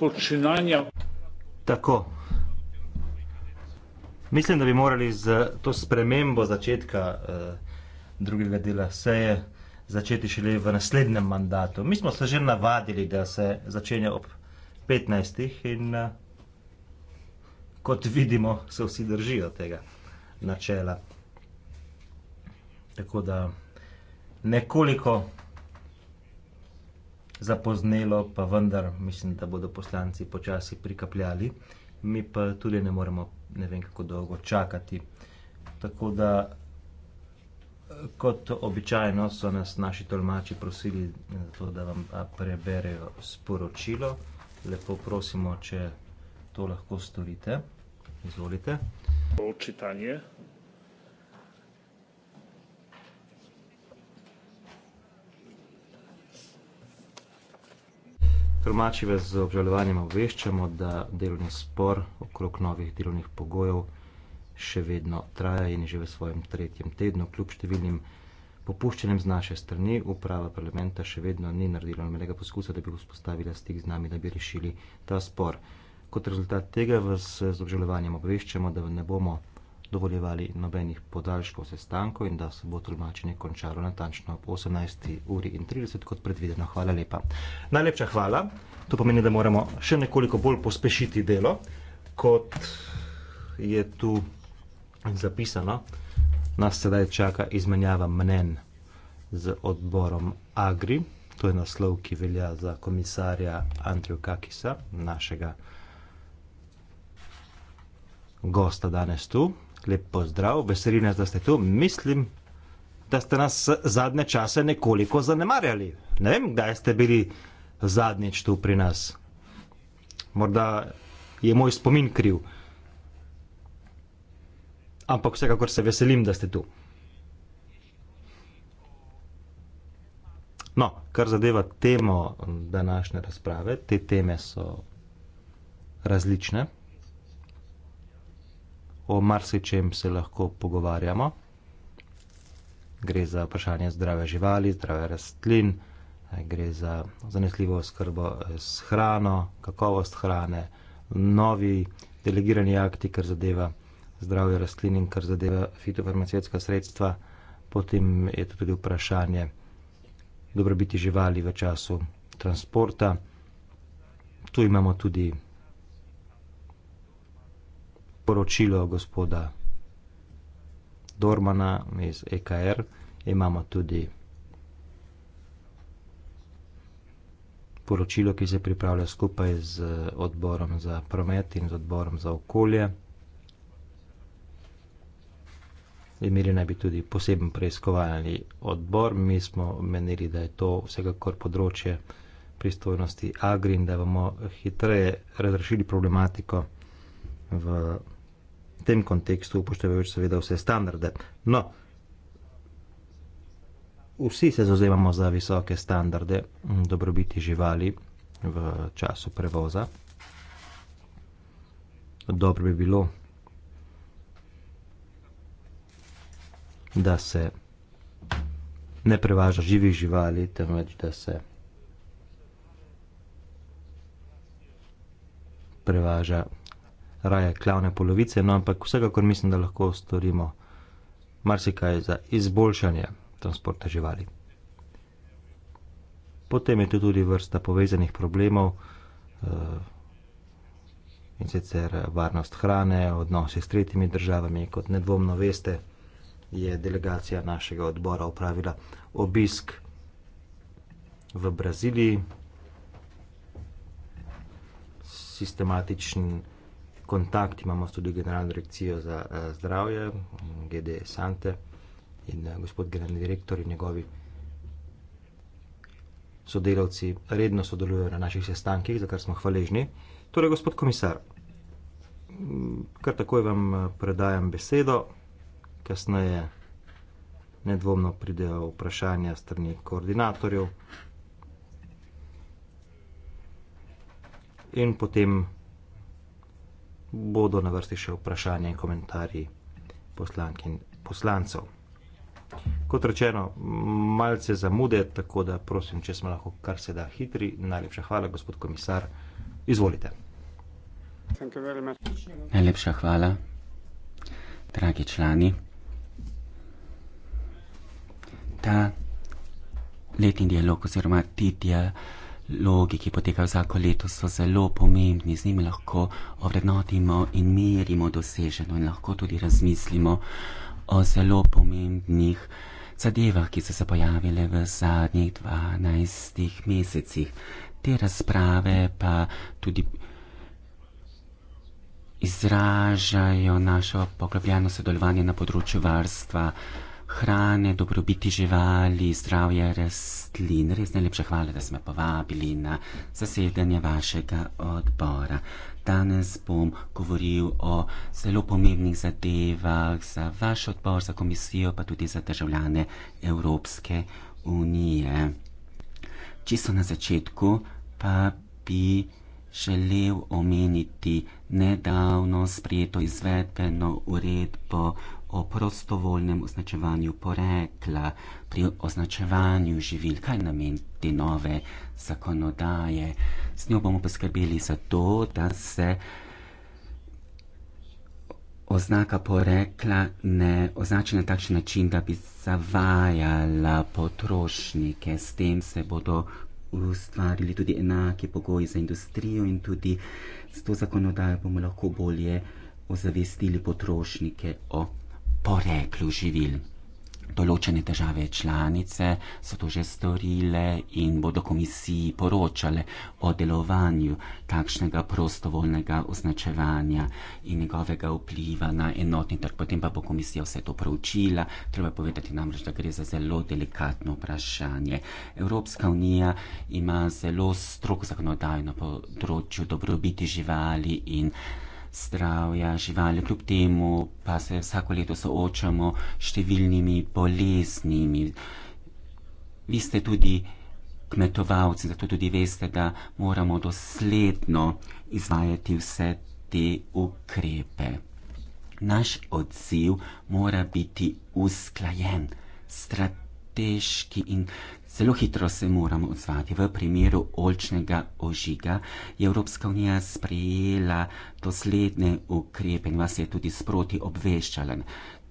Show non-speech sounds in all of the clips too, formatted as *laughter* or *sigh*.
počinanja. Tako. Mislim, da bi morali z to spremembo začetka eh, drugega dela seje začeti šele v naslednjem mandatu. Mi smo se že navadili, da se začenja ob 15. in eh, kot vidimo, se vsi držijo tega načela. Tako da nekoliko zapoznelo, pa vendar mislim, da bodo poslanci počasi prikapljali, mi pa tudi ne moremo ne vem kako dolgo čakati. Tako da, kot običajno, so nas naši tolmači prosili, to, da vam preberejo sporočilo. Lepo prosimo, če to lahko storite. Izvolite. Očitanje Tromačeve z obžalovanjem obveščamo, da delovni spor okrog novih delovnih pogojev še vedno traja in že v svojem tretjem tednu, kljub številnim popuščenem z naše strani, uprava parlamenta še vedno ni naredila nobenega poskusa, da bi vzpostavila stik z nami, da bi rešili ta spor. Kot rezultat tega vas z obžalovanjem obveščamo, da ne bomo dovoljevali nobenih podaljškov sestankov in da se bo tolmačenje končalo natančno ob 18. uri in 30, kot predvideno. Hvala lepa. Najlepša hvala. To pomeni, da moramo še nekoliko bolj pospešiti delo, kot je tu zapisano. Nas sedaj čaka izmenjava mnen z odborom Agri. To je naslov, ki velja za komisarja Andriju Kakisa, našega gosta danes tu. Lep pozdrav, veselina, da ste tu. Mislim, da ste nas zadnje čase nekoliko zanemarjali. Ne vem, kdaj ste bili zadnjič tu pri nas. Morda je moj spomin kriv. Ampak vsekakor se veselim, da ste tu. No, kar zadeva temo današnje razprave, te teme so različne o marsičem se lahko pogovarjamo. Gre za vprašanje zdrave živali, zdrave rastlin, gre za zanesljivo skrbo eh, s hrano, kakovost hrane, novi delegirani akti, kar zadeva zdravje rastlin in kar zadeva fitofarmacijska sredstva. Potem je to tudi vprašanje dobrobiti živali v času transporta. Tu imamo tudi sporočilo gospoda Dormana iz EKR imamo tudi poročilo, ki se pripravlja skupaj z odborom za promet in z odborom za okolje. Imeli naj bi tudi poseben preiskovalni odbor. Mi smo menili, da je to vsekakor področje pristojnosti Agri in da bomo hitreje razrešili problematiko v v tem kontekstu upoštevajoč seveda vse standarde. No, vsi se zauzemamo za visoke standarde dobrobiti živali v času prevoza. Dobro bi bilo, da se ne prevaža živih živali, temveč da se prevaža živali raje klavne polovice, no ampak vsekakor mislim, da lahko storimo marsikaj za izboljšanje transporta živali. Potem je tu tudi vrsta povezanih problemov eh, in sicer varnost hrane, odnosi s tretjimi državami, kot nedvomno veste, je delegacija našega odbora upravila obisk v Braziliji, sistematičen kontakt imamo s tudi generalno direkcijo za uh, zdravje, GD Sante in uh, gospod generalni direktor in njegovi sodelavci redno sodelujejo na naših sestankih, za kar smo hvaležni. Torej, gospod komisar, kar takoj vam eh, predajam besedo, kasneje nedvomno pridejo vprašanja strani koordinatorjev in potem bodo na vrsti še vprašanja in komentarji poslank in poslancev. Kot rečeno, malce zamude, tako da prosim, če smo lahko kar se da hitri. Najlepša hvala, gospod komisar. Izvolite. Najlepša hvala, dragi člani. Ta letni dialog oziroma ti dialog logi, ki potekajo vsako leto, so zelo pomembni, z njimi lahko ovrednotimo in merimo doseženo in lahko tudi razmislimo o zelo pomembnih zadevah, ki so se pojavile v zadnjih dvanajstih mesecih. Te razprave pa tudi izražajo našo poglobljeno sodelovanje na področju varstva hrane, dobrobiti živali, zdravje rastlin. Res najlepše hvala, da ste me povabili na zasedanje vašega odbora. Danes bom govoril o zelo pomembnih zadevah za vaš odbor, za komisijo, pa tudi za državljane Evropske unije. Čisto na začetku pa bi želel omeniti nedavno sprejeto izvedbeno uredbo o prostovoljnem označevanju porekla, pri označevanju živil, kaj namen te nove zakonodaje. S njo bomo poskrbeli za to, da se oznaka porekla ne označi na takšen način, da bi zavajala potrošnike. S tem se bodo ustvarili tudi enake pogoji za industrijo in tudi s to zakonodajo bomo lahko bolje ozavestili potrošnike o poreklu živil. Določene države članice so to že storile in bodo komisiji poročale o delovanju takšnega prostovoljnega označevanja in njegovega vpliva na enotni trg. Potem pa bo komisija vse to preučila. Treba povedati namreč, da gre za zelo delikatno vprašanje. Evropska unija ima zelo strogo zakonodajno področju dobrobiti živali in zdravja živali. Kljub temu pa se vsako leto soočamo s številnimi boleznimi. Vi ste tudi kmetovalci, zato tudi veste, da moramo dosledno izvajati vse te ukrepe. Naš odziv mora biti usklajen, strateški in Zelo hitro se moramo odzvati. V primeru olčnega ožiga je Evropska unija sprejela dosledne ukrepe in vas je tudi sproti obveščala.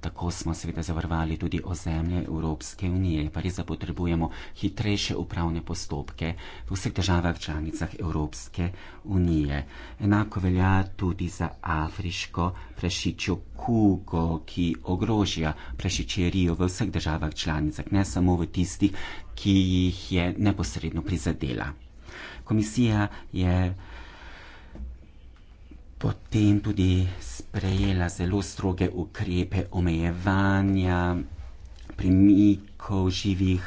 Tako smo seveda zavarvali tudi ozemlje Evropske unije, pa res zapotrebujemo hitrejše upravne postopke v vseh državah članicah Evropske unije. Enako velja tudi za afriško prašičjo kugo, ki ogrožja prašičerijo v vseh državah članicah, ne samo v tistih, ki jih je neposredno prizadela. Komisija je potem tudi sprejela zelo stroge ukrepe omejevanja premikov živih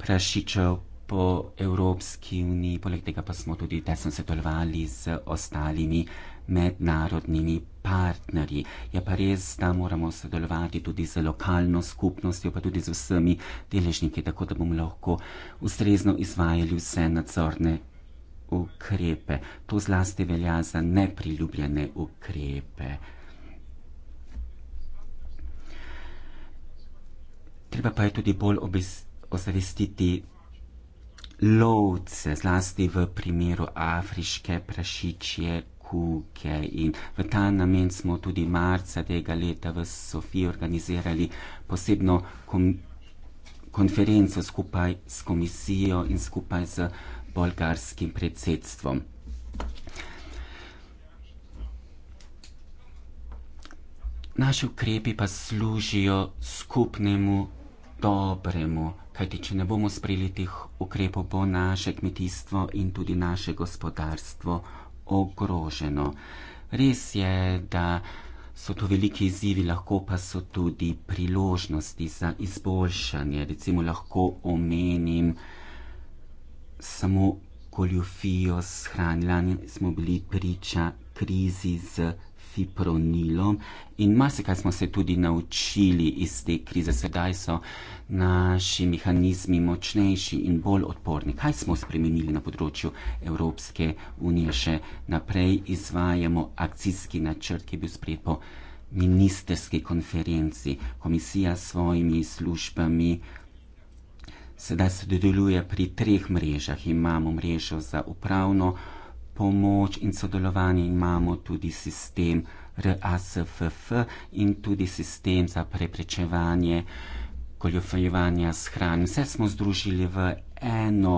prašičev po Evropski uniji. Poleg tega pa smo tudi tesno sodelovali z ostalimi mednarodnimi partnerji. Je pa res, da moramo sodelovati tudi z lokalno skupnostjo, pa tudi z vsemi deležniki, tako da bomo lahko ustrezno izvajali vse nadzorne ukrepe. To zlasti velja za nepriljubljene ukrepe. Treba pa je tudi bolj ozavestiti lovce, zlasti v primeru afriške prašičje kuke. In v ta namen smo tudi marca tega leta v Sofiji organizirali posebno kom konferenco skupaj s komisijo in skupaj z bolgarskim predsedstvom. Naši ukrepi pa služijo skupnemu dobremu, kajti če ne bomo sprejeli teh ukrepov, bo naše kmetijstvo in tudi naše gospodarstvo ogroženo. Res je, da so to veliki izzivi, lahko pa so tudi priložnosti za izboljšanje. Recimo lahko omenim, da samo goljofijo shranila, smo bili priča krizi z fipronilom in marsikaj smo se tudi naučili iz te krize. Sedaj so naši mehanizmi močnejši in bolj odporni. Kaj smo spremenili na področju Evropske unije? Še naprej izvajamo akcijski načrt, ki je bil sprejet po ministerski konferenci. Komisija s svojimi službami sedaj sodeluje pri treh mrežah. Imamo mrežo za upravno pomoč in sodelovanje, imamo tudi sistem RASFF in tudi sistem za preprečevanje goljofajovanja s hranjem. Vse smo združili v eno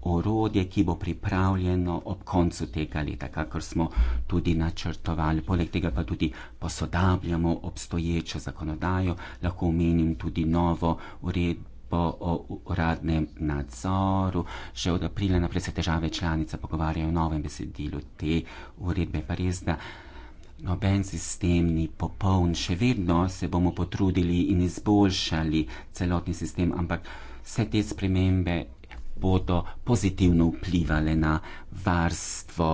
orodje, ki bo pripravljeno ob koncu tega leta, kakor smo tudi načrtovali. Poleg tega pa tudi posodabljamo obstoječo zakonodajo, lahko omenim tudi novo uredbo po uradnem nadzoru. Že od aprila naprej se težave članica pogovarjajo o novem besedilu te uredbe, pa res da. Noben sistem ni popoln, še vedno se bomo potrudili in izboljšali celotni sistem, ampak vse te spremembe bodo pozitivno vplivali na varstvo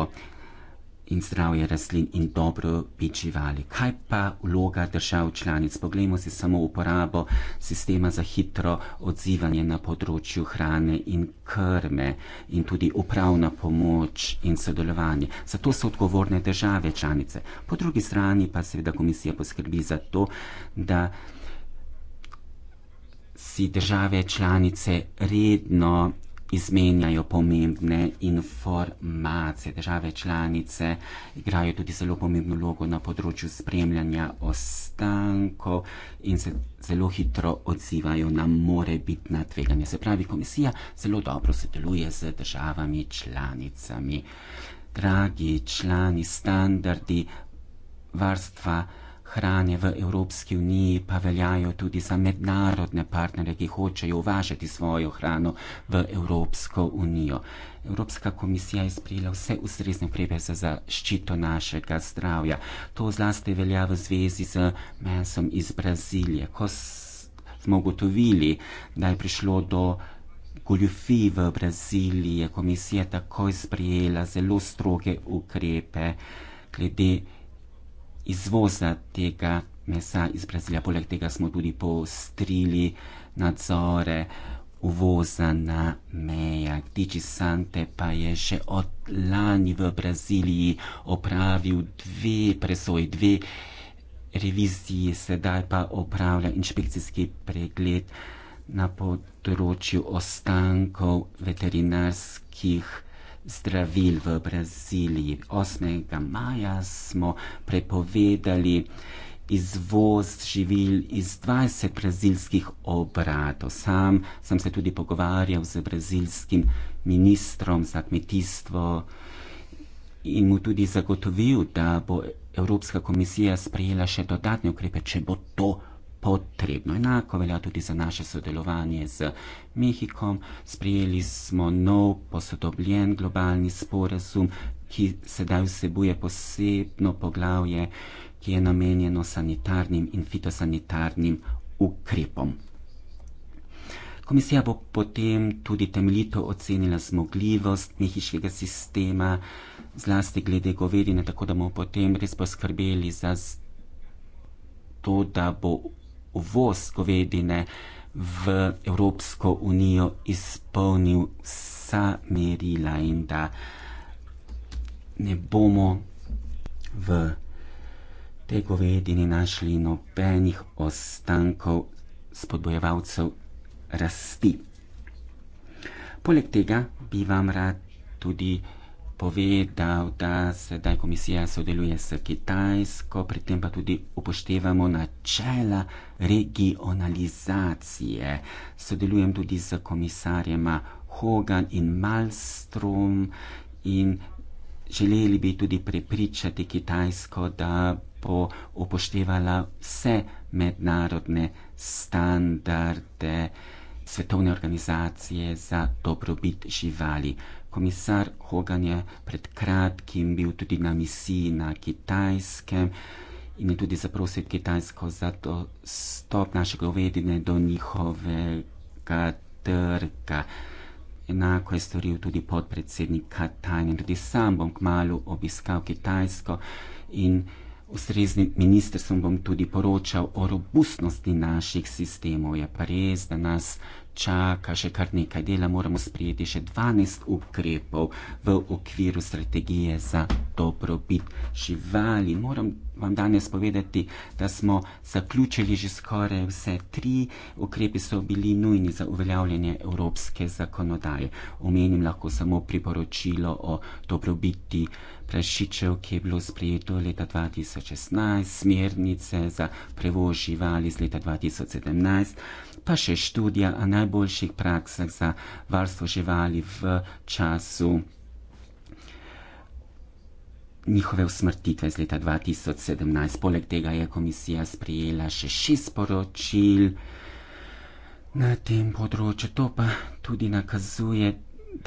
in zdravje rastlin in dobro bičivali. Kaj pa vloga držav članic? Poglejmo si samo uporabo sistema za hitro odzivanje na področju hrane in krme in tudi upravna pomoč in sodelovanje. Zato so odgovorne države članice. Po drugi strani pa seveda komisija poskrbi za to, da si države članice redno izmenjajo pomembne informacije. Države članice igrajo tudi zelo pomembno vlogo na področju spremljanja ostankov in se zelo hitro odzivajo na morebitna tveganja. Se pravi, komisija zelo dobro sodeluje z državami članicami. Dragi člani, standardi varstva hrane v Evropski uniji pa veljajo tudi za mednarodne partnere, ki hočejo uvažati svojo hrano v Evropsko unijo. Evropska komisija je sprejela vse ustrezne ukrepe za zaščito našega zdravja. To zlasti velja v zvezi z mesom iz Brazilije. Ko smo ugotovili, da je prišlo do goljufi v Braziliji, je komisija takoj sprejela zelo stroge ukrepe glede izvoza tega mesa iz Brazilija. Poleg tega smo tudi postrili nadzore uvoza na mejah. Digi Sante pa je še od lani v Braziliji opravil dve presoji, dve reviziji, sedaj pa opravlja inšpekcijski pregled na področju ostankov veterinarskih zdravil v Braziliji. 8. maja smo prepovedali izvoz živil iz 20 brazilskih obratov. Sam sem se tudi pogovarjal z brazilskim ministrom za kmetijstvo in mu tudi zagotovil, da bo Evropska komisija sprejela še dodatne ukrepe, če bo to potrebno. Enako velja tudi za naše sodelovanje z Mehikom. Sprijeli smo nov posodobljen globalni sporazum, ki sedaj vsebuje posebno poglavje, ki je namenjeno sanitarnim in fitosanitarnim ukrepom. Komisija bo potem tudi temeljito ocenila zmogljivost mehiškega sistema, zlasti glede govedine, tako da bomo potem res poskrbeli za to, da bo uvoz govedine v Evropsko unijo izpolnil vsa merila in da ne bomo v tej govedini našli nobenih ostankov spodbojevalcev rasti. Poleg tega bi vam rad tudi povedal, da sedaj komisija sodeluje s Kitajsko, pri tem pa tudi upoštevamo načela regionalizacije. Sodelujem tudi z komisarjema Hogan in Malmström in želeli bi tudi prepričati Kitajsko, da bo upoštevala vse mednarodne standarde. Svetovne organizacije za dobrobit živali komisar Hogan je pred kratkim bil tudi na misiji na Kitajskem in je tudi zaprosil Kitajsko za dostop naše govedine do njihovega trga. Enako je storil tudi podpredsednik Katajn in tudi sam bom kmalu obiskal Kitajsko in ustreznim ministrstvom bom tudi poročal o robustnosti naših sistemov. Je pa res, da nas čaka še kar nekaj dela, moramo sprijeti še 12 ukrepov v okviru strategije za dobrobit živali. Moram vam danes povedati, da smo zaključili že skoraj vse tri ukrepe, so bili nujni za uveljavljanje evropske zakonodaje. Omenim lahko samo priporočilo o dobrobiti prašičev, ki je bilo sprejeto leta 2016, smernice za prevoz živali z leta 2017 pa še študija o najboljših praksah za varstvo živali v času njihove usmrtitve z leta 2017. Poleg tega je komisija sprijela še šest poročil na tem področju. To pa tudi nakazuje,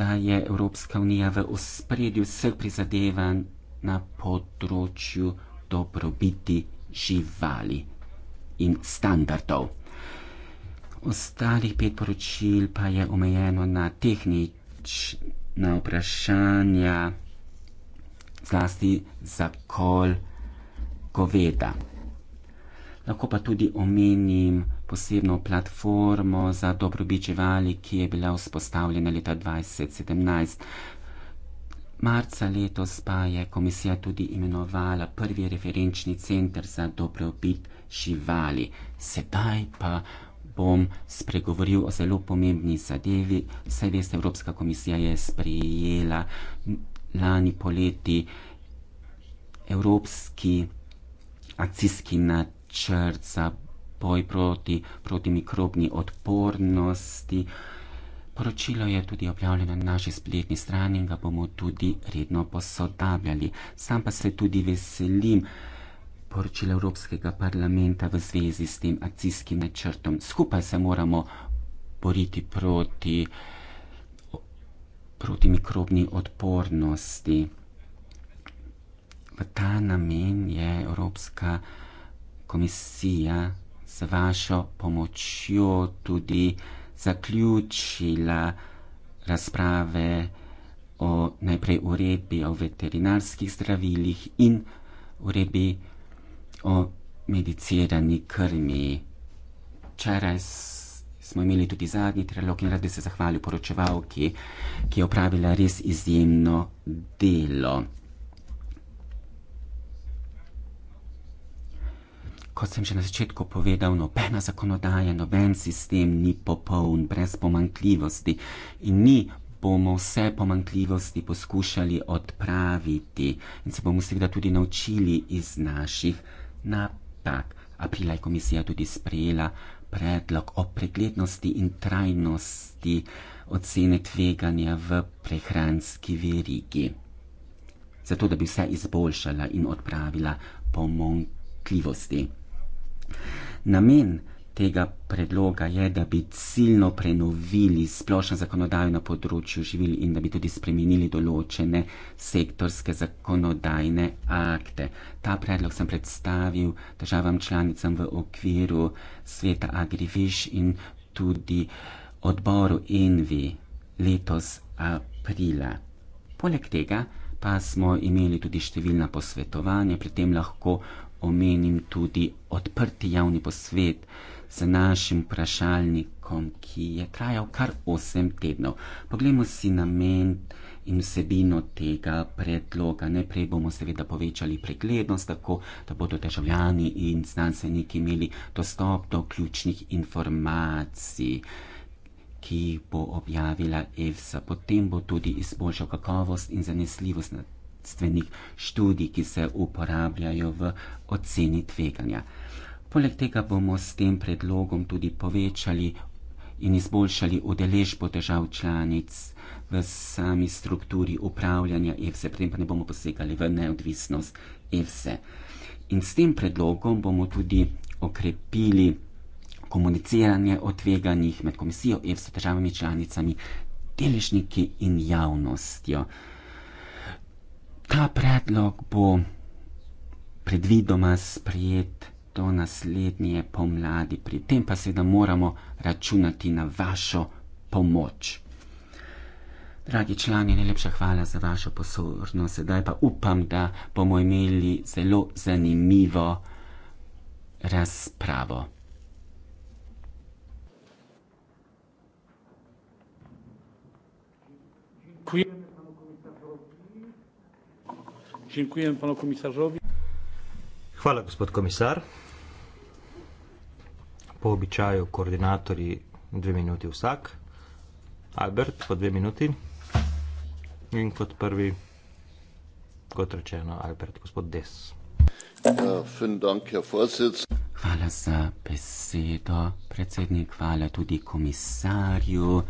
da je Evropska unija v ospredju vseh prizadevanj na področju dobrobiti živali in standardov ostalih pet poročil pa je omejeno na tehnična vprašanja, zlasti za kol goveda. Lahko pa tudi omenim posebno platformo za dobrobit živali, ki je bila vzpostavljena leta 2017. Marca letos pa je komisija tudi imenovala prvi referenčni center za dobrobit živali. Sedaj pa bom spregovoril o zelo pomembni zadevi. Vse veste, Evropska komisija je sprejela lani poleti Evropski akcijski načrt za boj proti, proti mikrobni odpornosti. Poročilo je tudi objavljeno na naši spletni strani in ga bomo tudi redno posodabljali. Sam pa se tudi veselim, da poročila Evropskega parlamenta v zvezi s tem akcijskim načrtom. Skupaj se moramo boriti proti, proti mikrobni odpornosti. V ta namen je Evropska komisija z vašo pomočjo tudi zaključila razprave o najprej uredbi o veterinarskih zdravilih in uredbi o o medicirani krmi. Včeraj smo imeli tudi zadnji trilog in rad bi se zahvalil poročevalki, ki je opravila res izjemno delo. Kot sem že na začetku povedal, nobena zakonodaja, noben sistem ni popoln, brez pomankljivosti in mi bomo vse pomankljivosti poskušali odpraviti in se bomo seveda tudi naučili iz naših napak. Aprila je komisija tudi sprejela predlog o preglednosti in trajnosti ocene tveganja v prehranski verigi. Zato, da bi vse izboljšala in odpravila pomankljivosti. Namen tega predloga je, da bi ciljno prenovili splošno zakonodajo na področju živil in da bi tudi spremenili določene sektorske zakonodajne akte. Ta predlog sem predstavil državam članicam v okviru sveta AgriVish in tudi odboru Envi letos aprila. Poleg tega pa smo imeli tudi številna posvetovanja, pri tem lahko omenim tudi odprti javni posvet z našim vprašalnikom, ki je trajal kar 8 tednov. Poglejmo si namen in vsebino tega predloga. Najprej bomo seveda povečali preglednost, tako da bodo državljani in znanstveniki imeli dostop do ključnih informacij. Ki bo objavila EFSA, potem bo tudi izboljšal kakovost in zanesljivost znanstvenih študij, ki se uporabljajo v oceni tveganja. Poleg tega bomo s tem predlogom tudi povečali in izboljšali udeležbo držav članic v sami strukturi upravljanja EFSE, predtem pa ne bomo posegali v neodvisnost EFSE. In s tem predlogom bomo tudi okrepili komuniciranje o tveganjih med komisijo EFSE, državami članicami, deležniki in javnostjo. Ta predlog bo predvidoma sprijet do naslednje pomladi. Pri tem pa seveda moramo računati na vašo pomoč. Dragi člani, najlepša hvala za vašo pozornost. Sedaj pa upam, da bomo imeli zelo zanimivo razpravo. Hvala, gospod komisar po običaju koordinatorji dve minuti vsak. Albert, po dve minuti. In kot prvi, kot rečeno, Albert, gospod Des. Ja, Hvala za besedo, predsednik. Hvala tudi komisarju.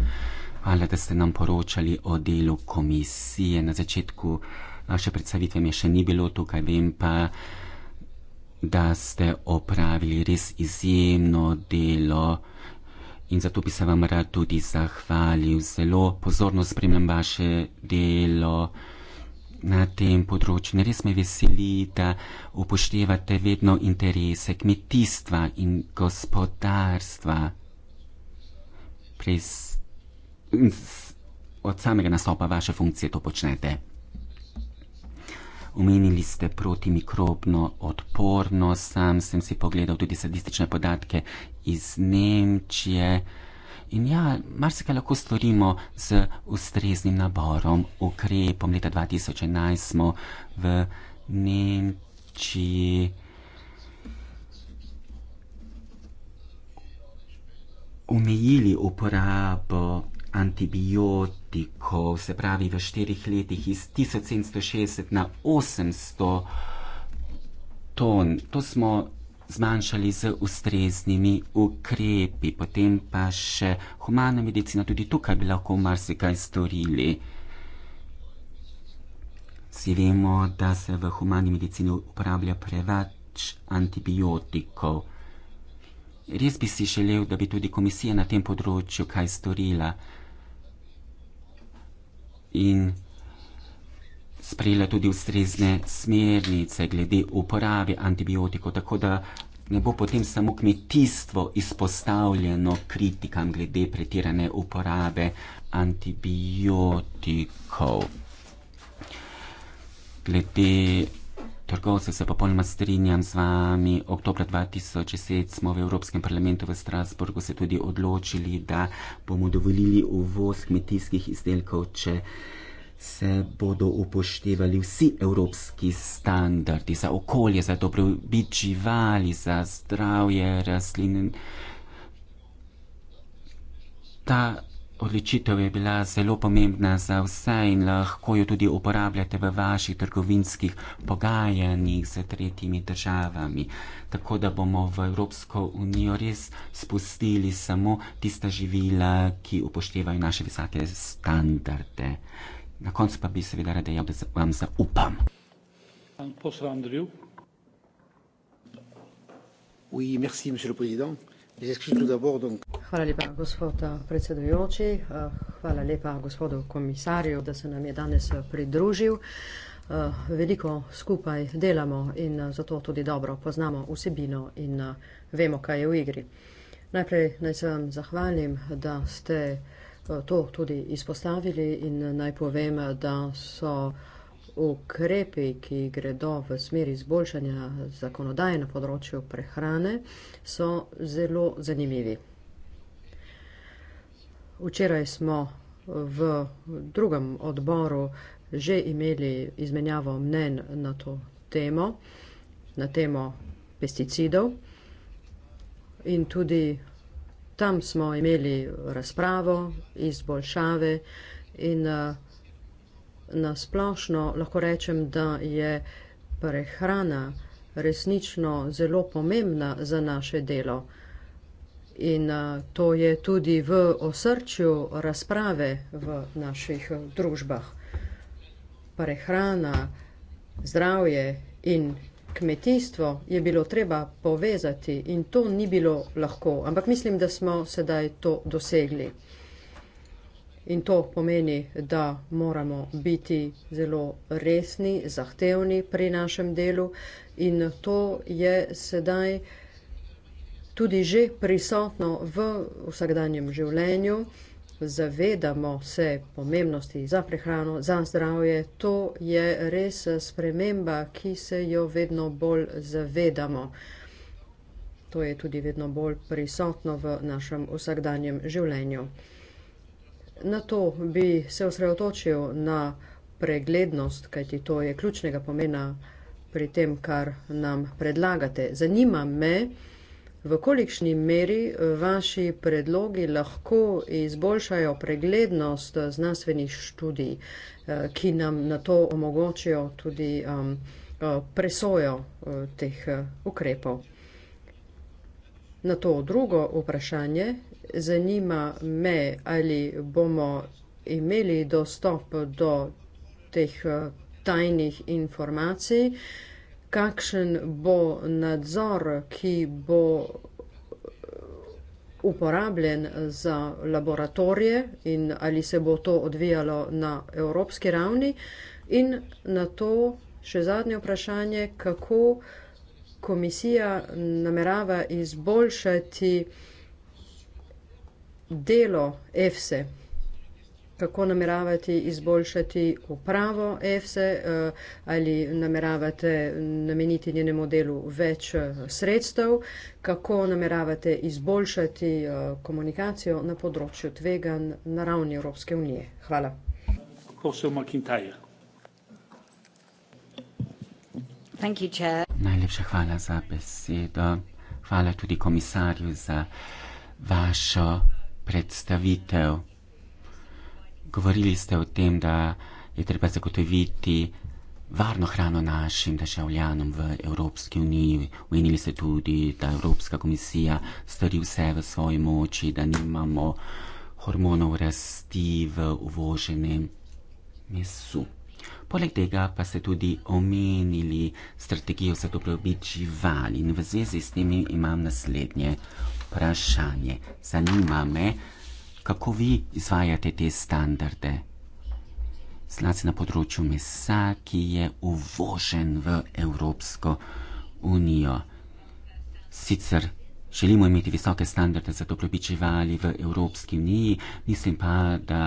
Hvala, da ste nam poročali o delu komisije. Na začetku naše predstavitve mi še ni bilo tukaj, vem pa, da ste opravili res izjemno delo in zato bi se vam rad tudi zahvalil. Zelo pozorno spremljam vaše delo na tem področju. Ne res me veseli, da upoštevate vedno interese kmetijstva in gospodarstva. Prez... Od samega nastopa vaše funkcije to počnete. Omenili ste protimikrobno odpornost, sam sem si pogledal tudi statistične podatke iz Nemčije. In ja, marsikaj lahko storimo z ustreznim naborom ukrepom. Leta 2011 smo v Nemčiji. Omejili uporabo antibiotikov politiko, se pravi v štirih letih iz 1760 na 800 ton. To smo zmanjšali z ustreznimi ukrepi, potem pa še humana medicina, tudi tukaj bi lahko marsikaj storili. Vsi vemo, da se v humani medicini uporablja preveč antibiotikov. Res bi si želel, da bi tudi komisija na tem področju kaj storila in sprejela tudi ustrezne smernice glede uporabe antibiotikov, tako da ne bo potem samo kmetijstvo izpostavljeno kritikam glede pretirane uporabe antibiotikov. Glede trgovcev, se popolnoma strinjam z vami. Oktober 2010 smo v Evropskem parlamentu v Strasburgu se tudi odločili, da bomo dovolili uvoz kmetijskih izdelkov, če se bodo upoštevali vsi evropski standardi za okolje, za dobro biti živali, za zdravje rastlin. Ta odločitev je bila zelo pomembna za vse in lahko jo tudi uporabljate v vaših trgovinskih pogajanjih z tretjimi državami. Tako da bomo v Evropsko unijo res spustili samo tista živila, ki upoštevajo naše visoke standarde. Na koncu pa bi seveda rada dejal, da vam zaupam. Oui, merci, monsieur le président. Hvala lepa, gospod, eh, predsedujoči, eh, hvala lepa gospodu komisarju, da se nam je danes eh, pridružil. veliko skupaj delamo in, zato tudi dobro poznamo vsebino in, vemo, kaj je v igri. Najprej naj se vam zahvalim, da ste, to tudi izpostavili in naj povem, da so, ukrepi, ki gredo v smeri izboljšanja zakonodaje na področju prehrane, so zelo zanimivi. Včeraj smo v drugem odboru že imeli izmenjavo mnen na to temo, na temo pesticidov in tudi tam smo imeli razpravo, izboljšave in uh, na splošno lahko rečem, da je prehrana resnično zelo pomembna za naše delo. In to je tudi v osrčju razprave v naših družbah. Prehrana, zdravje in kmetijstvo je bilo treba povezati in to ni bilo lahko, ampak mislim, da smo sedaj to dosegli. In to pomeni, da moramo biti zelo resni, zahtevni pri našem delu in to je sedaj tudi že prisotno v vsakdanjem življenju. Zavedamo se pomembnosti za prehrano, za zdravje. To je res sprememba, ki se jo vedno bolj zavedamo. To je tudi vedno bolj prisotno v našem vsakdanjem življenju. Na to bi se osredotočil na preglednost, kajti to je ključnega pomena pri tem, kar nam predlagate. Zanima me, v kolikšni meri vaši predlogi lahko izboljšajo preglednost znanstvenih študij, eh, ki nam na to omogočijo tudi um, eh, presojo eh, teh ukrepov. Na to drugo vprašanje zanima me, ali bomo imeli dostop do teh eh, tajnih informacij, kakšen bo nadzor, ki bo eh, uporabljen za laboratorije in ali se bo to odvijalo na evropski ravni. In na to še zadnje vprašanje, kako komisija namerava izboljšati delo EFSE, kako nameravate izboljšati upravo EFSE, eh, ali nameravate nameniti njenemu delu več eh, sredstev, kako nameravate izboljšati eh, komunikacijo na področju tvegan na ravni Evropske unije. Hvala. Najlepša hvala za besedo. Hvala tudi komisarju za vašo predstavitev. Govorili ste o tem, da je treba zagotoviti varno hrano našim državljanom v Evropski uniji. Omenili ste tudi, da Evropska komisija stori vse v svoji moči, da nimamo hormonov rasti v uvoženem mesu. Poleg tega pa ste tudi omenili strategijo za dobrobit živali in v zvezi s temi imam naslednje vprašanje. Zanima me, kako vi izvajate te standarde, zlasti na področju mesa, ki je uvožen v Evropsko unijo. Sicer želimo imeti visoke standarde za dobrobit živali v Evropski uniji, mislim pa, da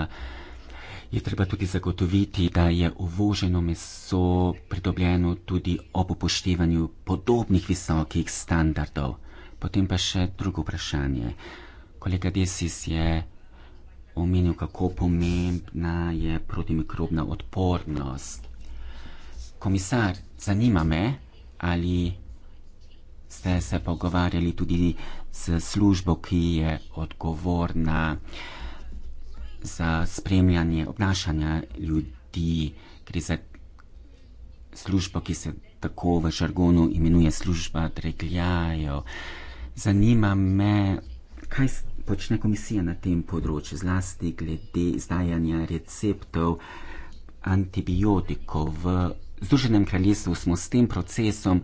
je treba tudi zagotoviti, da je uvoženo meso pridobljeno tudi ob upoštevanju podobnih visokih standardov. Potem pa še drugo vprašanje. Kolega Desis je omenil, kako pomembna je protimikrobna odpornost. Komisar, zanima me, ali ste se pogovarjali tudi s službo, ki je odgovorna za spremljanje obnašanja ljudi, gre za službo, ki se tako v žargonu imenuje služba trgljajo zanima me, kaj počne komisija na tem področju, zlasti glede izdajanja receptov antibiotikov. V Združenem kraljestvu smo s tem procesom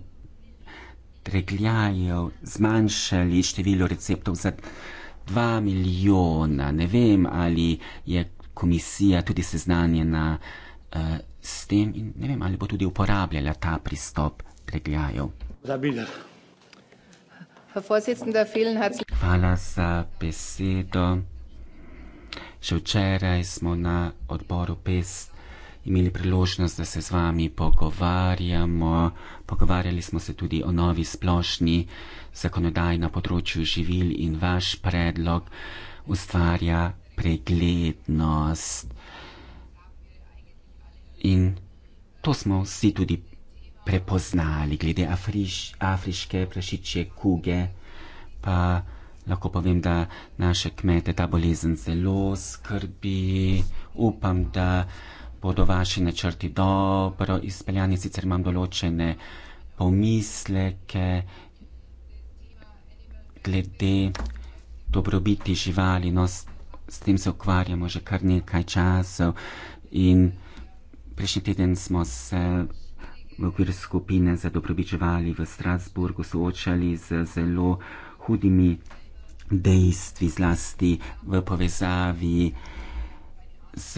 regljajev zmanjšali število receptov za dva milijona. Ne vem, ali je komisija tudi seznanjena uh, s tem in ne vem, ali bo tudi uporabljala ta pristop regljajev. Da bi Herr Vorsitzender, vielen herzlichen Hvala za besedo. Še včeraj smo na odboru PES imeli priložnost, da se z vami pogovarjamo. Pogovarjali smo se tudi o novi splošni zakonodaji na področju živil in vaš predlog ustvarja preglednost. In to smo vsi tudi prepoznali glede afriš, afriške prašičje kuge. Pa lahko povem, da naše kmete ta bolezen zelo skrbi. Upam, da bodo vaši načrti dobro izpeljani, sicer imam določene pomisleke glede dobrobiti živali. No, s, s tem se ukvarjamo že kar nekaj časov in prejšnji teden smo se v okviru skupine za dobrobit živali v Strasburgu soočali z zelo hudimi dejstvi, zlasti v povezavi z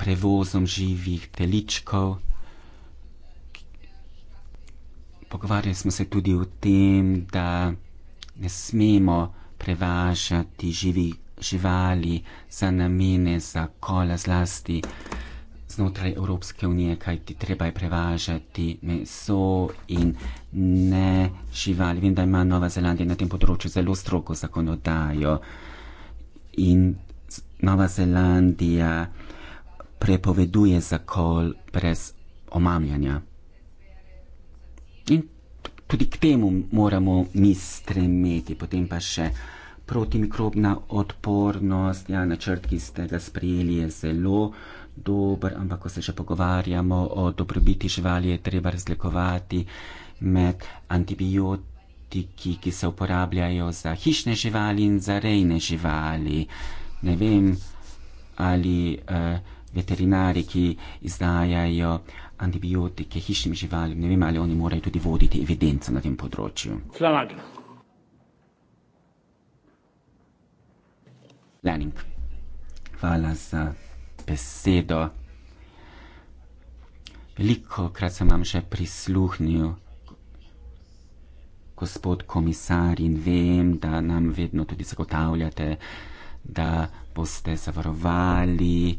prevozom živih teličkov. Pogovarjali smo se tudi o tem, da ne smemo prevažati živih živali za namene, za kola zlasti znotraj Evropske unije, kajti treba je prevažati meso in ne živali. Vem, da ima Nova Zelandija na tem področju zelo strogo zakonodajo in Nova Zelandija prepoveduje zakol brez omamljanja. In tudi k temu moramo mi stremeti, potem pa še. Protimikrobna odpornost, ja, načrt, ki ste ga sprejeli, je zelo uh, dober, ampak ko se že pogovarjamo o dobrobiti živali, je treba razlikovati med antibiotiki, ki se uporabljajo za hišne živali in za rejne živali. Ne vem, ali eh, veterinari, ki izdajajo antibiotike hišnim živalim, ne vem, ali oni morajo tudi voditi evidenco na tem področju. Flanagna. Learning. Hvala za besedo. Veliko krat sem vam že prisluhnil, gospod komisar, in vem, da nam vedno tudi zagotavljate, da boste zavarovali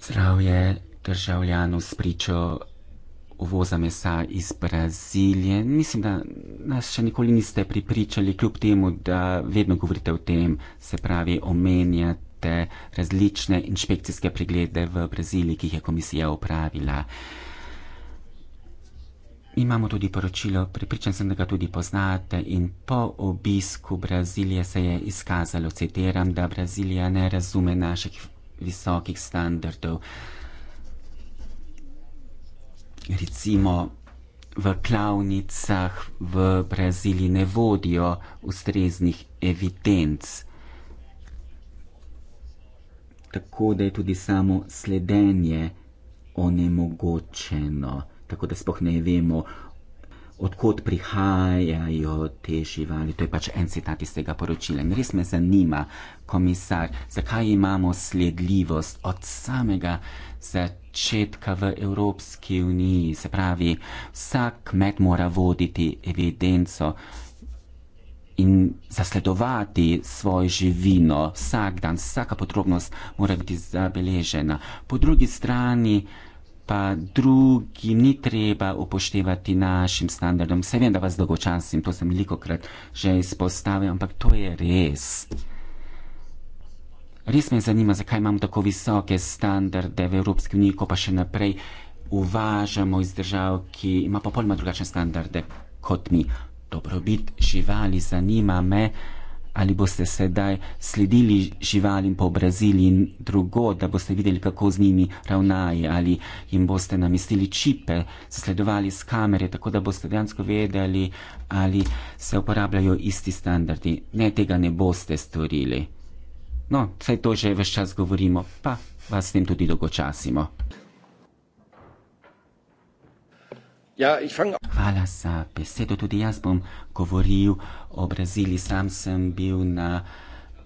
zdravje državljanov s pričo uvoza mesa iz Brazilije. Mislim, da nas še nikoli niste pripričali, kljub temu, da vedno govorite o tem, se pravi, omenjate te različne inšpekcijske preglede v Braziliji, ki jih je komisija upravila. Imamo tudi poročilo, pripričan sem, da ga tudi poznate in po obisku Brazilije se je izkazalo, citiram, da Brazilija ne razume naših visokih standardov. Recimo v klavnicah v Braziliji ne vodijo ustreznih evidenc tako da je tudi samo sledenje onemogočeno, tako da spohne vemo, odkot prihajajo te živali. To je pač en citat iz tega poročila. In res me zanima, komisar, zakaj imamo sledljivost od samega začetka v Evropski uniji. Se pravi, vsak kmet mora voditi evidenco in zasledovati svojo živino, vsak dan, vsaka podrobnost mora biti zabeležena. Po drugi strani pa drugi ni treba upoštevati našim standardom. Se vem, da vas dolgočasim, to sem veliko krat že izpostavil, ampak to je res. Res me zanima, zakaj imamo tako visoke standarde v Evropski uniji, ko pa še naprej uvažamo iz držav, ki ima popolnoma drugačne standarde kot mi dobrobit živali, zanima me, ali boste sedaj sledili živalim po Braziliji in drugo, da boste videli, kako z njimi ravnajo, ali jim boste namestili čipe, zasledovali s kamere, tako da boste dejansko vedeli, ali se uporabljajo isti standardi. Ne, tega ne boste storili. No, saj to že vse čas govorimo, pa vas s tem tudi dolgočasimo. Ja, fang... Hvala za besedo, tudi jaz bom govoril o Braziliji. Sam sem bil na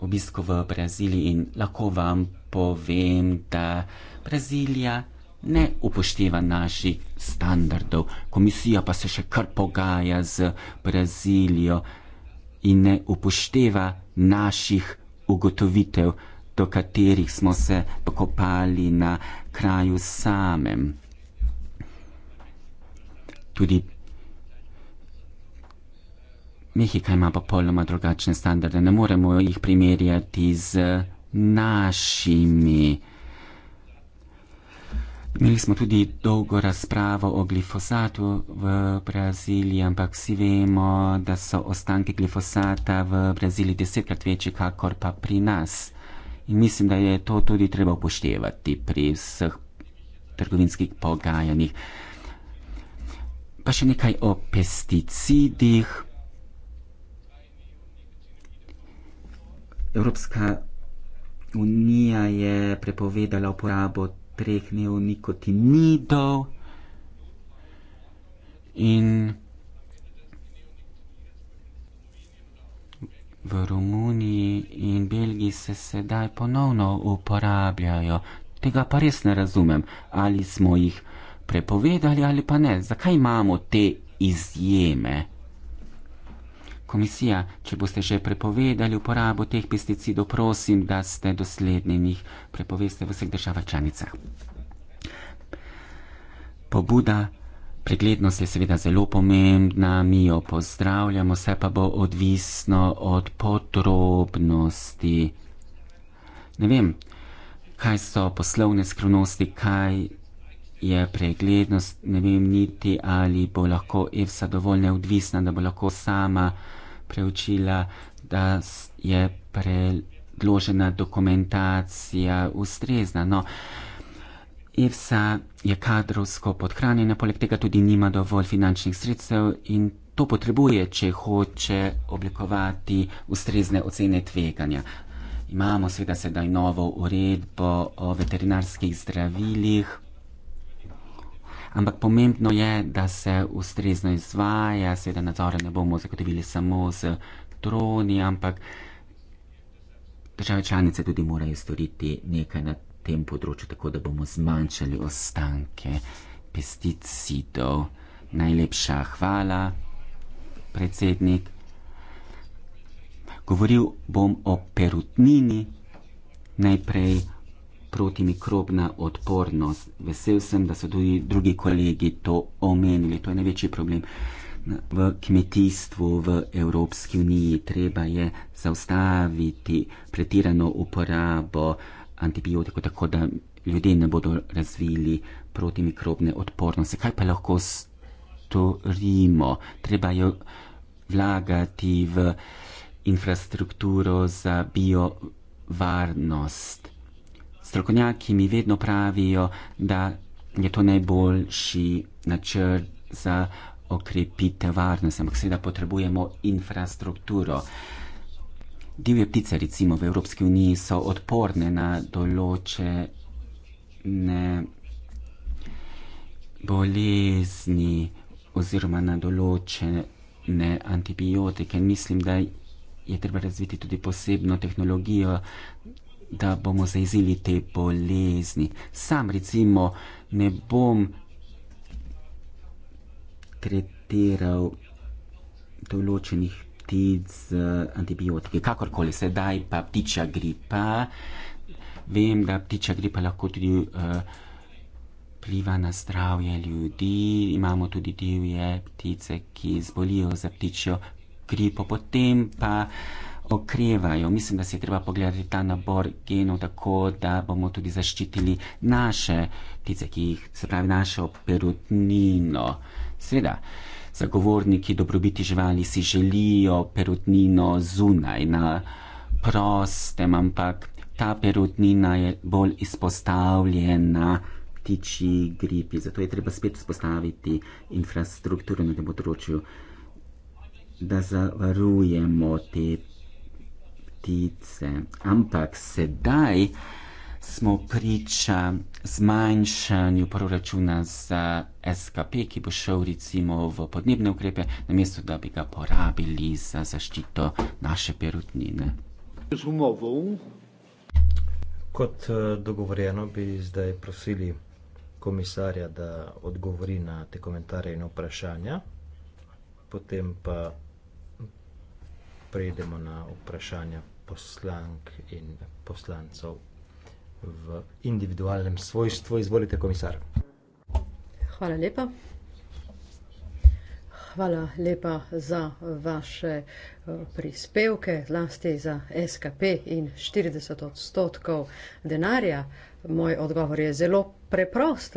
obisku v Braziliji in lahko vam povem, da Brazilija ne upošteva naših standardov. Komisija pa se še kar pogaja z Brazilijo in ne upošteva naših ugotovitev, do katerih smo se pokopali na kraju samem tudi Mehika ima popolnoma drugačne standarde, ne moremo jih primerjati z našimi. Imeli smo tudi dolgo razpravo o glifosatu v Braziliji, ampak vsi vemo, da so ostanke glifosata v Braziliji desetkrat večji, kakor pa pri nas. In mislim, da je to tudi treba upoštevati pri vseh trgovinskih pogajanjih pa še nekaj o pesticidih. Evropska unija je prepovedala uporabo treh neonikotinidov in v Romuniji in Belgiji se sedaj ponovno uporabljajo. Tega pa res ne razumem, ali smo jih prepovedali ali pa ne. Zakaj imamo te izjeme? Komisija, če boste že prepovedali uporabo teh pesticidov, prosim, da ste dosledni njih prepoveste v vseh državah članicah. Pobuda, preglednost je seveda zelo pomembna, mi jo pozdravljamo, vse pa bo odvisno od podrobnosti. Ne vem, kaj so poslovne skrivnosti, kaj je preglednost, ne vem niti ali bo lahko EFSA dovolj neodvisna, da bo lahko sama preučila, da je predložena dokumentacija ustrezna. No, EFSA je kadrovsko podhranjena, poleg tega tudi nima dovolj finančnih sredstev in to potrebuje, če hoče oblikovati ustrezne ocene tveganja. Imamo sveda sedaj novo uredbo o veterinarskih zdravilih, Ampak pomembno je, da se ustrezno izvaja, seveda nadzora ne bomo zagotovili samo z droni, ampak države članice tudi morajo storiti nekaj na tem področju, tako da bomo zmanjšali ostanke pesticidov. Najlepša hvala, predsednik. Govoril bom o perutnini, najprej protimikrobna odpornost. Vesel sem, da so tudi drugi kolegi to omenili. To je največji problem v kmetijstvu v Evropski uniji. Treba je zaustaviti pretirano uporabo antibiotikov, tako da ljudje ne bodo razvili protimikrobne odpornosti. Kaj pa lahko storimo? Treba jo vlagati v infrastrukturo za biovarnost. Strokovnjaki mi vedno pravijo, da je to najboljši načrt za okrepitev varnosti, ampak seveda potrebujemo infrastrukturo. Divje ptice, recimo v Evropski uniji, so odporne na določene bolezni oziroma na določene antibiotike. Mislim, da je treba razviti tudi posebno tehnologijo, da bomo zaizili te bolezni. Sam recimo ne bom tretiral določenih ptic z antibiotiki, kakorkoli sedaj pa ptiča gripa. Vem, da ptiča gripa lahko tudi eh, vpliva uh, na zdravje ljudi. Imamo tudi divje ptice, ki zbolijo za ptičjo gripo, potem pa uh, okrevajo. Mislim, da si je treba pogledati ta nabor genov tako, da bomo tudi zaščitili naše ptice, ki jih, se pravi naše operutnino. Sveda, zagovorniki dobrobiti živali si želijo operutnino zunaj, na prostem, ampak ta operutnina je bolj izpostavljena ptiči gripi, zato je treba spet vzpostaviti infrastrukturo na tem področju, da zavarujemo te ptice ptice. Ampak sedaj smo priča zmanjšanju proračuna za SKP, ki bo šel recimo v podnebne ukrepe, namesto da bi ga porabili za zaščito naše perutnine. Kot eh, dogovorjeno bi zdaj prosili komisarja, da odgovori na te komentarje in vprašanja, potem pa prejdemo na vprašanja poslank in poslancov v individualnem svojstvu. Izvolite, komisar. Hvala lepa. Hvala lepa za vaše eh, prispevke, zlasti za SKP in 40 odstotkov denarja. Moj odgovor je zelo preprost.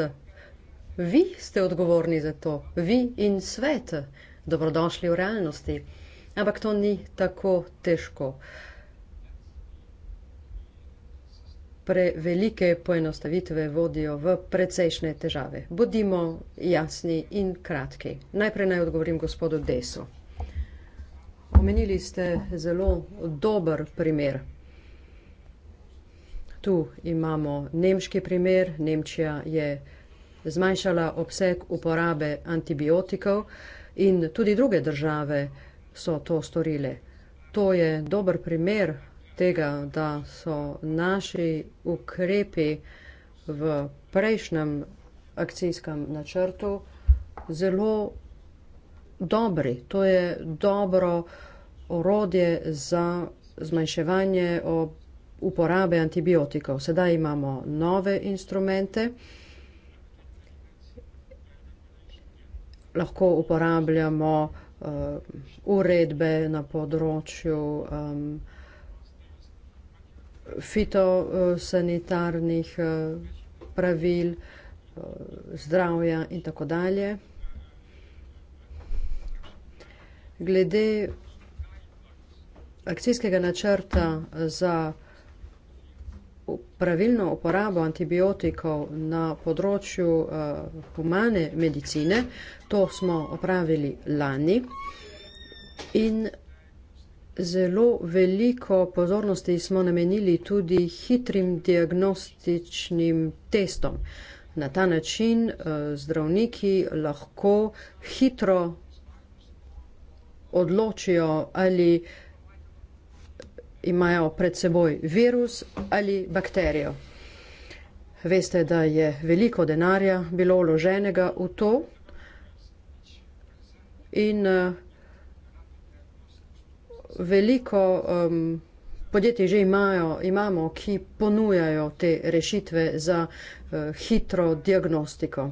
Vi ste odgovorni za to, vi in svet. Dobrodošli v realnosti. Ampak to ni tako težko. Prevelike poenostavitve vodijo v precejšnje težave. Bodimo jasni in kratki. Najprej naj odgovorim gospodu Desu. Omenili ste zelo dober primer. Tu imamo nemški primer. Nemčija je zmanjšala obseg uporabe antibiotikov in tudi druge države so to storile. To je dober primer tega, da so naši ukrepi v prejšnjem akcijskem načrtu zelo dobri. To je dobro orodje za zmanjševanje uporabe antibiotikov. Sedaj imamo nove instrumente. Lahko uporabljamo Eh, uredbe na področju um, fitosanitarnih eh, pravil, eh, zdravja in tako dalje. Glede akcijskega načrta za pravilno uporabo antibiotikov na področju uh, humane medicine, to smo opravili lani in zelo veliko pozornosti smo namenili tudi hitrim diagnostičnim testom. Na ta način uh, zdravniki lahko hitro odločijo ali uh, imajo pred seboj virus ali bakterijo. Veste, da je veliko denarja bilo vloženega v to in uh, veliko um, podjetij že imajo, imamo, ki ponujajo te rešitve za uh, hitro diagnostiko.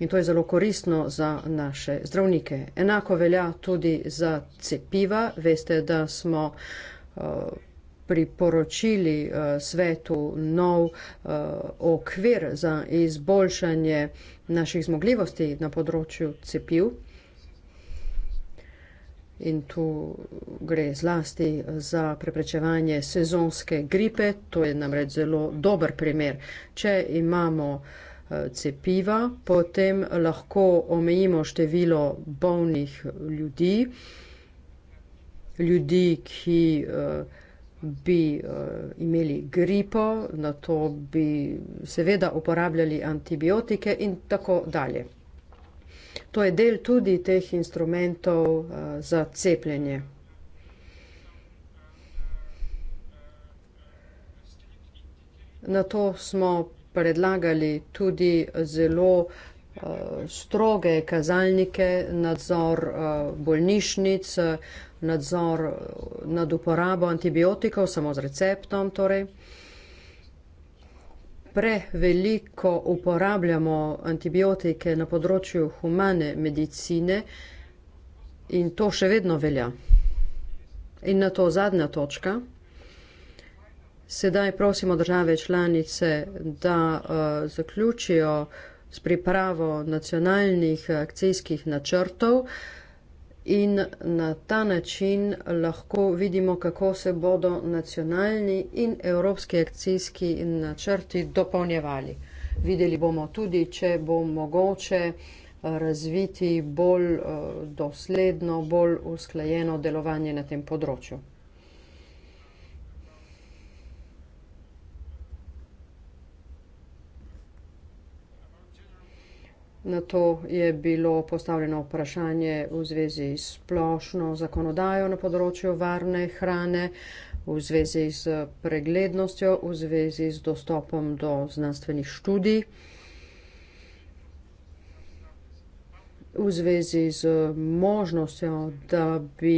In to je zelo koristno za naše zdravnike. Enako velja tudi za cepiva. Veste, da smo. Uh, priporočili eh, svetu nov eh, okvir za izboljšanje naših zmogljivosti na področju cepiv. In tu gre zlasti za preprečevanje sezonske gripe, to je namreč zelo dober primer. Če imamo eh, cepiva, potem lahko omejimo število bolnih ljudi, ljudi, ki uh, bi uh, imeli gripo, na to bi seveda uporabljali antibiotike in tako dalje. To je del tudi teh instrumentov uh, za cepljenje. Na to smo predlagali tudi zelo Eh, stroge kazalnike, nadzor eh, bolnišnic, eh, nadzor nad uporabo antibiotikov, samo z receptom. Torej. Preveliko uporabljamo antibiotike na področju humane medicine in to še vedno velja. In na to zadnja točka. Sedaj prosimo države članice, da uh, zaključijo uh, s pripravo nacionalnih akcijskih načrtov in na ta način lahko vidimo, kako se bodo nacionalni in evropski akcijski načrti dopolnjevali. Videli bomo tudi, če bo mogoče eh, razviti bolj eh, dosledno, bolj usklajeno delovanje na tem področju. Na to je bilo postavljeno vprašanje v zvezi s splošno zakonodajo na področju varne hrane, v zvezi s preglednostjo, v zvezi s dostopom do znanstvenih študij, v zvezi z možnostjo, da bi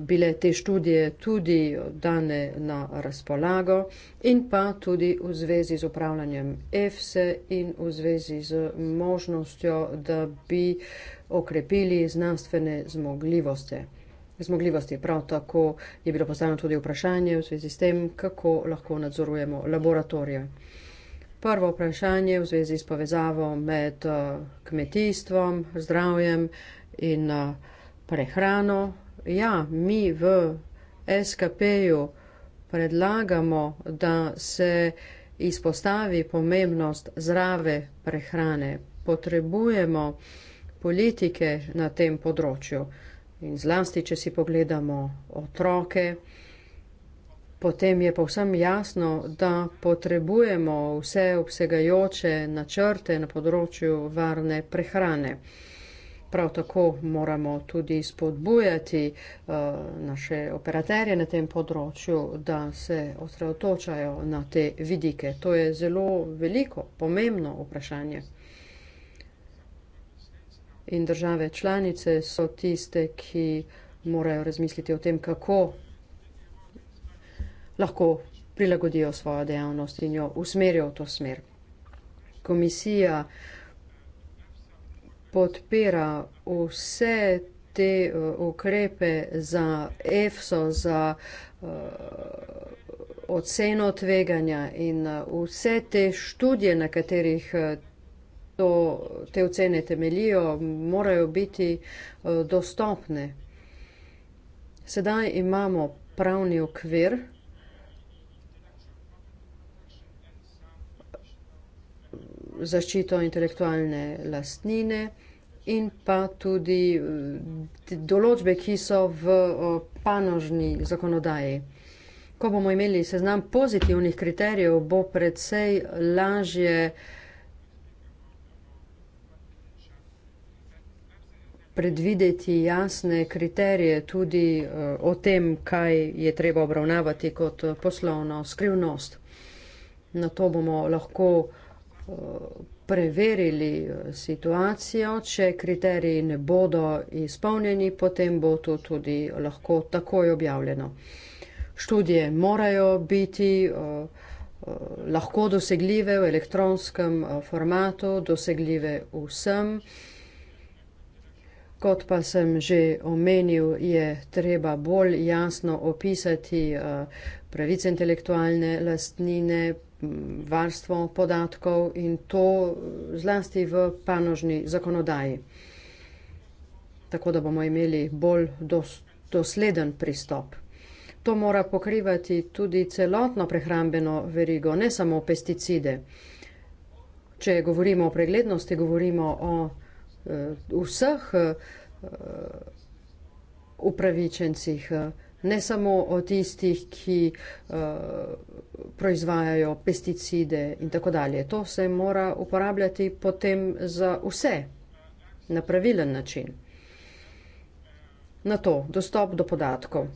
bile te študije tudi dane na razpolago in pa tudi v zvezi z upravljanjem EFSE in v zvezi z možnostjo, da bi okrepili znanstvene zmogljivosti. Zmogljivosti. Prav tako je bilo postavljeno tudi vprašanje v zvezi s tem, kako lahko nadzorujemo laboratorije. Prvo vprašanje v zvezi s povezavo med eh, kmetijstvom, zdravjem in eh, prehrano ja, mi v SKP-ju predlagamo, da se izpostavi pomembnost zdrave prehrane. Potrebujemo politike na tem področju. In zlasti, če si pogledamo otroke, potem je povsem jasno, da potrebujemo vse obsegajoče načrte na področju varne prehrane. Prav tako moramo tudi spodbujati uh, naše operaterje na tem področju, da se osredotočajo na te vidike. To je zelo veliko, pomembno vprašanje. In države članice so tiste, ki morajo razmisliti o tem, kako lahko prilagodijo svojo dejavnost in jo usmerijo v to smer. Komisija uh, podpira vse te uh, ukrepe za EFSO, za uh, oceno tveganja in uh, vse te študije, na katerih uh, to, te ocene temelijo, morajo biti uh, dostopne. Sedaj imamo pravni okvir, zaščito intelektualne lastnine in pa tudi eh, določbe, ki so v panožni zakonodaji. Ko bomo imeli seznam pozitivnih kriterijev, bo predvsej lažje predvideti jasne kriterije tudi eh, o tem, kaj je treba obravnavati kot eh, poslovno skrivnost. Na to bomo lahko vsega preverili eh, situacijo. Če kriteriji ne bodo izpolnjeni, potem bo to tudi lahko takoj objavljeno. Študije morajo biti eh, eh, lahko dosegljive v elektronskem formatu, dosegljive vsem. Kot pa sem že omenil, je treba bolj jasno opisati pravice intelektualne lastnine, varstvo podatkov in to zlasti v panožni zakonodaji, tako da bomo imeli bolj dos, dosleden pristop. To mora pokrivati tudi celotno prehrambeno verigo, ne samo pesticide. Če govorimo o preglednosti, govorimo o e, vseh e, upravičencih. E, ne samo o tistih, ki uh, proizvajajo pesticide in tako dalje. To se mora uporabljati potem za vse na pravilen način. Na to, dostop do podatkov.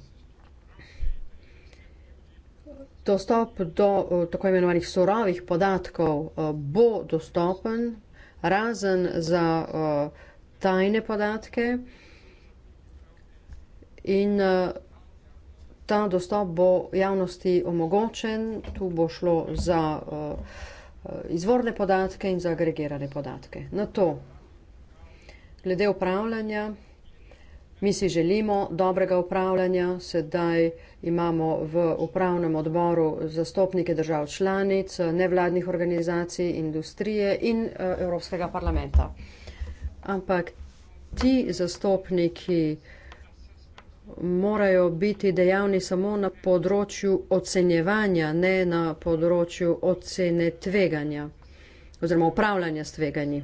Dostop do uh, tako imenovanih surovih podatkov uh, bo dostopen razen za uh, tajne podatke in uh, ta dostop bo javnosti omogočen, tu bo šlo za eh, izvorne podatke in za agregirane podatke. Na to, glede upravljanja, mi si želimo dobrega upravljanja, sedaj imamo v upravnem odboru zastopnike držav članic, nevladnih organizacij, industrije in eh, Evropskega parlamenta. Ampak ti zastopniki, morajo biti dejavni samo na področju ocenjevanja, ne na področju ocene tveganja oziroma upravljanja s tveganji.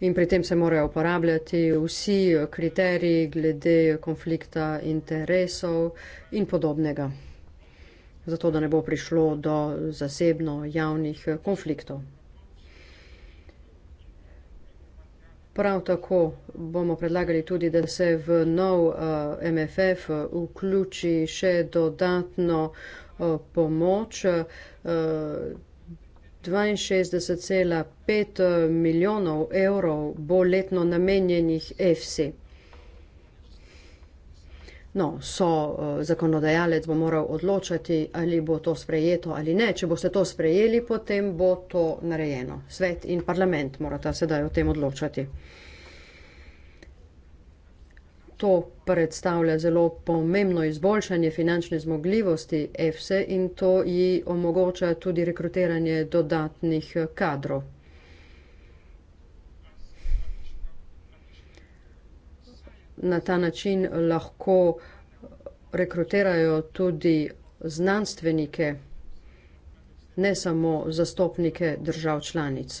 In pri tem se morajo uporabljati vsi kriteriji glede konflikta interesov in podobnega, zato da ne bo prišlo do zasebno javnih konfliktov. Prav tako bomo predlagali tudi, da se v nov uh, eh, MFF eh, vključi še dodatno uh, pomoč. Uh, 62,5 milijonov evrov bo letno namenjenih EFSI. No, so eh, zakonodajalec bo moral odločati, ali bo to sprejeto ali ne. Če boste to sprejeli, potem bo to narejeno. Svet in parlament morata sedaj o tem odločati. To predstavlja zelo pomembno izboljšanje finančne zmogljivosti EFSE in to ji omogoča tudi rekrutiranje dodatnih kadrov. na ta način lahko rekrutirajo tudi znanstvenike, ne samo zastopnike držav članic,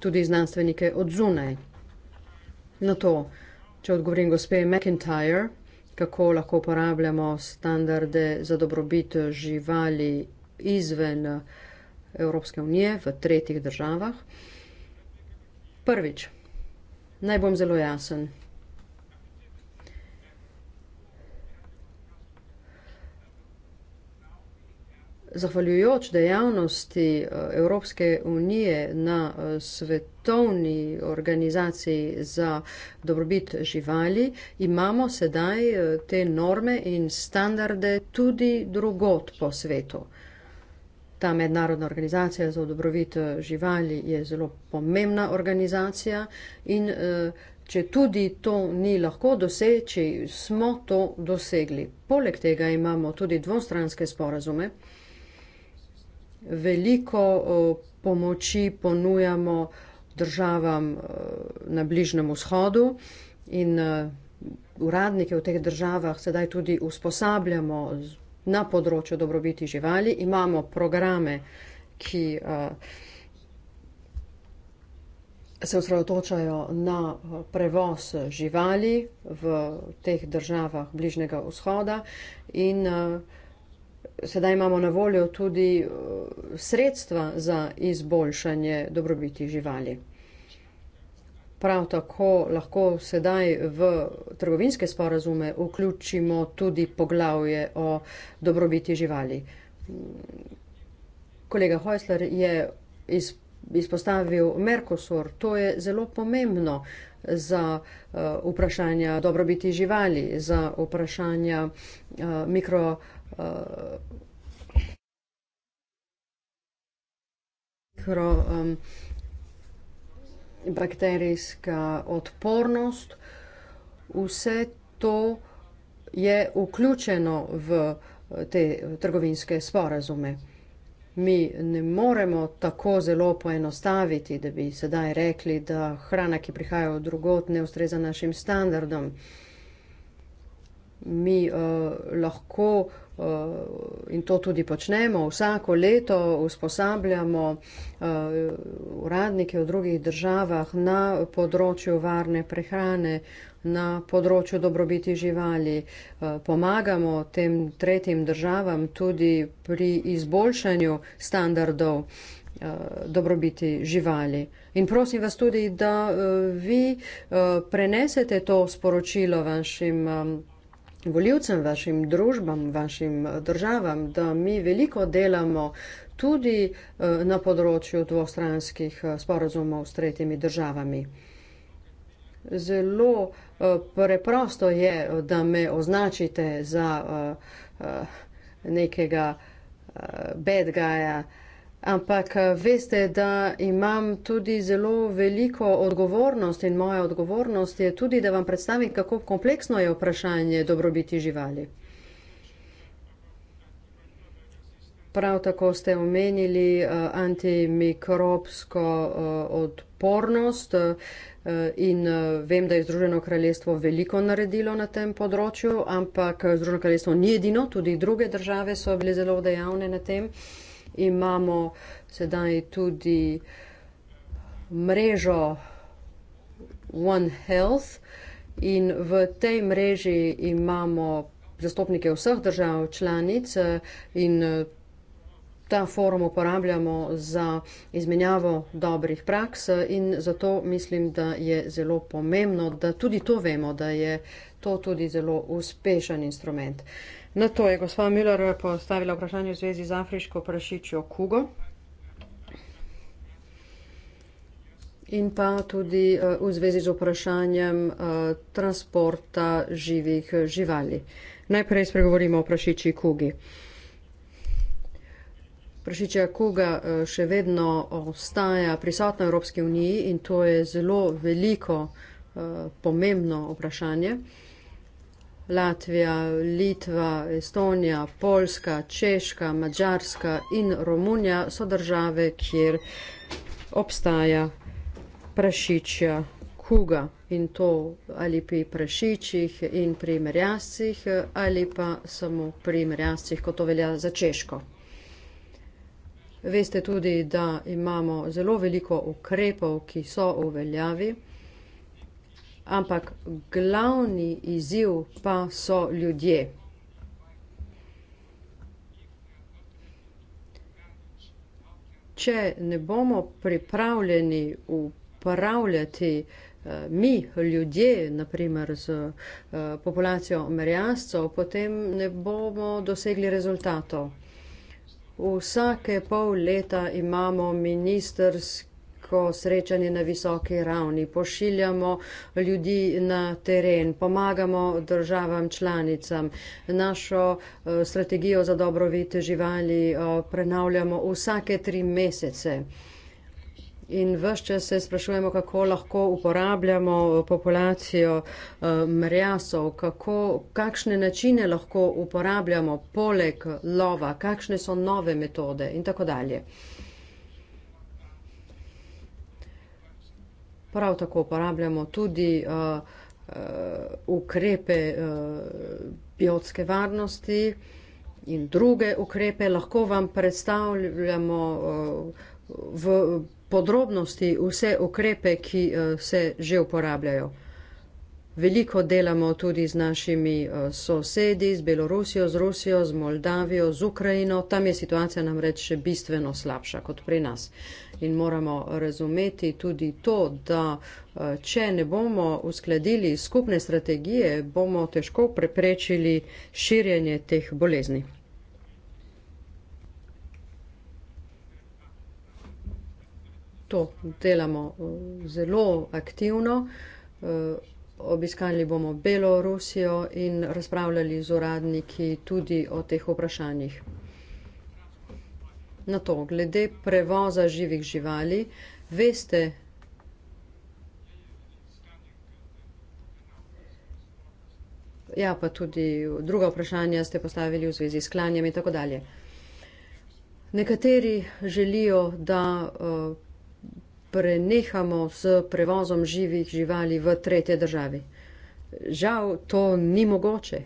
tudi znanstvenike od zunaj. Na to, če odgovorim gospe McIntyre, kako lahko uporabljamo standarde za dobrobit živali izven Evropske unije v tretjih državah. Prvič, naj bom zelo jasen. zahvaljujoč dejavnosti eh, Evropske unije na eh, svetovni organizaciji za dobrobit živali, imamo sedaj eh, te norme in standarde tudi drugot po svetu. Ta mednarodna organizacija za dobrobit živali je zelo pomembna organizacija in če tudi to ni lahko doseči, smo to dosegli. Poleg tega imamo tudi dvostranske sporazume veliko pomoči ponujamo državam na Bližnem vzhodu in uradnike v teh državah sedaj tudi usposabljamo na področju dobrobiti živali. Imamo programe, ki se osredotočajo na prevoz živali v teh državah Bližnjega vzhoda in uh, sedaj imamo na voljo tudi uh, sredstva za izboljšanje dobrobiti živali. Prav tako lahko sedaj v trgovinske sporazume vključimo tudi poglavje o dobrobiti živali. Kolega Hojsler je iz, izpostavil Merkosur. To je zelo pomembno za uh, vprašanja dobrobiti živali, za vprašanja uh, mikro. Uh, mikrobakterijska um, odpornost. Vse to je vključeno v te trgovinske sporazume. Mi ne moremo tako zelo poenostaviti, da bi sedaj rekli, da hrana, ki prihaja od drugot, ne ustreza našim standardom. Uh, mi uh, lahko uh, in to tudi počnemo, vsako leto usposabljamo uh, uradnike v drugih državah na področju varne prehrane, na področju dobrobiti živali. Uh, pomagamo tem tretjim državam tudi pri izboljšanju standardov dobrobiti živali. In prosim vas tudi, da vi prenesete to sporočilo vašim voljivcem, vašim družbam, vašim eh, državam, da mi veliko delamo tudi eh, na področju dvostranskih eh, sporozumov s tretjimi državami. Zelo preprosto je, da me označite za nekega bedgaja, Ampak eh, veste, da imam tudi zelo veliko odgovornost in moja odgovornost je tudi, da vam predstavim, kako kompleksno je vprašanje dobrobiti živali. Prav tako ste omenili eh, antimikrobsko eh, odpornost in vem, da je Združeno kraljestvo veliko naredilo na tem področju, ampak Združeno kraljestvo ni edino, tudi druge države so bile zelo dejavne na tem področju imamo sedaj tudi mrežo One Health in v tej mreži imamo zastopnike vseh držav članic eh, in eh, ta forum uporabljamo za izmenjavo dobrih praks eh, in zato mislim, da je zelo pomembno, da tudi to vemo, da je to tudi zelo uspešen instrument. Na to je gospa Müller postavila vprašanje v zvezi z afriško prašičjo kugo. In pa tudi eh, v zvezi z vprašanjem eh, transporta živih eh, živali. Najprej spregovorimo o prašičji kugi. Prašičja kuga še vedno ostaja prisotna v Evropski uniji in to je zelo veliko pomembno vprašanje. Latvija, Litva, Estonija, Poljska, Češka, Mačarska in Romunija so države, kjer obstaja prašičja kuga in to ali pri prašičih in pri merjascih ali pa samo pri merjascih, kot to velja za Češko. Veste tudi, da imamo zelo veliko ukrepov, ki so v veljavi ampak glavni izziv pa so ljudje. Če ne bomo pripravljeni upravljati eh, mi, ljudje, naprimer z eh, populacijo merjascov, potem ne bomo dosegli rezultatov. Vsake pol leta imamo ministerski neko srečanje na visoki ravni, pošiljamo ljudi na teren, pomagamo državam članicam, našo eh, strategijo za dobrobit živali eh, prenavljamo vsake tri mesece. In vse čas se sprašujemo, kako lahko uporabljamo eh, populacijo mrjasov, kako, kakšne načine lahko uporabljamo poleg lova, kakšne so nove metode in tako dalje. Prav tako uporabljamo tudi uh, uh, ukrepe uh, biotske varnosti in druge ukrepe. Lahko vam predstavljamo uh, v podrobnosti vse ukrepe, ki uh, se že uporabljajo. Veliko delamo tudi z našimi eh, sosedi, z Belorusijo, z Rusijo, z Moldavijo, z Ukrajino. Tam je situacija namreč še bistveno slabša kot pri nas. In moramo razumeti tudi to, da eh, če ne bomo uskladili skupne strategije, bomo težko preprečili širjenje teh bolezni. To delamo eh, zelo aktivno. Obiskali bomo Belorusijo in razpravljali z uradniki tudi o teh vprašanjih. Na to, glede prevoza živih živali, veste, ja, pa tudi druga vprašanja ste postavili v zvezi s klanjem in tako dalje. Nekateri želijo, da uh, prenehamo s prevozom živih živali v tretje države. Žal to ni mogoče.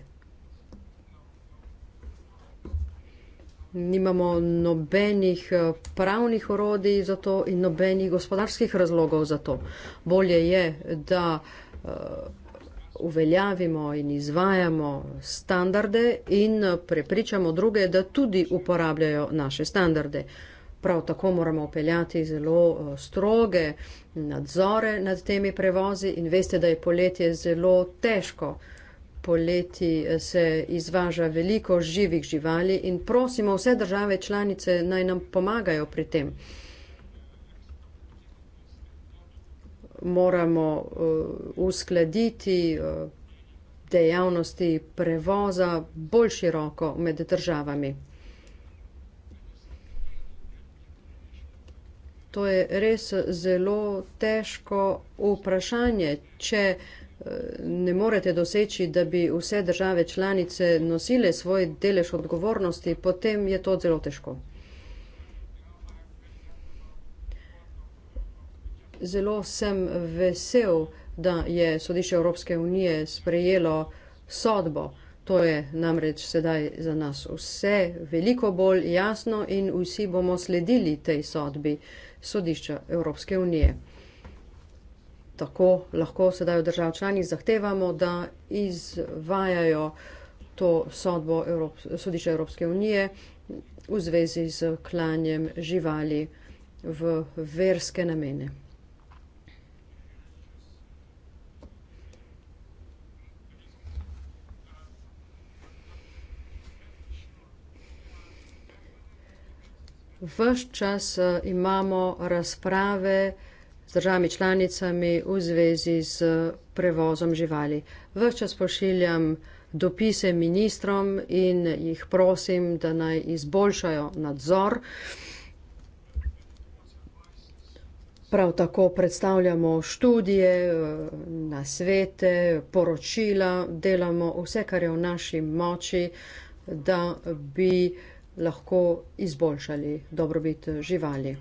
Nimamo nobenih eh, pravnih orodij za to in nobenih gospodarskih razlogov za to. Bolje je, da eh, uveljavimo in izvajamo standarde in eh, prepričamo druge, da tudi uporabljajo naše standarde. Prav tako moramo upeljati zelo eh, stroge nadzore nad temi prevozi in veste, da je poletje zelo težko. Poleti eh, se izvaža veliko živih živali in prosimo vse države članice naj nam pomagajo pri tem. Moramo eh, uskladiti dejavnosti prevoza bolj široko med državami. To je res zelo težko vprašanje. Če eh, ne morete doseči, da bi vse države članice nosile svoj delež odgovornosti, potem je to zelo težko. Zelo sem vesel, da je sodišče Evropske unije sprejelo sodbo. To je namreč sedaj za nas vse veliko bolj jasno in vsi bomo sledili tej sodbi sodišča Evropske unije. Tako lahko sedaj v držav člani zahtevamo, da izvajajo to sodbo Evrop, sodišča Evropske unije v zvezi z klanjem živali v verske namene. Vse čas eh, imamo razprave z državami članicami v zvezi z eh, prevozom živali. Vse čas pošiljam dopise ministrom in jih prosim, da naj izboljšajo nadzor. Prav tako predstavljamo študije, eh, nasvete, poročila, delamo vse, kar je v naši moči, da bi lahko izboljšali dobrobit živali.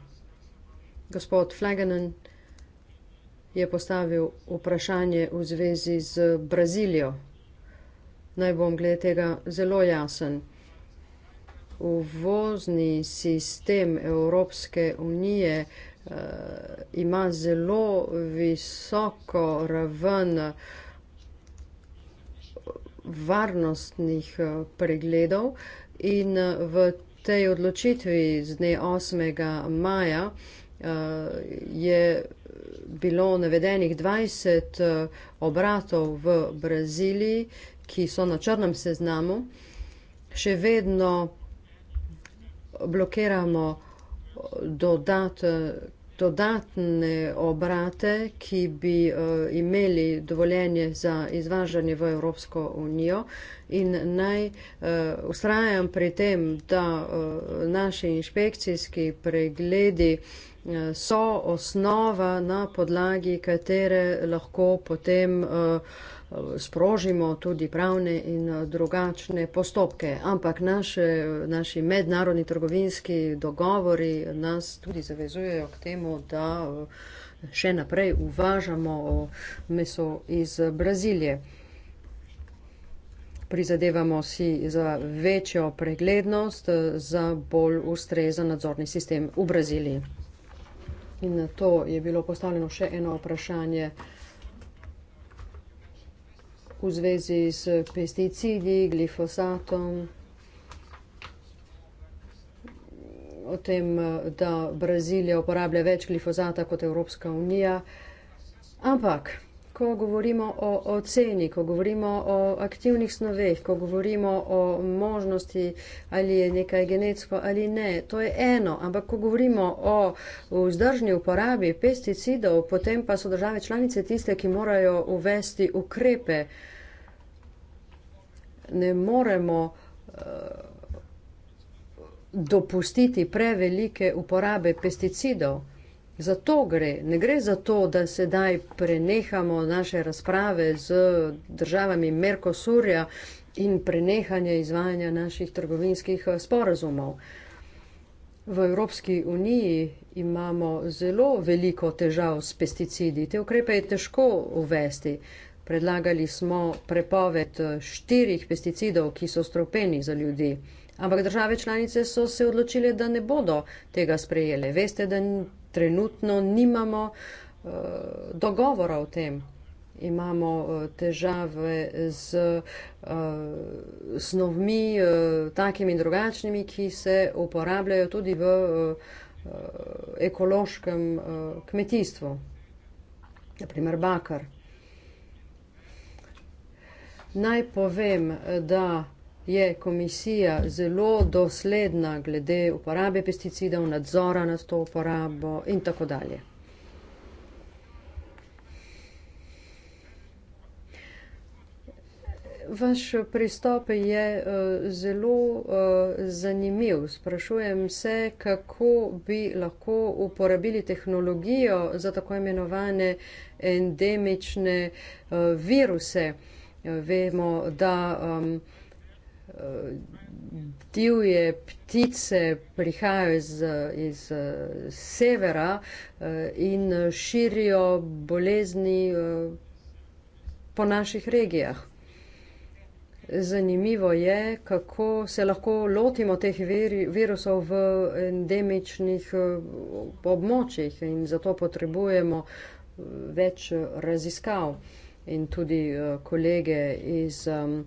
Gospod Flagenen je postavil vprašanje v zvezi z Brazilijo. Naj bom glede tega zelo jasen. Uvozni sistem Evropske unije eh, ima zelo visoko raven eh, varnostnih eh, pregledov, eh, In eh, v tej odločitvi z dne 8. maja eh, je bilo navedenih 20 eh, obratov v Braziliji, ki so na črnem seznamu. Še vedno blokiramo dodatne obrate, ki bi imeli dovoljenje za izvažanje v Evropsko unijo in naj uh, eh, ustrajam pri tem, da uh, naši inšpekcijski pregledi uh, so osnova na podlagi, katere lahko potem uh, sprožimo tudi pravne in drugačne postopke. Ampak naše, naši mednarodni trgovinski dogovori nas tudi zavezujejo k temu, da še naprej uvažamo meso iz Brazilije. Prizadevamo si za večjo preglednost, za bolj ustrezen nadzorni sistem v Braziliji. In na to je bilo postavljeno še eno vprašanje v zvezi s pesticidi, glifosatom, o tem, da Brazilija uporablja več glifosata kot Evropska unija. Ampak ko govorimo o oceni, ko govorimo o aktivnih snoveh, ko govorimo o možnosti, ali je nekaj genetsko ali ne, to je eno. Ampak, ko govorimo o vzdržni uporabi pesticidov, potem pa so države članice tiste, ki morajo uvesti ukrepe. Ne moremo uh, dopustiti prevelike uporabe pesticidov. Za to gre. Ne gre za to, da sedaj prenehamo naše razprave z državami Merkosurja in prenehanje izvajanja naših trgovinskih eh, sporazumov. V Evropski uniji imamo zelo veliko težav s pesticidi. Te ukrepe je težko uvesti. Predlagali smo prepoved eh, štirih pesticidov, ki so stropeni za ljudi. Ampak države članice so se odločile, da ne bodo tega sprejele. Veste, da trenutno nimamo eh, dogovora o tem. Imamo eh, težave z eh, snovmi, takimi in drugačnimi, ki se uporabljajo tudi v ekološkem kmetijstvu, naprimer bakar. Naj povem, da je komisija zelo dosledna glede uporabe pesticidov, nadzora nad to uporabo in tako dalje. Vaš pristop je uh, zelo uh, zanimiv. Sprašujem se, kako bi lahko uporabili tehnologijo za tako imenovane endemične uh, viruse. Vemo, da um, divje ptice prihajajo iz, iz severa eh, in širijo bolezni eh, po naših regijah. Zanimivo je, kako se lahko lotimo teh virusov v endemičnih eh, območjih in zato potrebujemo več raziskav. In tudi kolege iz um,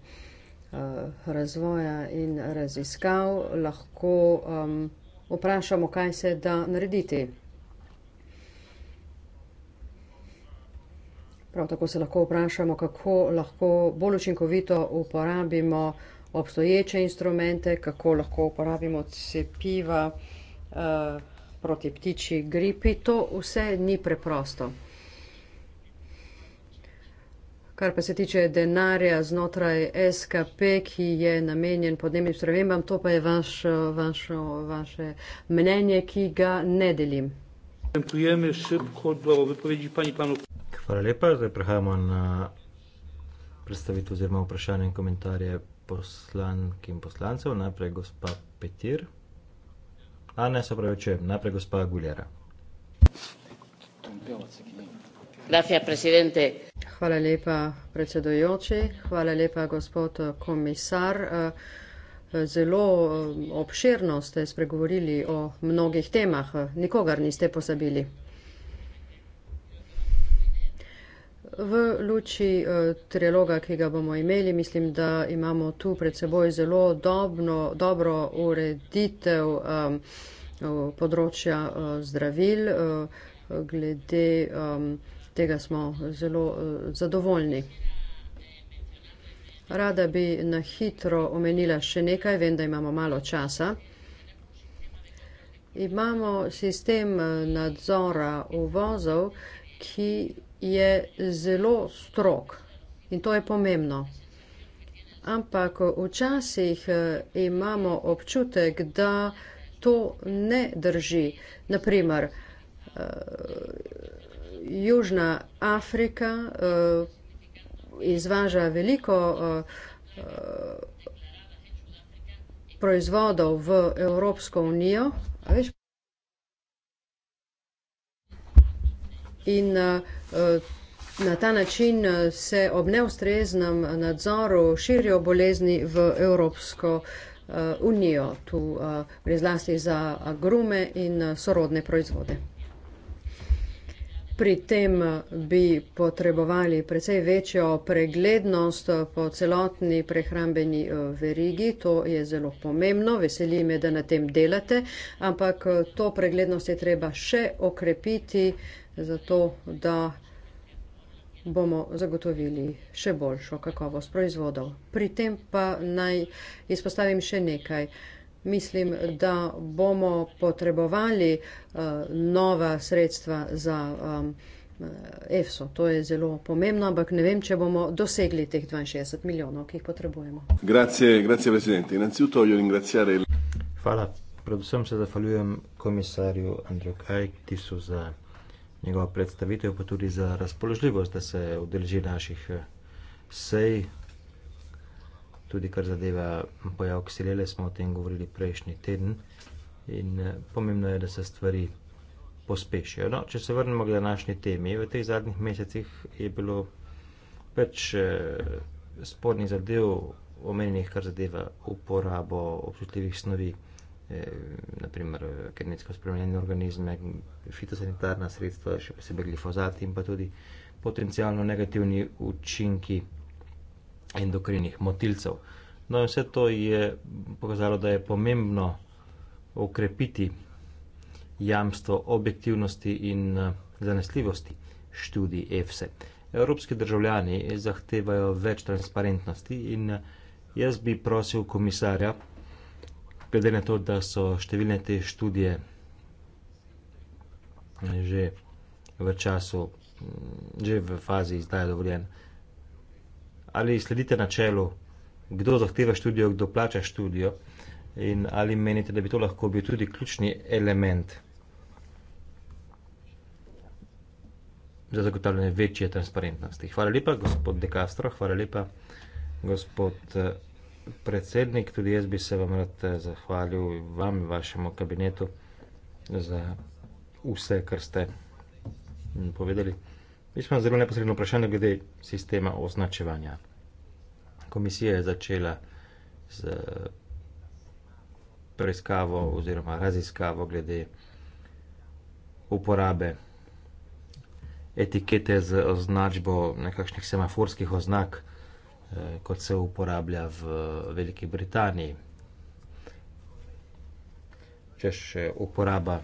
Eh, razvoja in raziskav, lahko um, vprašamo, kaj se da narediti. Prav tako se lahko vprašamo, kako lahko bolj učinkovito uporabimo obstoječe instrumente, kako lahko uporabimo cepiva uh, proti ptiči gripi. To vse ni preprosto. Kar pa se tiče denarja znotraj SKP, ki je namenjen podnebnim spremembam, to pa je vaš, vaš, vaše mnenje, ki ga ne delim. Hvala lepa, zdaj prehajamo na predstavitev oziroma vprašanje in komentarje poslank in poslancev. Najprej gospa Petir. A ne, se pravi, če najprej gospa Guljera. Hvala, predsednik. Hvala lepa, predsedojoči. Hvala lepa, gospod komisar. Eh, zelo eh, obširno ste spregovorili o mnogih temah. Nikogar niste posabili. V luči eh, triloga, ki ga bomo imeli, mislim, da imamo tu pred seboj zelo dobno, dobro ureditev um, področja uh, zdravil uh, glede um, tega smo eh, zelo uh, zadovoljni. Rada bi na hitro omenila še nekaj, vem, da imamo malo časa. Imamo sistem eh, nadzora uvozov, ki je zelo strok in to je pomembno. Ampak včasih imamo občutek, da to ne drži. Naprimer, Južna Afrika eh, izvaža veliko eh, eh, proizvodov v Evropsko unijo, a veš. In na ta način se ob neustreznem nadzoru širijo bolezni v Evropsko unijo. Tu gre zlasti za agrume in sorodne proizvode. Pri tem bi potrebovali precej večjo preglednost po celotni prehrambeni eh, verigi. To je zelo pomembno. Veseli me, da na tem delate, ampak eh, to preglednost je treba še okrepiti, zato da bomo zagotovili še boljšo kakovost proizvodov. Pri tem pa naj izpostavim še nekaj. Uh, Mislim, da bomo potrebovali uh, nova sredstva za um, eh, EFSO. To je zelo pomembno, ampak ne vem, če bomo dosegli teh 62 milijonov, ki jih potrebujemo. Grazie, grazie presidente. Innanzitutto, voglio ringraziare. Hvala. Predvsem se zahvaljujem komisarju Andrew Kajtisu za njegovo predstavitev, pa tudi za razpoložljivost, da se udeleži naših eh, sej tudi kar zadeva pojav ksilele, smo o tem govorili prejšnji teden in eh, pomembno je, da se stvari pospešijo. No, če se vrnemo k današnji temi, v teh zadnjih mesecih je bilo več eh, spornih zadev omenjenih, kar zadeva uporabo občutljivih snovi, eh, naprimer eh, genetsko spremenjene organizme, fitosanitarna sredstva, še posebej glifozat in pa tudi potencialno negativni učinki endokrinih motilcev. No in vse to je pokazalo, da je pomembno ukrepiti jamstvo objektivnosti in eh, zanesljivosti študij EFSE. Evropski državljani zahtevajo več transparentnosti in eh, jaz bi prosil komisarja, glede na to, da so številne te študije eh, že v času, mm, že v fazi izdaje dovoljenja, ali sledite načelu, kdo zahteva študijo, kdo plača študijo, in ali menite, da bi to lahko bil tudi ključni element za zagotavljanje večje transparentnosti. Hvala lepa, gospod De Castro, hvala lepa, gospod eh, predsednik, tudi jaz bi se vam rad eh, zahvalil vam, vašemu kabinetu, za vse, kar ste mm, povedali. Več imam zelo neposredno vprašanje glede sistema označevanja. Komisija je začela z eh, preiskavo oziroma raziskavo glede uporabe etikete z označbo nekakšnih semaforskih oznak, eh, kot se uporablja v Veliki Britaniji. Če še uporaba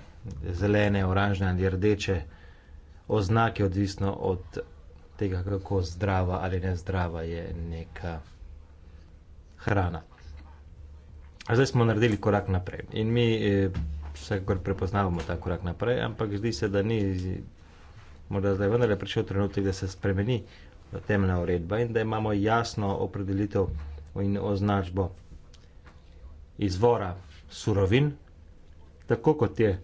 zelene, oranžne ali rdeče, oznake, odvisno od tega, kako zdrava ali nezdrava je neka hrana. A zdaj smo naredili korak naprej in mi eh, vsekakor prepoznavamo ta korak naprej, ampak zdi se, da ni morda zdaj vendarle prišel trenutek, da se spremeni temeljna uredba in da imamo jasno opredelitev in označbo izvora surovin, tako kot je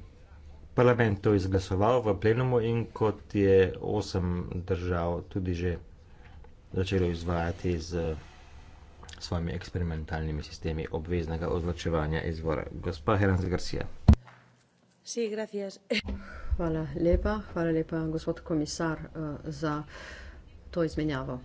parlament to izglasoval v plenumu in kot je osem držav tudi že začelo izvajati z svojimi eksperimentalnimi sistemi obveznega odločevanja izvora. Gospa Herans Garcia. Si, gracias. Hvala lepa, hvala lepa, gospod komisar, eh, za to izmenjavo.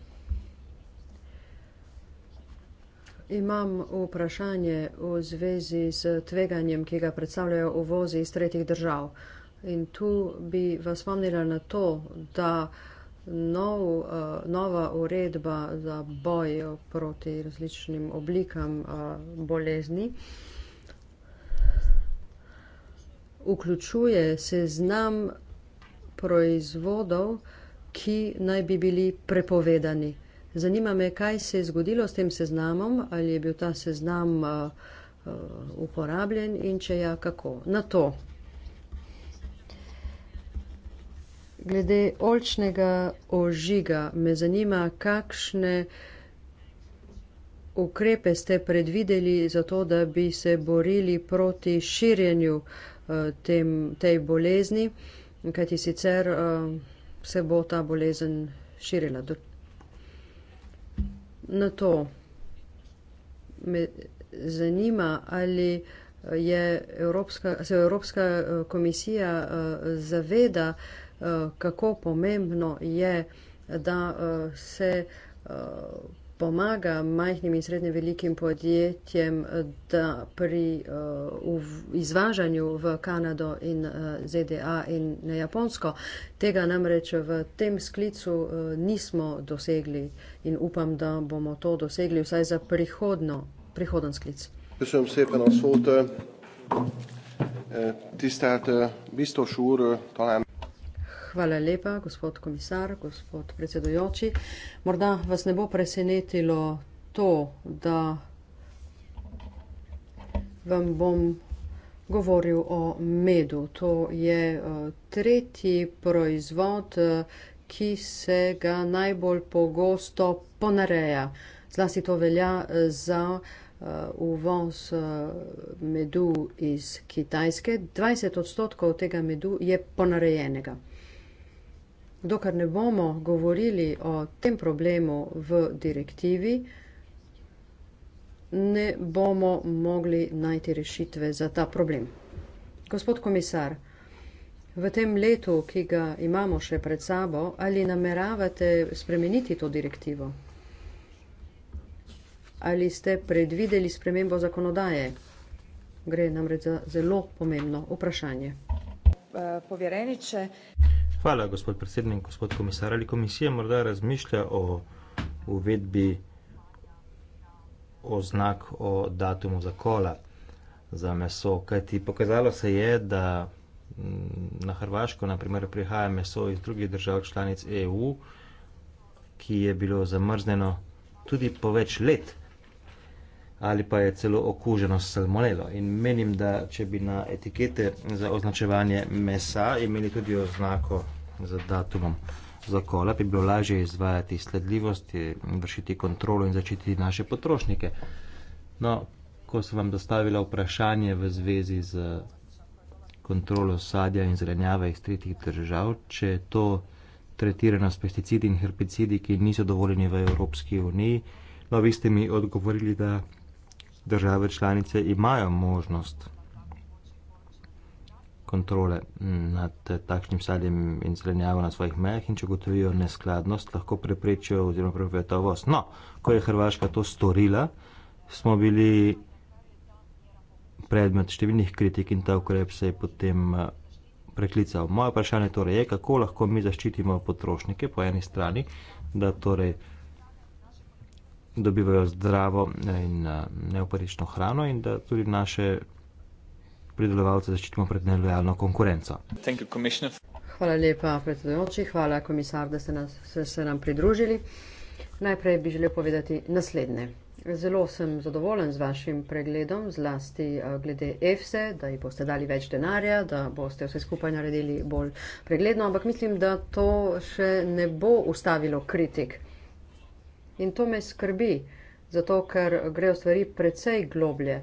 Imam vprašanje v zvezi s tveganjem, ki ga predstavljajo uvozi iz tretjih držav. In tu bi vas spomnila na to, da nov, eh, nova uredba za boj proti različnim oblikam eh, bolezni vključuje seznam proizvodov, ki naj bi bili prepovedani. Zanima me, kaj se je zgodilo s tem seznamom, ali je bil ta seznam uh, uporabljen in če ja, kako. Na to. glede oljčnega ožiga me zanima, kakšne ukrepe ste predvideli za to, da bi se borili proti širjenju eh, tem, tej bolezni, kajti sicer eh, se bo ta bolezen širila. Na to me zanima, ali eh, je Evropska, se Evropska komisija zaveda, Eh, kako pomembno je, da eh, se eh, pomaga majhnim in srednje velikim podjetjem, da pri izvažanju v Kanado in ZDA in na Japonsko tega namreč v tem sklicu nismo dosegli in upam, da bomo to dosegli vsaj za prihodno, prihodnjo sklic. Köszönöm szépen a szót. Tisztelt biztos úr, talán. Hvala lepa, gospod komisar, gospod predsedujoči. Morda vas ne bo presenetilo to, da vam bom govoril o medu. To je eh, tretji proizvod, eh, ki se ga najbolj pogosto ponareja. Zlasti to velja eh, za uvoz medu iz Kitajske. 20 odstotkov tega medu je ponarejenega dokler ne bomo govorili o tem problemu v direktivi, ne bomo mogli najti rešitve za ta problem. Gospod komisar, v tem letu, ki ga imamo še pred sabo, ali nameravate spremeniti to direktivo? Ali ste predvideli spremembo zakonodaje? Gre namreč za zelo pomembno vprašanje. Povjereniče. Hvala, gospod predsednik, gospod komisar. Ali komisija morda razmišlja o uvedbi oznak o datumu zakola za meso? Kajti pokazalo se je, da mm, na Hrvaško naprimer, prihaja meso iz drugih držav članic EU, ki je bilo zamrznjeno tudi po več let ali pa je celo okuženo s salmonelo. In menim, da če bi na etikete za označevanje mesa imeli tudi oznako za datumom za kola, bi bilo lažje izvajati sledljivost, vršiti kontrolo in začititi naše potrošnike. No, ko sem vam dostavila vprašanje v zvezi z kontrolo sadja in zrenjave iz tretjih držav, če je to tretirano s pesticidi in herpicidi, ki niso dovoljeni v Evropski uniji, no, vi ste mi odgovorili, da države članice imajo možnost kontrole nad takšnim sadjem in zelenjavo na svojih mejah in če gotovijo neskladnost, lahko preprečijo oziroma prepovejo ta voz. No, ko je Hrvaška to storila, smo bili predmet številnih kritik in ta ukrep se je potem eh, preklical. Moje vprašanje torej je, kako lahko mi zaščitimo potrošnike po eni strani, da torej dobivajo zdravo in eh, neoporečno hrano in da tudi naše pridelovalce zaščitimo pred nelojalno konkurenco. Hvala lepa, predsedujoči, hvala komisar, da ste, nas, ste se nam pridružili. Najprej bi želel povedati naslednje. Zelo sem zadovoljen z vašim pregledom, zlasti eh, glede EFSE, da ji boste dali več denarja, da boste vse skupaj naredili bolj pregledno, ampak mislim, da to še ne bo ustavilo kritik. In to me skrbi, zato ker grejo stvari precej globlje.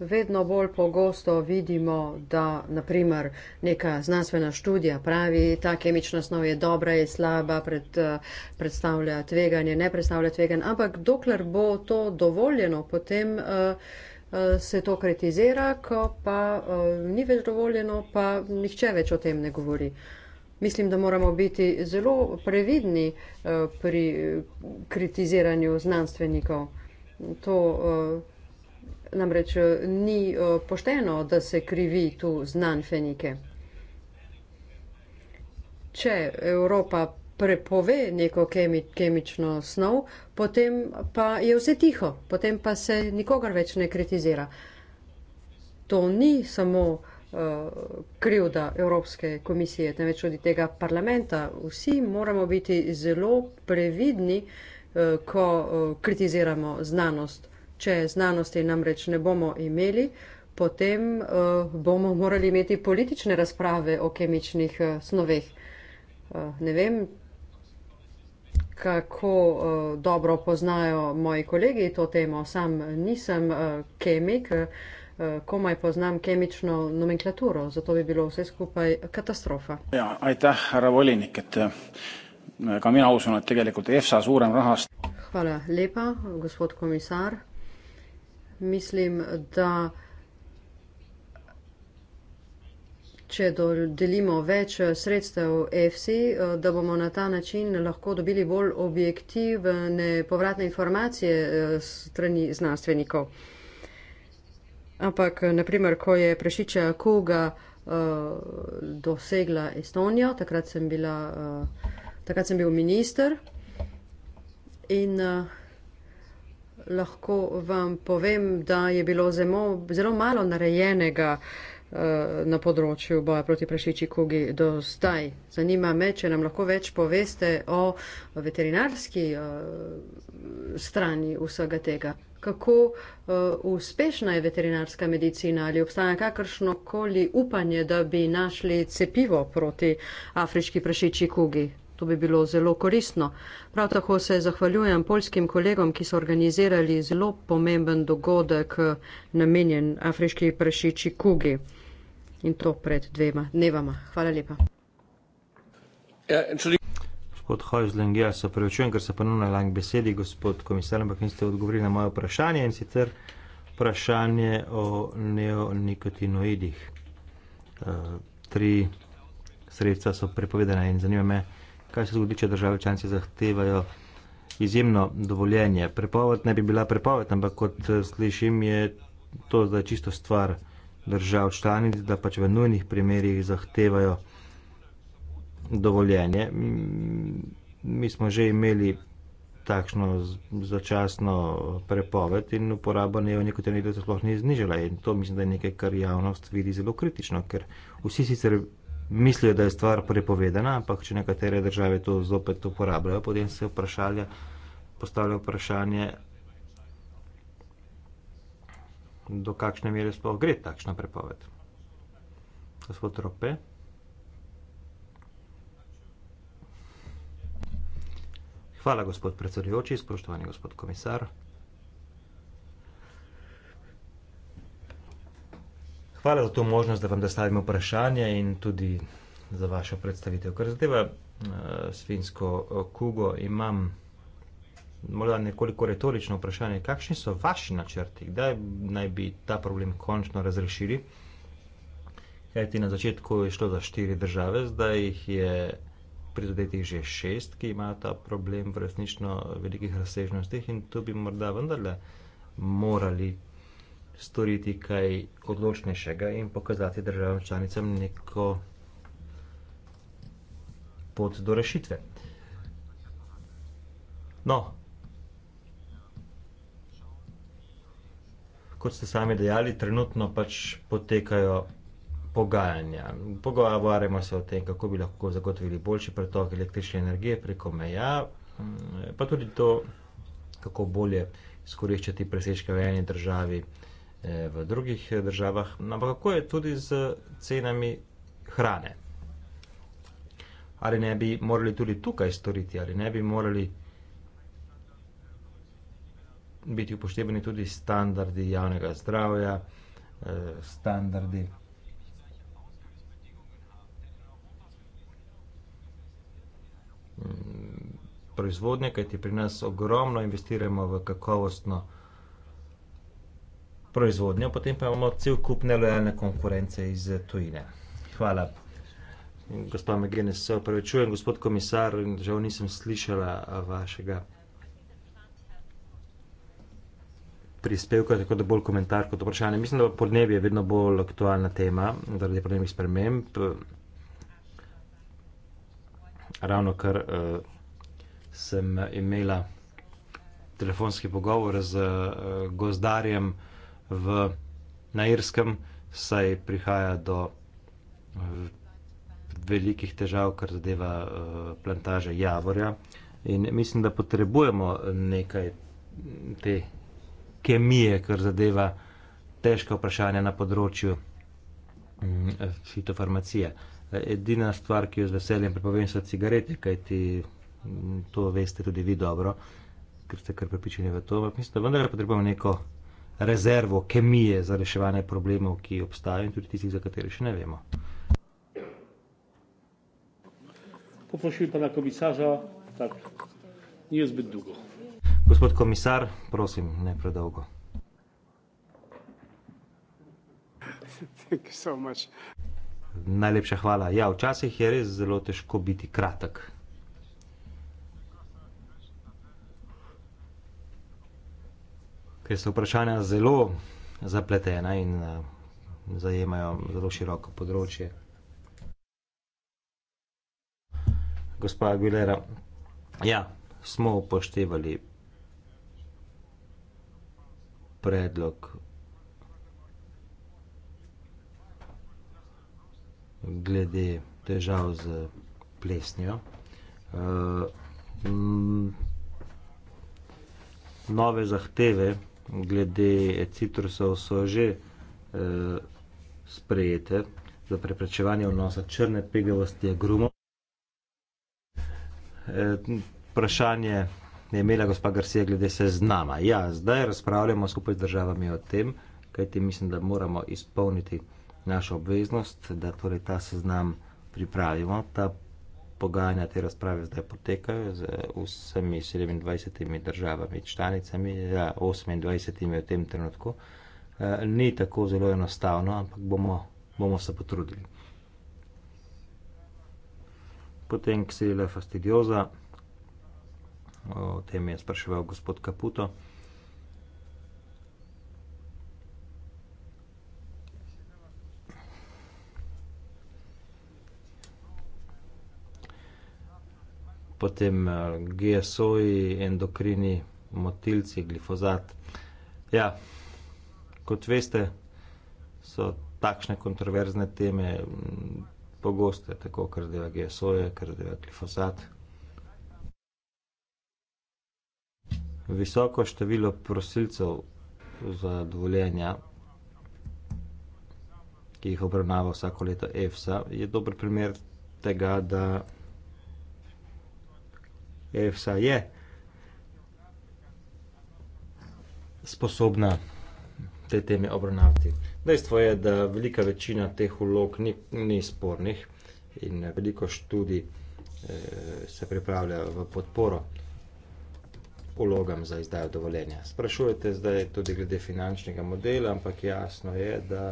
Vedno bolj pogosto vidimo, da naprimer neka znanstvena študija pravi, ta kemična snov je dobra, je slaba, pred, predstavlja tveganje, ne predstavlja tveganje, ampak dokler bo to dovoljeno, potem uh, se to kritizira, ko pa uh, ni več dovoljeno, pa nihče več o tem ne govori. Uh, Mislim, da moramo biti zelo previdni eh, pri kritiziranju znanstvenikov. To eh, namreč eh, ni pošteno, da se krivi tu znanstvenike. Če Evropa prepove neko kemi, kemično snov, potem pa je vse tiho, potem pa se nikogar več ne kritizira. To ni samo uh, Eh, krivda Evropske komisije, temveč tudi tega parlamenta. Vsi moramo biti zelo previdni, eh, ko eh, kritiziramo znanost. Če znanosti namreč ne bomo imeli, potem bomo morali imeti politične razprave o kemičnih snoveh. Ne vem, kako dobro poznajo moji kolegi to temo. Sam nisem kemik. Eh, komaj poznam kemično nomenklaturo, zato bi bilo vse skupaj katastrofa. Ja, aitäh, härra volinik, et eh, ka mina usun, et tegelikult EFSA suurem rahast. Hvala lepa, gospod komisar. Mislim, da če delimo več sredstev EFSI, eh, da bomo na ta način lahko dobili bolj objektivne povratne informacije strani znanstvenikov. Ampak, naprimer, ko je prešiča koga uh, dosegla Estonija, takrat sem bila, uh, takrat sem bil minister in uh, lahko vam povem, da je bilo zelo, zelo malo narejenega na področju boja proti prašiči kugi do zdaj. Zanima me, če nam lahko več poveste o veterinarski uh, strani vsega tega kako uh, uspešna je veterinarska medicina, ali obstaja kakršno koli upanje, da bi našli cepivo proti afriški prašiči kugi. To bi bilo zelo koristno. Prav tako se zahvaljujem polskim kolegom, ki so organizirali zelo pomemben dogodek namenjen afriški prašiči kugi. In to pred dvema dnevama. Hvala lepa. Ja, gospod Hojzling, jaz se prevečujem, ker se ponovno lang besedi, gospod komisar, ampak niste odgovorili na moje vprašanje in sicer vprašanje o neonikotinoidih. E, tri sredstva so prepovedane in zanima me, kaj se zgodi, če države članice zahtevajo izjemno dovoljenje. Prepoved ne bi bila prepoved, ampak kot eh, slišim, je to zdaj čisto stvar držav članic, da pač v nujnih primerjih zahtevajo dovoljenje. Mi smo že imeli takšno začasno prepoved in uporaba neonikotinoidov se sploh ni znižala. In to mislim, da je nekaj, kar javnost vidi zelo kritično, ker vsi sicer mislijo, da je stvar prepovedana, ampak če nekatere države to zopet uporabljajo, potem se vprašalja, postavlja vprašanje, do kakšne mere sploh gre takšna prepoved. Gospod Rope. Hvala, gospod predsedujoči, spoštovani gospod komisar. Hvala za to možnost, da vam dostavim vprašanje in tudi za vašo predstavitev. Kar zadeva uh, eh, svinsko eh, kugo, imam morda nekoliko retorično vprašanje. Kakšni so vaši načrti? Kdaj naj bi ta problem končno razrešili? Kajti na začetku je šlo za štiri države, zdaj jih je pridodeti že šest, ki imajo ta problem v resnično velikih razsežnostih in tu bi morda vendarle morali storiti kaj odločnejšega in pokazati državam članicam neko pot do rešitve. No, kot ste sami dejali, trenutno pač potekajo pogajanja. Pogovarjamo se o tem, kako bi lahko zagotovili boljši pretok električne energije preko meja, pa tudi to, kako bolje skoriščati presečke v eni državi, eh, v drugih eh, državah, ampak kako je tudi z cenami hrane. Ali ne bi morali tudi tukaj storiti, ali ne bi morali biti upoštevani tudi standardi javnega zdravja, eh, standardi proizvodnje, kajti pri nas ogromno investiramo v kakovostno proizvodnjo, potem pa imamo cel kup nelojalne konkurence iz tujine. Hvala. Gospa Megene, se opravičujem, gospod komisar, žal nisem slišala vašega prispevka, tako da bolj komentar kot vprašanje. Mislim, da podnebje je vedno bolj aktualna tema, zaradi podnebnih sprememb ravno kar uh, sem imela telefonski pogovor z uh, gozdarjem v, na Irskem, saj prihaja do uh, velikih težav, kar zadeva uh, plantaže javorja. In mislim, da potrebujemo nekaj te kemije, kar zadeva težke vprašanja na področju mm, fitofarmacije. Um, Edina stvar, ki jo z veseljem prepovem, so cigarete, kajti mm, to veste tudi vi dobro, ker ste kar prepričani v to. Mislim, da vendar potrebujemo neko rezervo kemije za reševanje problemov, ki obstajajo in tudi tistih, za katere še ne vemo. Poprosil pa na komisarza, tako ni zbit dolgo. Gospod komisar, prosim, ne predolgo. *laughs* Thank you so much. Najlepša hvala. Ja, včasih je res zelo težko biti kratek. Ker so vprašanja zelo zapletena in uh, zajemajo zelo široko področje. Gospa Aguilera, ja, smo upoštevali predlog glede težav z plesnjo. Eh, nove zahteve glede citrusov so že eh, sprejete za preprečevanje vnosa črne pegavosti agrumov. Eh, vprašanje je imela gospa Garcia glede seznama. Ja, zdaj razpravljamo skupaj z državami o tem, kajti mislim, da moramo izpolniti naša obveznost, da torej ta seznam pripravimo. Ta pogajanja, te razprave zdaj potekajo z vsemi 27 državami, članicami, ja, 28 v tem trenutku. Eh, ni tako zelo enostavno, ampak bomo, bomo se potrudili. Potem ksilila fastidioza, o tem je spraševal gospod Kaputo. potem eh, GSO-ji, endokrini, motilci, glifozat. Ja, kot veste, so takšne kontroverzne teme mm, pogoste, tako kar zadeva GSO-je, kar zadeva glifozat. Visoko število prosilcev za dovoljenja, ki jih obravnava vsako leto EFSA, je dober primer tega, da EFSA je sposobna te teme obravnavati. Dejstvo je, da velika večina teh ulog ni, ni spornih in veliko študij eh, se pripravlja v podporo ulogam za izdajo dovoljenja. Sprašujete zdaj tudi glede finančnega modela, ampak jasno je, da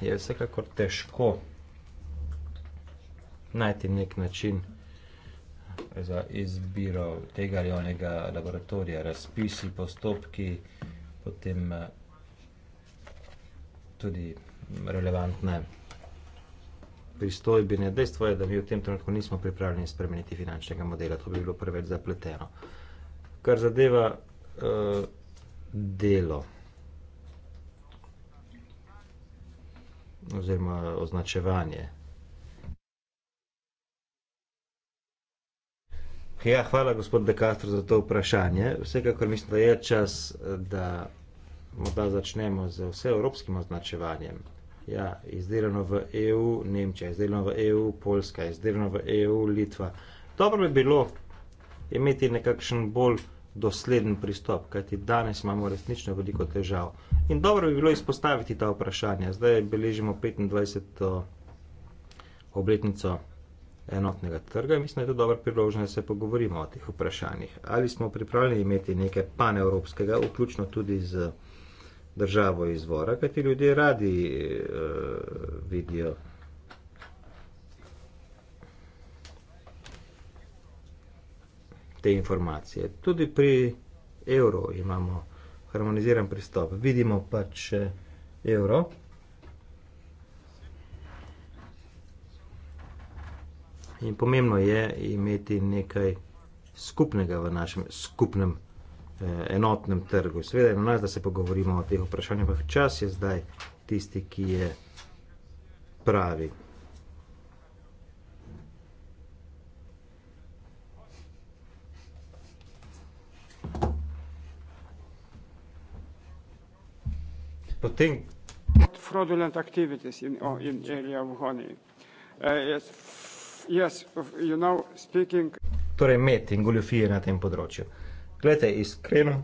je vsekakor težko najti nek način, za izbiro tega ali onega laboratorija, razpisi, postopki, potem eh, tudi relevantne pristojbine. Dejstvo je, da mi v tem trenutku nismo pripravljeni spremeniti finančnega modela, to bi bilo preveč zapleteno. Kar zadeva uh, delo oziroma označevanje. Ja, hvala, gospod De Castro, za to vprašanje. Vsekakor mislim, da je čas, da morda začnemo z vseevropskim označevanjem. Ja, izdelano v EU, Nemčija, izdelano v EU, Poljska, izdelano v EU, Litva. Dobro bi bilo imeti nekakšen bolj dosleden pristop, kajti danes imamo resnično veliko težav. In dobro bi bilo izpostaviti ta vprašanja. Zdaj beležimo 25. obletnico enotnega trga in mislim, da je to dobra priložnost, da se pogovorimo o teh vprašanjih. Ali smo pripravljeni imeti nekaj panevropskega, vključno tudi z državo izvora, kaj ti ljudje radi uh, vidijo. informacije. Tudi pri evro imamo harmoniziran pristop. Vidimo pač eh, evro. in pomembno je imeti nekaj skupnega v našem skupnem eh, enotnem trgu. Seveda je na nas, da se pogovorimo o teh vprašanjih, ampak čas je zdaj tisti, ki je pravi. Potem. Fraudulent activities in, oh, in area of honey. Uh, yes, Yes, you know, speaking... Torej, med in goljofije na tem področju. Glejte, iskreno.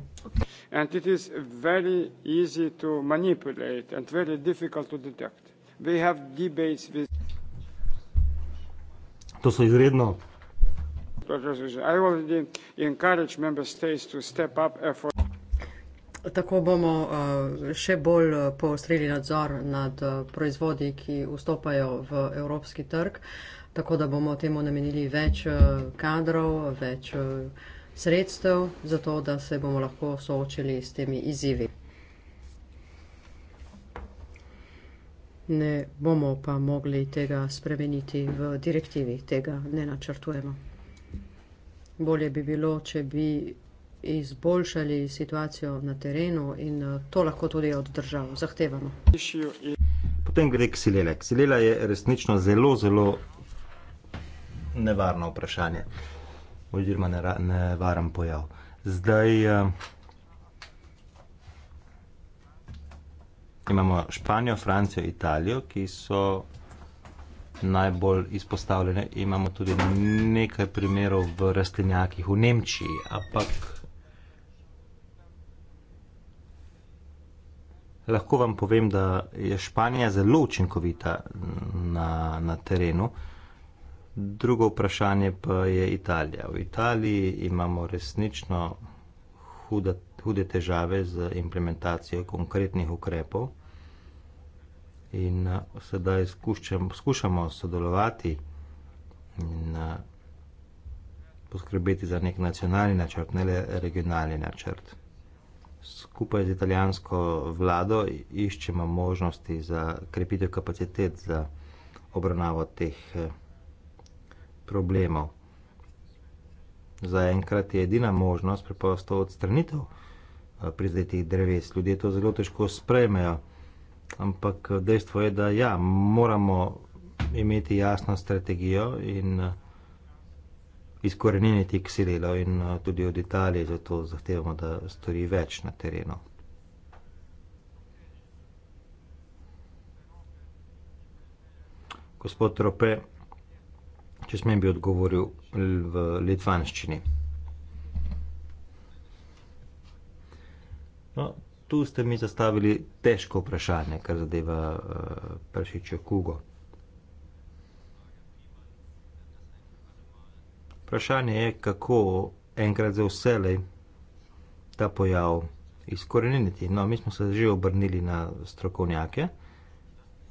And it is very easy to manipulate and very difficult to detect. We have debates with... To so izredno I already encourage member states to step up effort. Tako bomo uh, še bolj eh, poostrili nadzor nad uh, proizvodi, ki vstopajo v evropski trg. Uh, tako da bomo temu namenili več eh, kadrov, več eh, sredstev, zato da se bomo lahko soočili s temi izzivi. Ne bomo pa mogli tega spremeniti v direktivi, tega ne načrtujemo. Bolje bi bilo, če bi izboljšali situacijo na terenu in eh, to lahko tudi od držav zahtevamo. Potem gre k Silele. Silela je resnično zelo, zelo nevarno vprašanje, oziroma nevaren pojav. Zdaj uh, imamo Španijo, Francijo, Italijo, ki so najbolj izpostavljene. Imamo tudi nekaj primerov v rastlinjakih v Nemčiji, ampak lahko vam povem, da je Španija zelo učinkovita na, na terenu. Uh, Drugo vprašanje pa je Italija. V Italiji imamo resnično huda, hude težave z implementacijo konkretnih ukrepov in sedaj skušam, skušamo sodelovati in poskrbeti za nek nacionalni načrt, ne le regionalni načrt. Skupaj z italijansko vlado iščemo možnosti za krepitev kapacitet za obravnavo teh težav problemov. Zaenkrat je edina možnost preprosto odstranitev eh, prizadetih dreves. Ljudje to zelo težko sprejmejo, ampak eh, dejstvo je, da ja, moramo imeti jasno strategijo in eh, izkoreniniti ksililo in tudi od Italije zato zahtevamo, da stori več na terenu. Gospod Trope, če smem bi odgovoril v litvanščini. No, tu ste mi zastavili težko vprašanje, kar zadeva uh, eh, prašičjo kugo. Vprašanje je, kako enkrat za vselej ta pojav izkoreniniti. No, mi smo se že obrnili na strokovnjake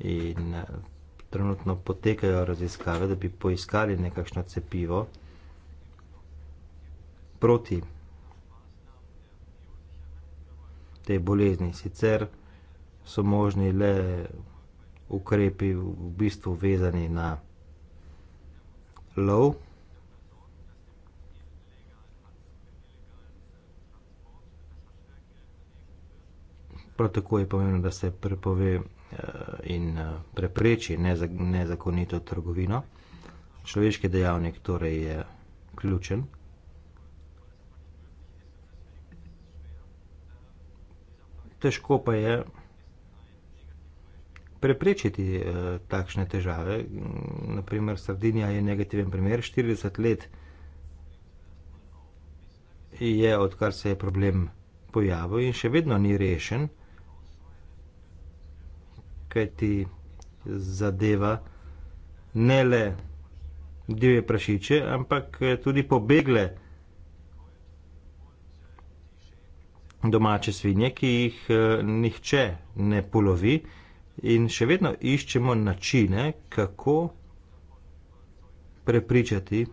in eh, trenutno potekajo raziskave, da bi poiskali nekakšno cepivo proti tej bolezni. Sicer so možni le ukrepi v bistvu vezani na lov, Prav tako je pomembno, da se prepove Eh, in eh, prepreči nezakonito trgovino. Človeški dejavnik torej je ključen. Težko pa je preprečiti eh, takšne težave. Mm, Naprimer, Sardinija je negativen primer. 40 let je, odkar se je problem pojavil in še vedno ni rešen, kaj ti zadeva ne le divje prašiče, ampak tudi pobegle domače svinje, ki jih eh, nihče ne polovi in še vedno iščemo načine, kako prepričati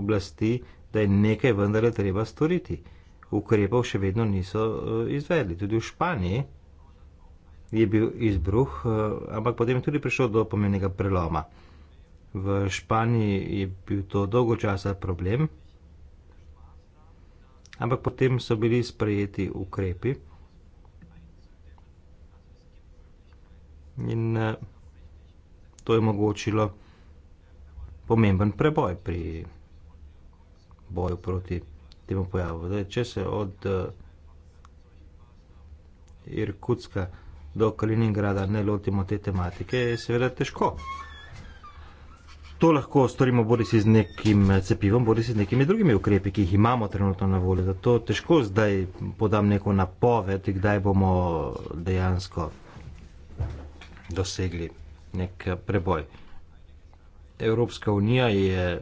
oblasti, da je nekaj vendarle treba storiti. Ukrepov še vedno niso eh, izvedli. Tudi v Španiji je bil izbruh, eh, ampak potem je tudi prišlo do pomenega preloma. V Španiji je bil to dolgo časa problem, ampak potem so bili sprejeti ukrepi. In eh, to je omogočilo pomemben preboj pri boju proti temu pojavu. Zdaj, če se od eh, Irkutska do Kaliningrada ne lotimo te tematike, je seveda težko. To lahko storimo bodi si z nekim cepivom, bodi si z nekimi drugimi ukrepi, ki jih imamo trenutno na voljo. Zato težko zdaj podam neko napoved, kdaj bomo dejansko dosegli nek preboj. Evropska unija je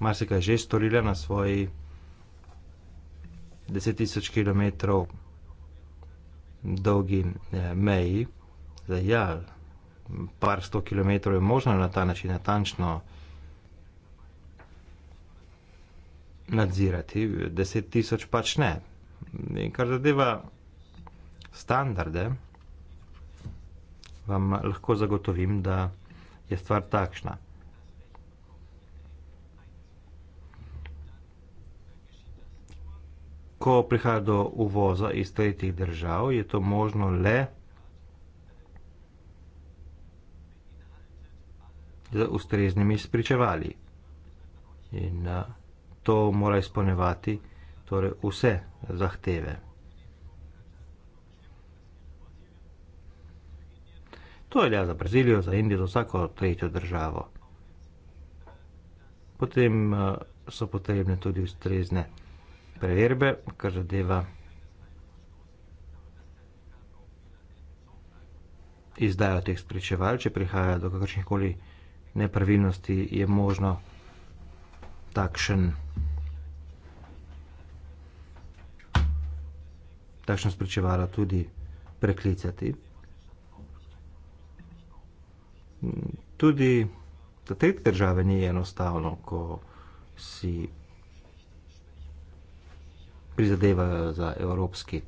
marsikaj že storila na svoji 10 tisoč km dolgi eh, meji, da ja, par sto km je možno na ta način natančno nadzirati, 10 tisoč pač ne. In kar zadeva standarde, vam lahko zagotovim, da je stvar takšna. ko prihaja do uvoza iz tretjih držav, je to možno le z ustreznimi spričevali. In to mora izpolnevati torej vse zahteve. To velja za Brazilijo, za Indijo, za vsako tretjo državo. Potem so potrebne tudi ustrezne preverbe, kar zadeva izdajo teh spričeval, če prihaja do kakršnihkoli nepravilnosti, je možno takšen takšno spričevalo tudi preklicati. Tudi za te države ni enostavno, ko si preklicati prizadevajo za evropski,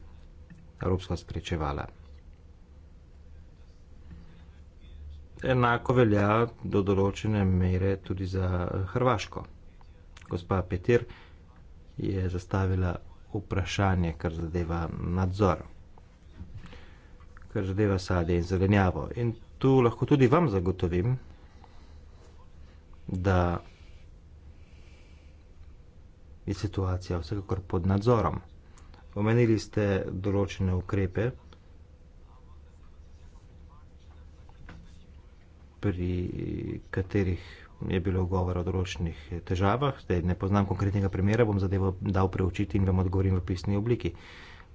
evropska sprečevala. Enako velja do določene mere tudi za Hrvaško. Gospa Petir je zastavila vprašanje, kar zadeva nadzor, kar zadeva sadje in zelenjavo. In tu lahko tudi vam zagotovim, da je situacija vsekakor pod nadzorom. Omenili ste določene ukrepe pri katerih je bilo govor o določenih težavah. Zdaj, ne poznam konkretnega primera, bom zadevo dal preučiti in vam odgovorim v pisni obliki.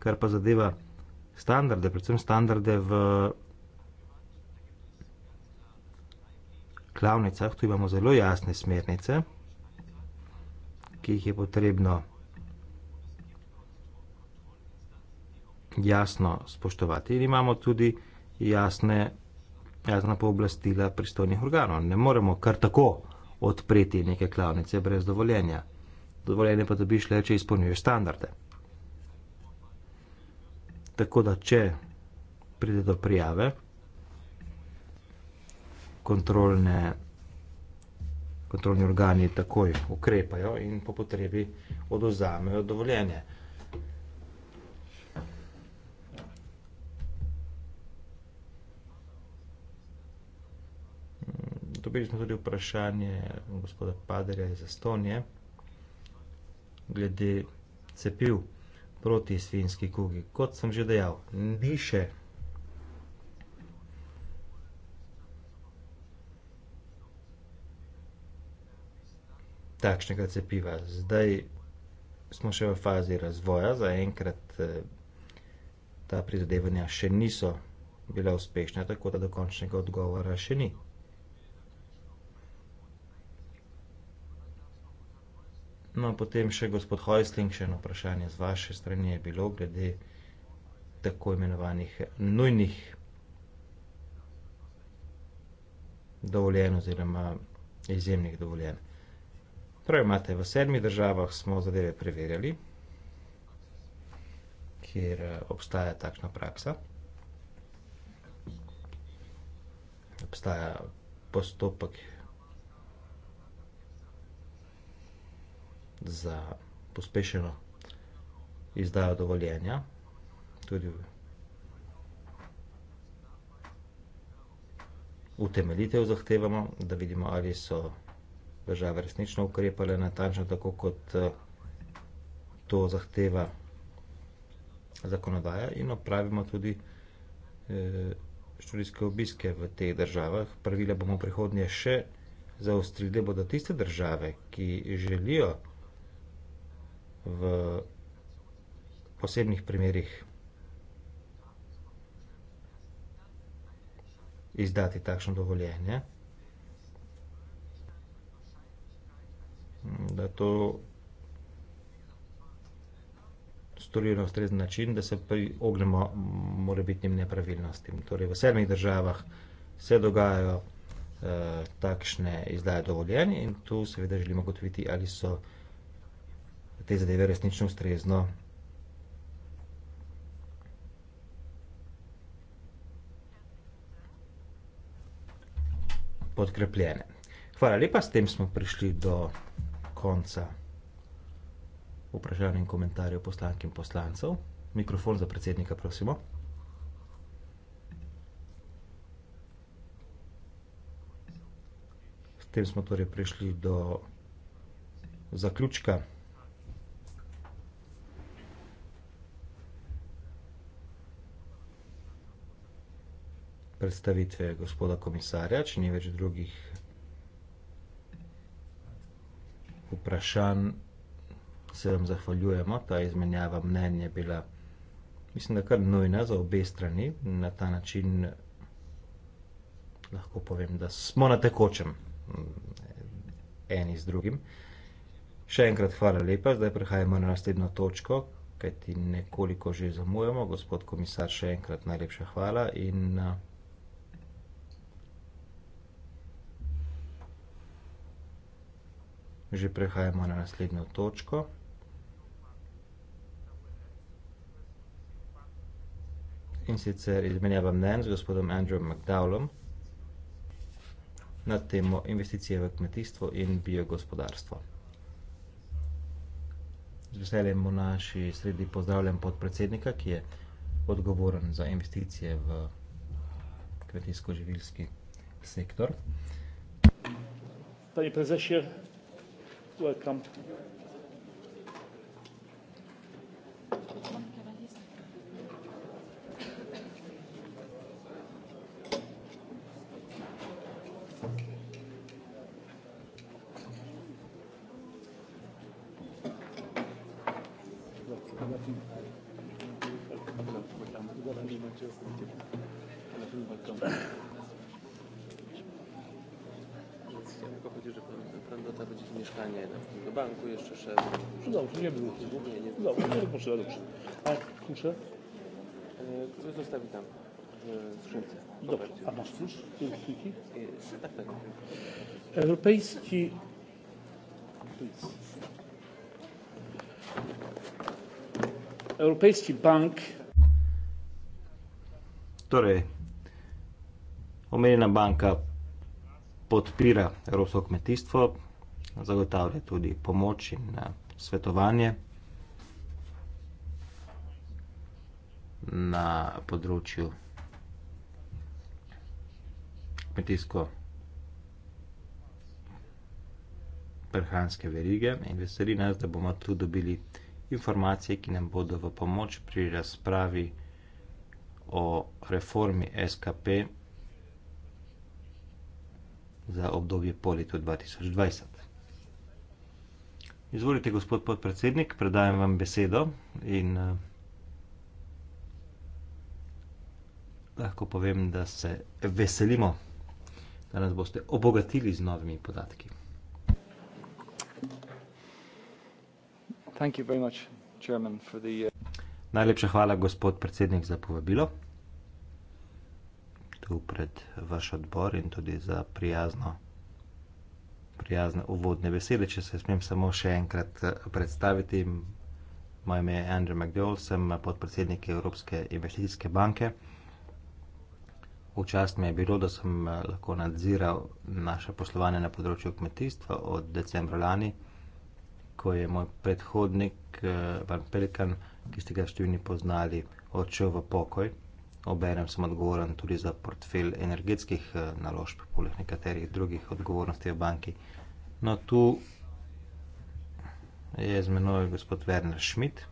Kar pa zadeva standarde, predvsem standarde v klavnicah, tu imamo zelo jasne smernice, ki jih je potrebno jasno spoštovati. In imamo tudi jasne, jasna pooblastila pristojnih organov. Ne moremo kar tako odpreti neke klavnice brez dovoljenja. Dovoljenje pa dobiš le, če izpolnjuješ standarde. Tako da, če pride do prijave, kontrolne kontrolni organi takoj ukrepajo in po potrebi odozamejo dovoljenje. Dobili smo tudi vprašanje gospoda Paderja iz Estonije glede cepiv proti svinski kugi. Kot sem že dejal, ni še takšnega cepiva. Zdaj smo še v fazi razvoja, zaenkrat eh, ta prizadevanja še niso bila uspešna, tako da dokončnega odgovora še ni. No, potem še gospod Hojsling, še eno vprašanje z vaše strani je bilo glede tako imenovanih nujnih dovoljen oziroma izjemnih dovoljenih. Prav imate, v sedmih državah smo zadeve preverjali, kjer eh, obstaja takšna praksa. Obstaja postopek za pospešeno izdajo dovoljenja, tudi v utemelitev zahtevamo, da vidimo, ali so vsega, države resnično ukrepale natančno tako, kot eh, to zahteva zakonodaja in opravimo tudi eh, študijske obiske v teh državah. Pravile bomo prihodnje še zaostrili, da bodo tiste države, ki želijo v posebnih primerih izdati takšno dovoljenje, da je to storil na ustrezni način, da se ognemo morebitnim nepravilnostim. Torej, v sedmih državah se dogajajo eh, takšne izdaje dovoljenja in tu seveda želimo gotoviti, ali so te zadeve resnično ustrezno podkrepljene. Hvala lepa, s tem smo prišli do konca vprašanj in komentarjev poslank in poslancev. Mikrofon za predsednika, prosimo. S tem smo torej prišli do zaključka. predstavitve gospoda komisarja, če ni več drugih vprašanj se vam zahvaljujemo. Ta izmenjava mnen je bila, mislim, da kar nujna za obe strani. Na ta način lahko povem, da smo na tekočem mm, eni z drugim. Še enkrat hvala lepa, zdaj prehajamo na naslednjo točko, kajti nekoliko že zamujamo. Gospod komisar, še enkrat najlepša hvala in uh, že prehajamo na naslednjo točko. In sicer izmenjava mnen z gospodom Andrewom McDowellom na temo investicije v kmetijstvo in biogospodarstvo. Z veseljem v naši sredi pozdravljam podpredsednika, ki je odgovoren za investicije v kmetijsko-živilski sektor. Pani prezešer, welcome. Thank you. chodzi, że pan, pan Dota będzie w mieszkanie na, do banku jeszcze szef. No dobrze, nie było. Nie, nie dobrze, nie potrzeba, dobrze. A klucze? E, zostawi tam w e, skrzynce. Dobrze, a masz klucz? E, tak, tak. Europejski... Europejski bank... Torej, omenjena banka podpira evropsko kmetijstvo, zagotavlja tudi pomoč in eh, svetovanje na področju kmetijsko prehranske verige in veseli nas, da bomo tu dobili informacije, ki nam bodo v pomoč pri razpravi o reformi SKP za obdobje po letu 2020. Izvolite, gospod podpredsednik, predajam vam besedo in eh, lahko povem, da se veselimo, da nas boste obogatili z novimi podatki. Thank you very much, Chairman, for the... Uh Najlepša hvala, gospod predsednik, za povabilo predstavitev pred vaš odbor in tudi za prijazno, prijazne uvodne besede. Če se smem samo še enkrat eh, predstaviti, moje ime je Andrew McDowell, sem podpredsednik Evropske investicijske banke. Včasih mi je bilo, da sem eh, lahko nadziral naše poslovanje na področju kmetijstva od decembra lani, ko je moj predhodnik eh, Van Pelikan, ki ste ga številni poznali, odšel v pokoj obenem sem odgovoren tudi za portfelj energetskih eh, naložb, poleg nekaterih drugih odgovornosti v banki. No, tu je z menoj gospod Werner Schmidt,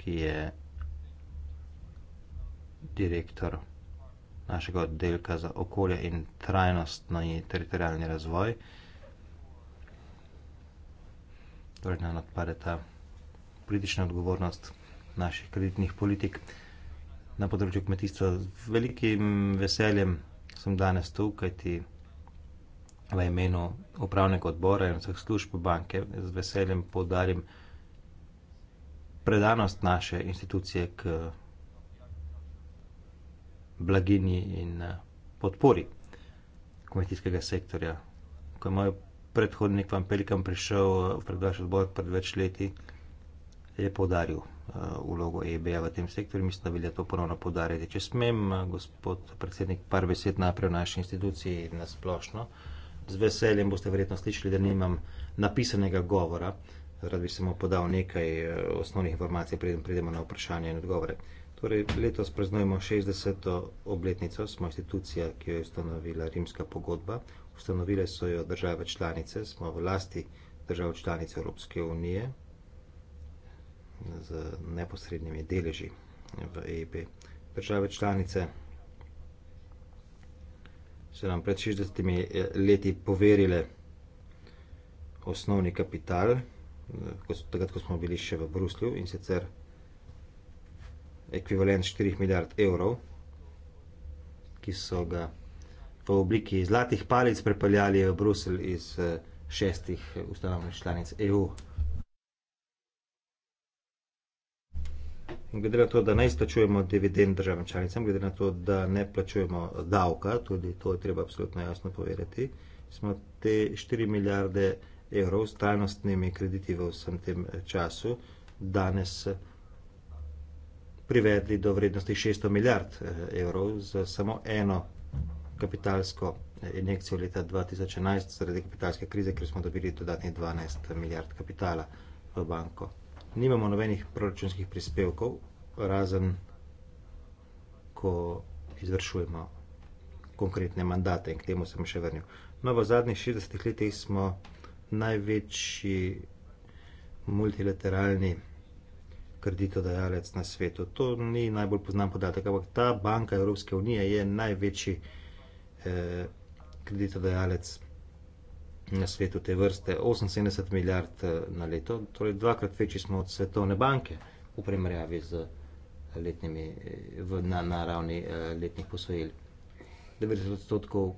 ki je direktor našega oddelka za okolje in trajnostno in teritorijalni razvoj. Torej, nam odpade ta politična odgovornost naših kreditnih politik na področju kmetijstva. Z velikim veseljem sem danes tukaj, ti v imenu upravnega odbora in vseh služb banke, z veseljem podarim predanost naše institucije k blaginji in eh, podpori kmetijskega sektorja. Ko je moj predhodnik vam pelikam prišel eh, v predvaš odbor pred več leti, je podaril. Eh, vlogo EBA e v tem sektorju, mislim, da velja to ponovno podariti. Če smem, eh, gospod predsednik, par besed najprej o naši instituciji nasplošno. Z veseljem boste verjetno slišali, da nimam napisanega govora, rad bi samo podal nekaj eh, osnovnih informacij, preden pridemo na vprašanje in odgovore. Torej, letos praznujemo 60. obletnico, smo institucija, ki jo je ustanovila rimska pogodba, ustanovile so jo države članice, smo v lasti držav članic Evropske unije, z neposrednimi deleži v EIB. Države članice so nam pred 60 eh, leti poverile osnovni kapital, eh, takrat, ko smo bili še v Bruslju, in sicer ekvivalent 4 milijard evrov, ki so ga v obliki zlatih palic prepeljali v Bruselj iz eh, šestih ustanovnih članic EU. In glede na to, da ne izplačujemo dividend državam članicam, glede na to, da ne plačujemo davka, tudi to je treba absolutno jasno povedati, smo te 4 milijarde evrov s trajnostnimi krediti v vsem tem času danes privedli do vrednosti 600 milijard eh, evrov za samo eno kapitalsko eh, injekcijo leta 2011 zaradi kapitalske krize, ker smo dobili dodatnih 12 milijard kapitala v banko nimamo nobenih proračunskih prispevkov, razen ko izvršujemo konkretne mandate in k temu sem še vrnil. No, v zadnjih 60 letih smo največji multilateralni kreditodajalec na svetu. To ni najbolj poznan podatek, ampak ta banka Evropske unije je največji eh, kreditodajalec na svetu te vrste 78 milijard eh, na leto, torej dvakrat večji smo od Svetovne banke v primerjavi z eh, letnimi, eh, v, na, na ravni letnih posojil. 90 odstotkov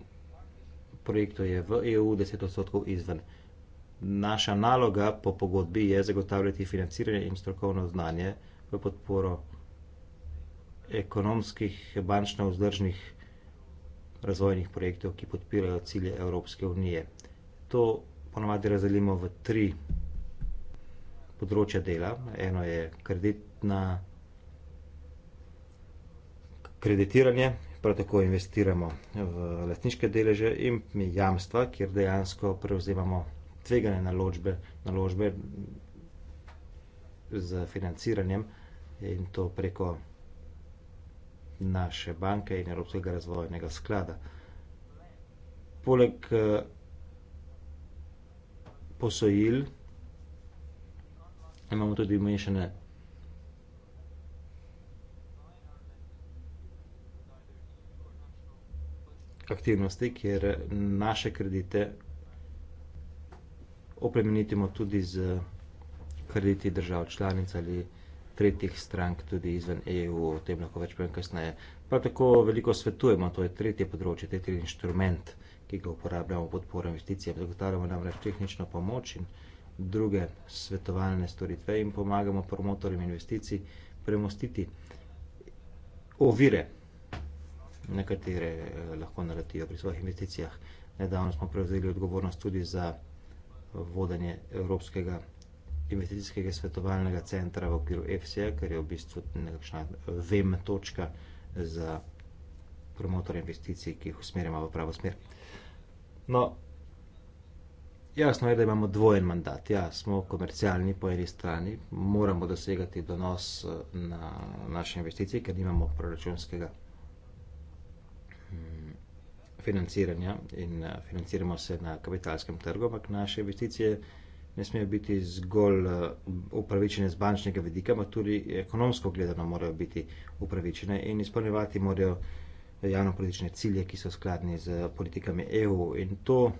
projektov je v EU, 10 odstotkov izven. Naša naloga po pogodbi je zagotavljati financiranje in strokovno znanje v podporo ekonomskih, bančno vzdržnih razvojnih projektov, ki podpirajo cilje Evropske unije to ponavadi razdelimo v tri področja dela. Eno je kreditna, kreditiranje, prav tako investiramo v lastniške deleže in jamstva, kjer dejansko prevzemamo tvegane naložbe, naložbe z financiranjem in to preko naše banke in Evropskega razvojnega sklada. Poleg eh, posojil, imamo tudi mešane aktivnosti, kjer naše kredite opremenitimo tudi z krediti držav članic ali tretjih strank tudi izven EU, o tem lahko več povem kasneje. Prav tako veliko svetujemo, to je tretje področje, tretji inštrument, ki ki ga uporabljamo v podporo investicijam. Zagotavljamo namreč tehnično pomoč in druge svetovalne storitve in pomagamo promotorjem investicij premostiti ovire, na katere eh, lahko naletijo pri svojih investicijah. Nedavno smo prevzeli odgovornost tudi za vodenje Evropskega investicijskega svetovalnega centra v okviru EFSE, kar je v bistvu nekakšna VEM točka za promotor investicij, ki jih usmerjamo v pravo smer. No, jasno je, da imamo dvojen mandat. Ja, smo komercialni po eni strani, moramo dosegati donos eh, na naše investicije, ker nimamo proračunskega hm, financiranja in eh, financiramo se na kapitalskem trgu, ampak naše investicije ne smejo biti zgolj eh, upravičene z bančnega vidika, ampak tudi ekonomsko gledano morajo biti upravičene in izpolnjevati morajo javno-politične cilje, ki so skladni z politikami EU. In to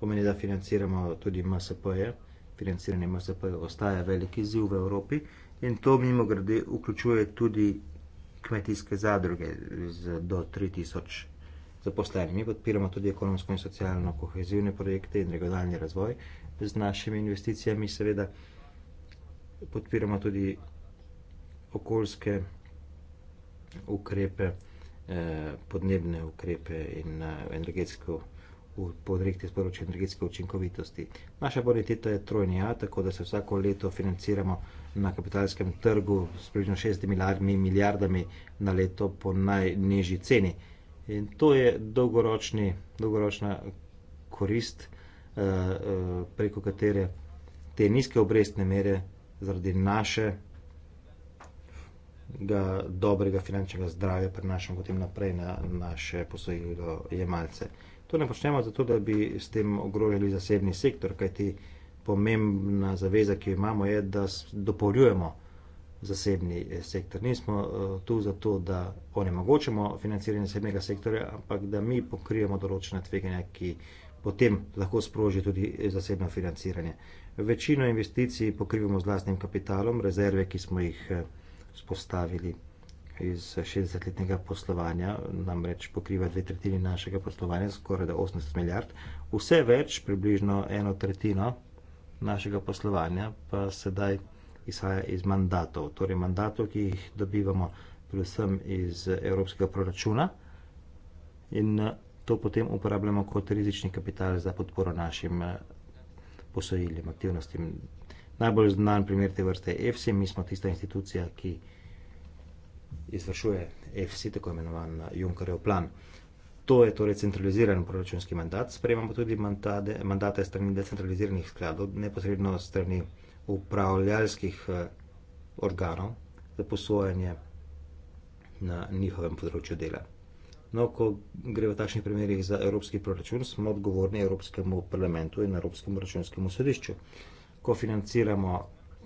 pomeni, da financiramo tudi MSP-je. Financiranje MSP-jev ostaja veliki ziv v Evropi in to mimo grede vključuje tudi kmetijske zadruge z do 3000 zaposlenimi. Podpiramo tudi ekonomsko in socialno kohezivne projekte in regionalni razvoj z našimi investicijami, seveda podpiramo tudi okoljske ukrepe, eh, podnebne ukrepe in eh, energetsko podrihte z področja energetske učinkovitosti. Naša boniteta je trojni A, tako da se vsako leto financiramo na kapitalskem trgu s približno 6 milijardami, milijardami na leto po najnižji ceni. In to je dolgoročni, dolgoročna korist, eh, preko katere te nizke obrestne mere zaradi naše ga, dobrega finančnega zdravja prenašamo potem naprej na naše posojilo jemalce. To ne počnemo zato, da bi s tem ogrožili zasebni sektor, kajti pomembna zaveza, ki jo imamo, je, da dopolnjujemo zasebni eh, sektor. Nismo eh, tu zato, da onemogočamo financiranje zasebnega sektorja, ampak da mi pokrijemo določene tveganja, ki potem lahko sproži tudi eh, zasebno financiranje. Večino investicij pokrivamo z vlastnim kapitalom, rezerve, ki smo jih spostavili iz 60-letnega poslovanja, namreč pokriva dve tretjini našega poslovanja, skoraj da 80 milijard. Vse več, približno eno tretjino našega poslovanja, pa sedaj izhaja iz mandatov. Torej mandatov, ki jih dobivamo predvsem iz evropskega proračuna in to potem uporabljamo kot rizični kapital za podporo našim posojiljem, aktivnostim, najbolj znan primer te vrste je EFSI, mi smo tista institucija, ki izvršuje EFSI, tako imenovan eh, Junckerjev plan. To je torej centraliziran proračunski mandat, sprejemamo tudi mandate, mandate strani decentraliziranih skladov, neposredno strani upravljalskih eh, organov za posvojanje na njihovem področju dela. No, ko gre v takšnih primerih za evropski proračun, smo odgovorni Evropskemu parlamentu in Evropskemu računskemu sodišču. Uh, ko financiramo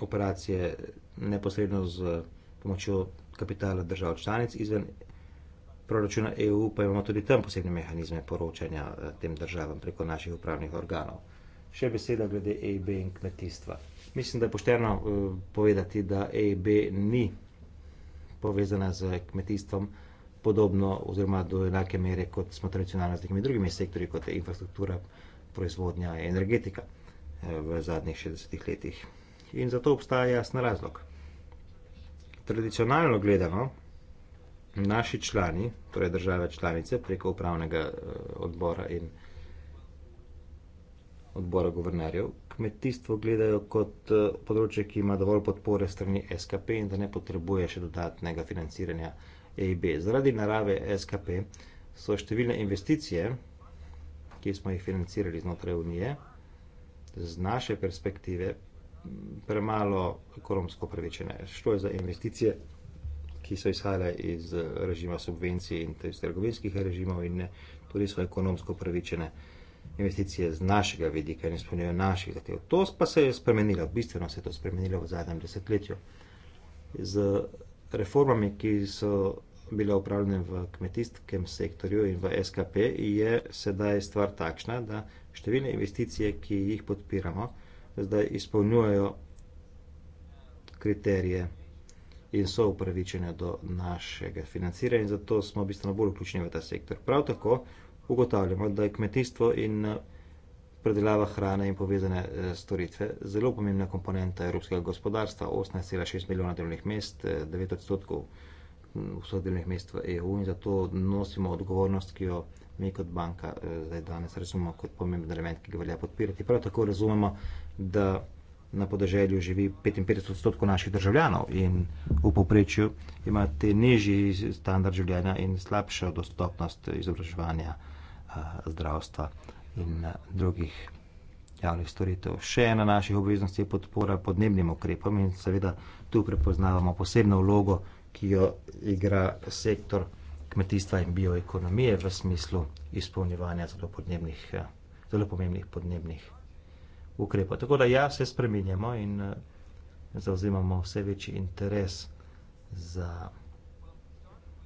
operacije neposredno z pomočjo kapitala držav članic izven proračuna EU, pa imamo tudi tam posebne mehanizme poročanja eh, tem državam preko naših upravnih organov. Še beseda glede EIB in kmetijstva. Mislim, da je pošteno eh, povedati, da EIB ni povezana z kmetijstvom podobno oziroma do enake mere, kot smo tradicionalno z nekimi drugimi sektori, kot je infrastruktura, proizvodnja, energetika. Eh, v zadnjih 60 letih. In zato obstaja jasen razlog. Tradicionalno gledano, naši člani, torej države članice, preko upravnega eh, odbora in odbora guvernarjev, kmetijstvo gledajo kot eh, področje, ki ima dovolj podpore strani SKP in da ne potrebuje še dodatnega financiranja EIB. Zaradi narave SKP so številne investicije, ki smo jih financirali znotraj Unije, z naše perspektive premalo ekonomsko prevečene. Šlo je za investicije, ki so izhajale iz režima subvencij in iz trgovinskih režimov in ne, tudi so ekonomsko prevečene investicije z našega vidika in izpolnjujejo naših zatev. To pa se je spremenilo, bistveno se je to spremenilo v zadnjem desetletju. Z reformami, ki so bile upravljene v kmetijskem sektorju in v SKP, je sedaj stvar takšna, da številne investicije, ki jih podpiramo, zdaj izpolnjujejo kriterije in so upravičene do našega financiranja in zato smo bistveno bolj vključeni v ta sektor. Prav tako ugotavljamo, da je kmetijstvo in eh, predelava hrane in povezane eh, storitve zelo pomembna komponenta evropskega gospodarstva, 18,6 milijona delovnih mest, 9 eh, odstotkov vseh delnih mest v EU in zato nosimo odgovornost, ki jo mi kot banka eh, zdaj danes razumemo kot pomemben element, ki ga velja podpirati. Prav tako razumemo, da na podeželju živi 55 odstotkov naših državljanov in v poprečju ima te nižji standard življenja in slabšo dostopnost izobraževanja, eh, zdravstva in eh, drugih javnih storitev. Še ena naših obveznosti je podpora podnebnim ukrepom in seveda tu prepoznavamo posebno vlogo ki jo igra sektor kmetijstva in bioekonomije v smislu izpolnjevanja zelo, podnebnih, eh, zelo pomembnih podnebnih ukrepov. Tako da ja, se spreminjamo in eh, zauzemamo vse večji interes za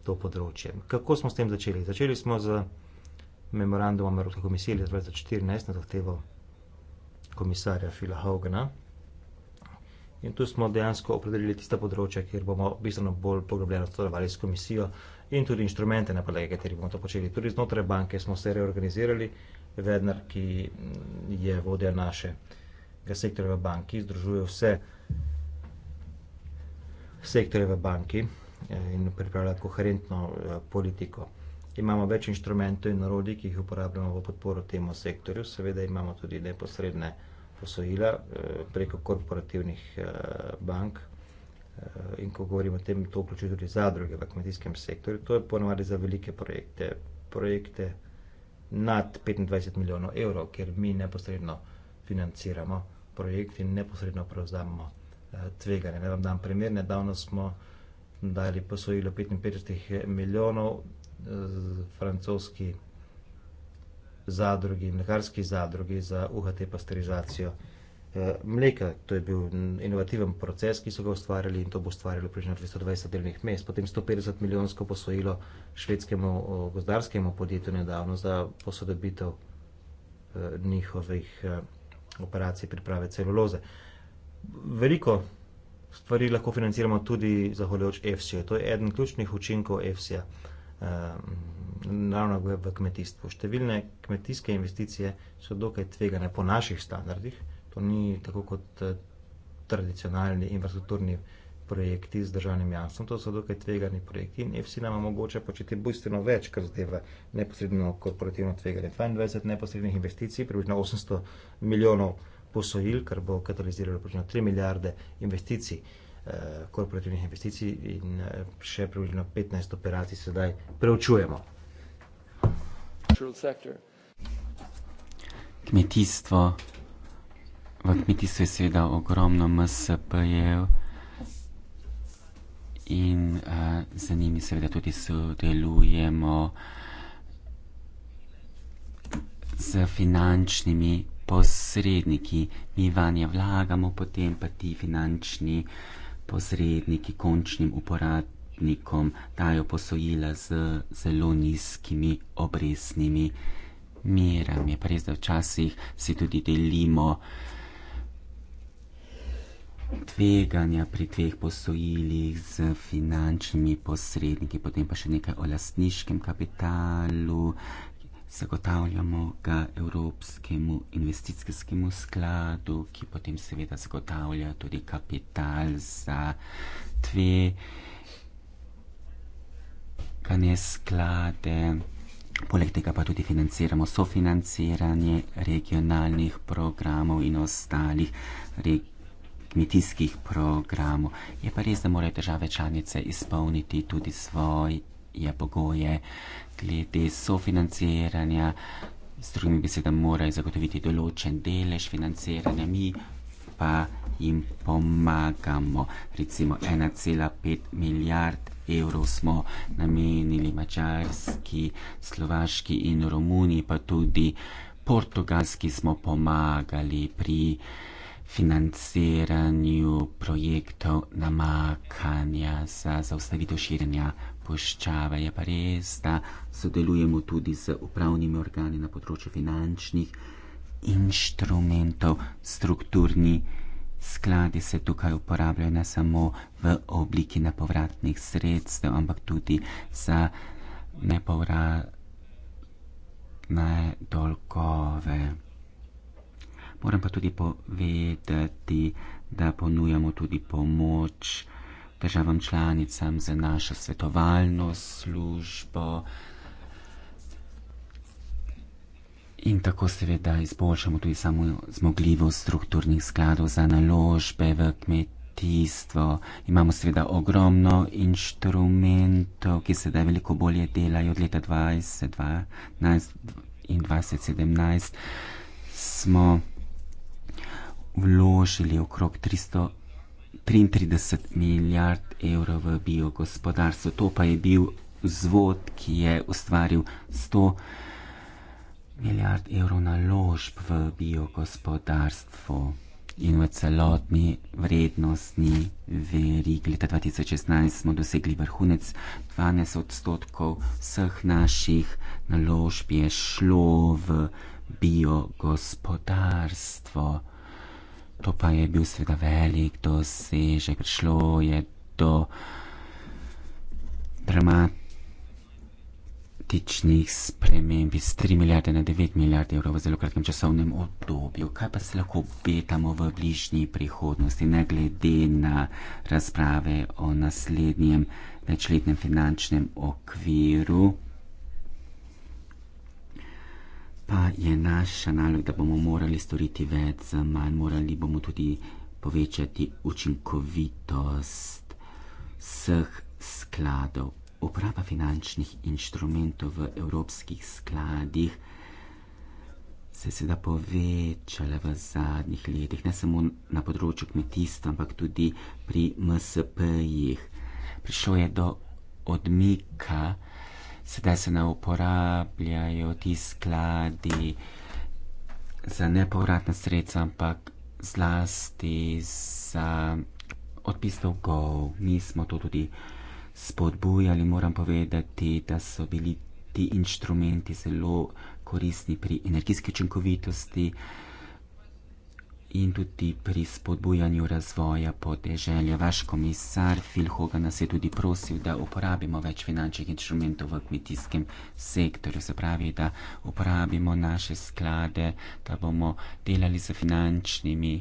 to področje. Kako smo s tem začeli? Začeli smo z memorandumom Evropske komisije iz 2014 na zahtevo komisarja Fila Haugena, In tu smo dejansko opredelili tiste področje, kjer bomo bistveno bolj poglobljeno sodelovali s komisijo in tudi inštrumente, na podlagi katerih bomo to počeli. Tudi znotraj banke smo se reorganizirali, Vednar, ki mm, je vodja našega sektorja v banki, združuje vse sektorje v banki eh, in pripravlja koherentno eh, politiko. Imamo več inštrumentov in narodi, ki jih uporabljamo v podporo temu sektorju, seveda imamo tudi neposredne posojila eh, preko korporativnih eh, bank. Eh, in ko govorimo o tem, to vključuje tudi zadruge v kmetijskem sektorju, to je ponovadi za velike projekte, projekte nad 25 milijonov evrov, ker mi neposredno financiramo projekt in neposredno prevzamemo tveganje. Ne vam dam primer, nedavno smo dali posojilo 55 milijonov francoski projekti zadrugi, mlekarski zadrugi za UHT pasterizacijo eh, mleka. To je bil inovativen proces, ki so ga ustvarjali in to bo ustvarjalo približno 220 delnih mest. Potem 150 milijonsko posojilo švedskemu gozdarskemu podjetju nedavno za posodobitev eh, njihovih eh, operacij priprave celuloze. Veliko stvari lahko financiramo tudi zahvaljujoč EFSI-ju. To je eden ključnih učinkov EFSI-ja naravna goja v kmetijstvu. Številne kmetijske investicije so dokaj tvegane po naših standardih. To ni tako kot eh, tradicionalni infrastrukturni projekti z državnim jamstvom, to so dokaj tvegani projekti in EFSI nam omogoča početi bistveno več, kar zadeva neposredno korporativno tveganje. 22 neposrednih investicij, približno 800 milijonov posojil, kar bo kataliziralo približno 3 milijarde investicij, eh, korporativnih investicij in eh, še približno 15 operacij sedaj preučujemo. Kmetijstvo. V kmetijstvu je seveda ogromno MSP-jev in uh, z njimi seveda tudi sodelujemo z finančnimi posredniki. Mi vanje vlagamo, potem pa ti finančni posredniki končnim uporab, podjetnikom dajo posojila z zelo nizkimi obresnimi merami. Pa res, da včasih si tudi delimo tveganja pri teh posojilih z finančnimi posredniki, potem pa še nekaj o lastniškem kapitalu. Zagotavljamo ga Evropskemu investicijskemu skladu, ki potem seveda zagotavlja tudi kapital za tveganja kane sklade. Poleg tega pa tudi financiramo sofinanciranje regionalnih programov in ostalih re kmetijskih programov. Je pa res, da morajo države članice izpolniti tudi svoje pogoje glede sofinanciranja. S drugimi besedami morajo zagotoviti določen delež financiranja, mi pa jim pomagamo. Recimo 1,5 milijard evrov smo namenili Mačarski, Slovaški in Romuniji, pa tudi Portugalski smo pomagali pri financiranju projektov namakanja za zaustavitev širjenja poščava. Je pa res, da sodelujemo tudi z upravnimi organi na področju finančnih inštrumentov, strukturni inštrumentov skladi se tukaj uporabljajo ne samo v obliki nepovratnih sredstev, ampak tudi za nepovratne dolgove. Moram pa tudi povedati, da ponujamo tudi pomoč državam članicam za našo svetovalno službo, In tako seveda izboljšamo tudi samo zmogljivost strukturnih skladov za naložbe v kmetijstvo. Imamo seveda ogromno inštrumentov, ki se da veliko bolje delajo od leta 2012 in 2017. Smo vložili okrog 333 milijard evrov v biogospodarstvo. To pa je bil vzvod, ki je ustvaril 100 milijard milijard evrov naložb v biogospodarstvo in v celotni vrednostni verigi. Leta 2016 smo dosegli vrhunec 12 odstotkov vseh naših naložb je šlo v biogospodarstvo. To pa je bil seveda velik dosežek, šlo je do dramatičnega političnih sprememb iz 3 milijarde na 9 milijard evrov v zelo kratkem časovnem obdobju. Kaj pa se lahko obetamo v bližnji prihodnosti, ne glede na razprave o naslednjem večletnem finančnem okviru? Pa je naša nalog, da bomo morali storiti več za manj, morali bomo tudi povečati učinkovitost vseh skladov uporaba finančnih inštrumentov v evropskih skladih se je seveda povečala v zadnjih letih, ne samo na področju kmetijstva, ampak tudi pri MSP-jih. Prišlo je do odmika, sedaj se ne uporabljajo ti skladi za nepovratna sredstva, ampak zlasti za odpis dolgov. Mi smo to tudi spodbujali, moram povedati, da so bili ti inštrumenti zelo koristni pri energijski učinkovitosti in tudi pri spodbujanju razvoja podeželja. Vaš komisar Phil Hogan nas je tudi prosil, da uporabimo več finančnih inštrumentov v kmetijskem sektorju, se pravi, da uporabimo naše sklade, da bomo delali z finančnimi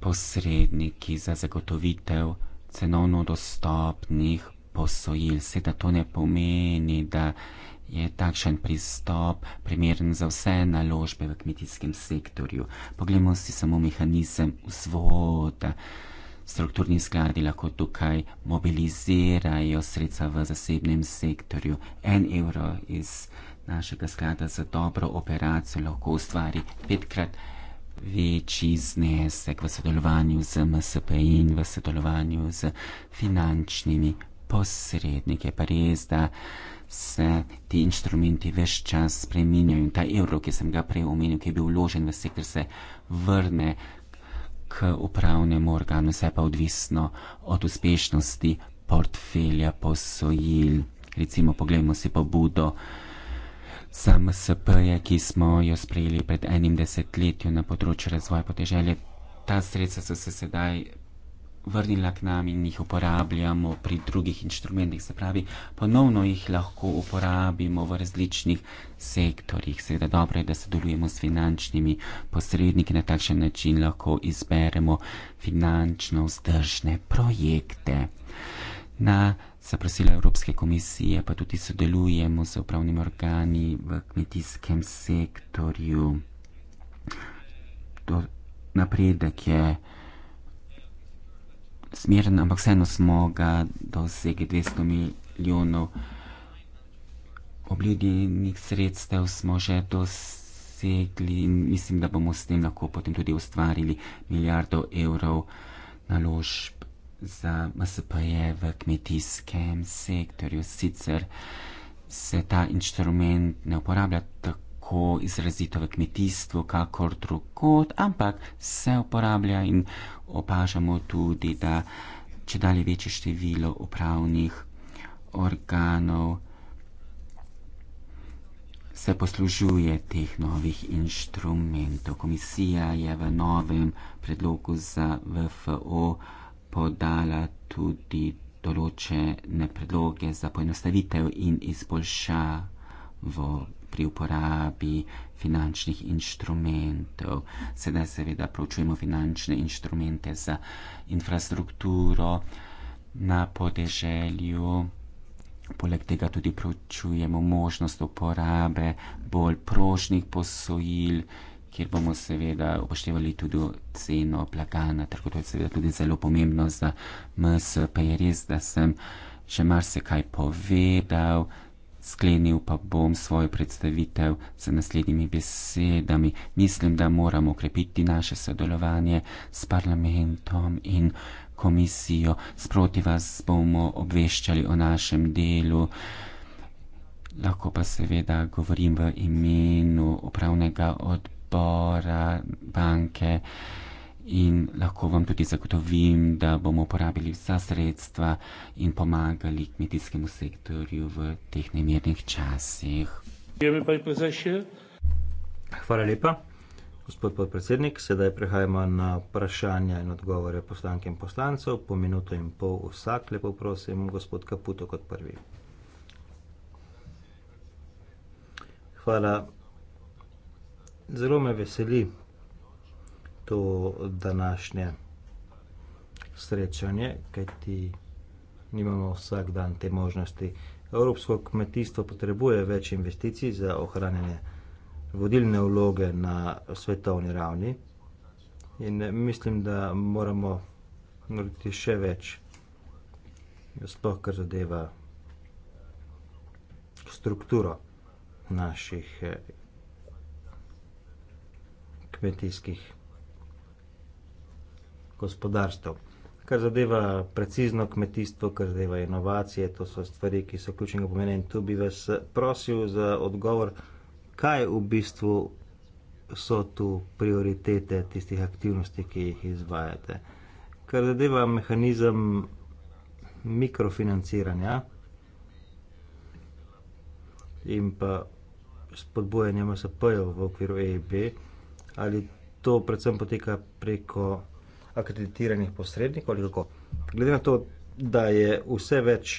posredniki za zagotovitev cenovno dostopnih posojil. Seveda to ne pomeni, da je takšen pristop primeren za vse naložbe v kmetijskem sektorju. Poglejmo si samo mehanizem vzvoda. Strukturni skladi lahko tukaj mobilizirajo sredstva v zasebnem sektorju. En evro iz našega sklada za dobro operacijo lahko ustvari petkrat večji znesek v sodelovanju z MSP in v sodelovanju z finančnimi posredniki. Pa res, da se ti inštrumenti več čas spreminjajo in ta evro, ki sem ga prej omenil, ki je bil vložen v sektor, se vrne k upravnemu organu, vse pa odvisno od uspešnosti portfelja posojil. Recimo, poglejmo si pobudo po Sam SP je, ki smo jo sprejeli pred enim desetletjem na področju razvoja podeželja, ta sredstva so se sedaj vrnila k nam in jih uporabljamo pri drugih inštrumentih, se pravi, ponovno jih lahko uporabimo v različnih sektorjih. Seveda dobro je, da sodelujemo s finančnimi posredniki, na takšen način lahko izberemo finančno vzdržne projekte. Na zaprosila Evropske komisije, pa tudi sodelujemo z upravnimi organi v kmetijskem sektorju. To napredek je smeren, ampak vseeno smo ga dosegli 200 milijonov. Obljubljenih sredstev smo že dosegli in mislim, da bomo s tem lahko potem tudi ustvarili milijardo evrov naložb za MSP-je v kmetijskem sektorju. Sicer se ta inštrument ne uporablja tako izrazito v kmetijstvu, kakor drugot, ampak se uporablja in opažamo tudi, da če dalje večje število upravnih organov se poslužuje teh novih inštrumentov. Komisija je v novem predlogu za VFO podala tudi določene predloge za poenostavitev in izboljšavo pri uporabi finančnih inštrumentov. Sedaj seveda pročujemo finančne inštrumente za infrastrukturo na podeželju. Poleg tega tudi pročujemo možnost uporabe bolj prožnih posojil, kjer bomo seveda upoštevali tudi ceno blaga na trgu. To je seveda tudi zelo pomembno za MS, pa je res, da sem še marsikaj povedal. Sklenil pa bom svojo predstavitev z naslednjimi besedami. Mislim, da moramo okrepiti naše sodelovanje s parlamentom in komisijo. Sproti vas bomo obveščali o našem delu. Lahko pa seveda govorim v imenu upravnega odbora zbora banke in lahko vam tudi zagotovim, da bomo uporabili vsa sredstva in pomagali kmetijskemu sektorju v teh nemirnih časih. Hvala lepa, gospod podpredsednik. Sedaj prehajamo na vprašanja in odgovore poslank in poslancev. Po minuto in pol vsak, lepo prosim, gospod Kaputo kot prvi. Hvala zelo me veseli to današnje srečanje, kajti nimamo vsak dan te možnosti. Evropsko kmetijstvo potrebuje več investicij za ohranjanje vodilne vloge na svetovni ravni in mislim, da moramo narediti še več, sploh kar zadeva strukturo naših kmetijskih gospodarstv. Kar zadeva precizno kmetijstvo, kar zadeva inovacije, to so stvari, ki so ključnega pomena in tu bi vas prosil za odgovor, kaj v bistvu so tu prioritete tistih aktivnosti, ki jih izvajate. Kar zadeva mehanizem mikrofinanciranja in pa spodbojanja MSP-jev v okviru EIB, ali to predvsem poteka preko akreditiranih posrednikov ali kako? Glede na to, da je vse več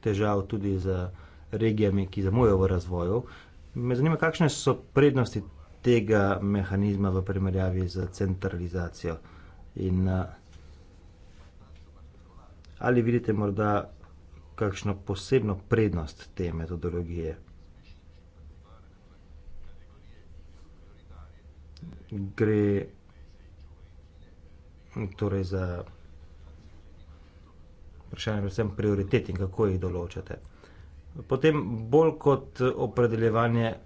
težav tudi z regijami, ki zamujajo v razvoju, me zanima, kakšne so prednosti tega mehanizma v primerjavi z centralizacijo in eh, ali vidite morda kakšno posebno prednost te metodologije? Gre torej za vprašanje predvsem prioritet in kako jih določate. Potem bolj kot opredeljevanje eh,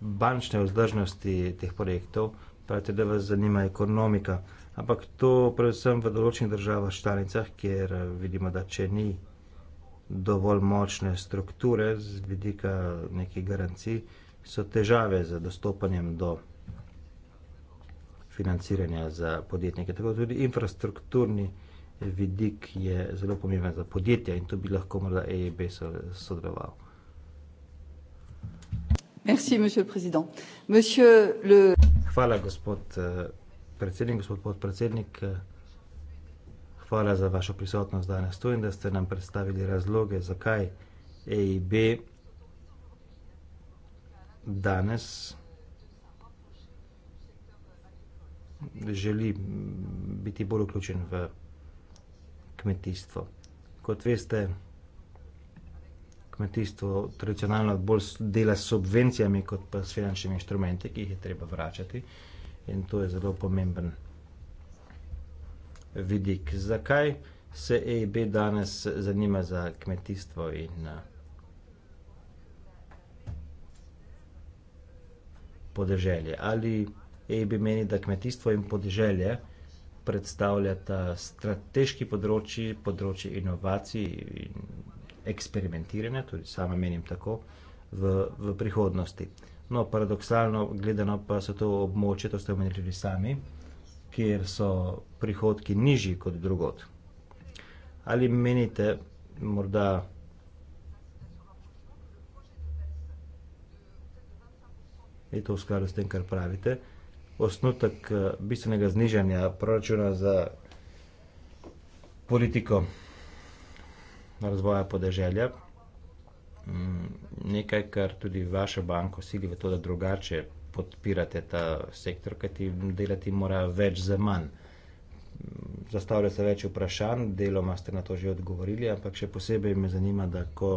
bančne vzdržnosti teh projektov, pravite, da vas zanima ekonomika, ampak to predvsem v določenih državah članicah, kjer eh, vidimo, da če ni dovolj močne strukture z vidika nekih garancij, so težave za dostopanjem do financiranja za podjetnike. Tako tudi infrastrukturni vidik je zelo pomemben za podjetja in tu bi lahko morda EIB sodeloval. Merci, monsieur le président. Monsieur le... Hvala, gospod eh, predsednik, gospod podpredsednik. Hvala za vašo prisotnost danes tu in da ste nam predstavili razloge, zakaj EIB danes želi biti bolj vključen v kmetijstvo. Kot veste, kmetijstvo tradicionalno bolj dela s subvencijami kot pa s finančnimi inštrumenti, ki jih je treba vračati in to je zelo pomembno vidik. Zakaj se EIB danes zanima za kmetijstvo in eh, podeželje? Ali EIB meni, da kmetijstvo in podeželje predstavljata strateški področji, področji inovacij in eksperimentiranja, tudi sama menim tako, v, v prihodnosti. No, paradoksalno gledano pa so to območje, to ste omenili sami, kjer so prihodki nižji kot drugot. Ali menite, morda je to v skladu s tem, kar pravite, osnutek eh, bistvenega znižanja proračuna za politiko razvoja podeželja, mm, nekaj, kar tudi vaša banko sili v to, da drugače podpirate ta sektor, kaj ti delati mora več za manj. Zastavlja se več vprašanj, deloma ste na to že odgovorili, ampak še posebej me zanima, da ko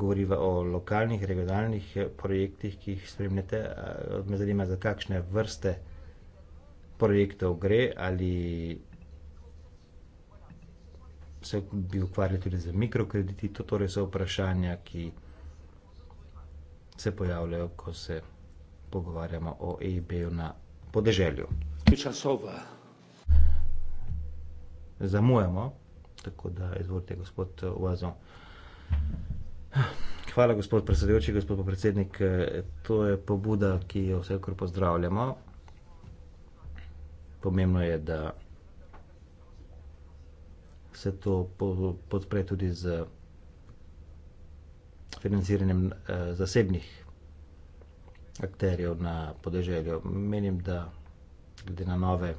govorimo o lokalnih, regionalnih eh, projektih, ki jih spremljate, eh, me zanima, za kakšne vrste projektov gre ali se bi ukvarjali tudi z mikrokrediti. To torej so vprašanja, ki se pojavljajo, ko se pogovarjamo o EIB-ju na podeželju. Časova. Zamujamo, tako da izvolite, gospod eh, Uazo. Hvala, gospod predsedujoči, gospod predsednik. Eh, to je pobuda, ki jo vsekor pozdravljamo. Pomembno je, da se to podpre tudi z financiranjem eh, zasebnih akterjev na podeželju. Menim, da glede na nove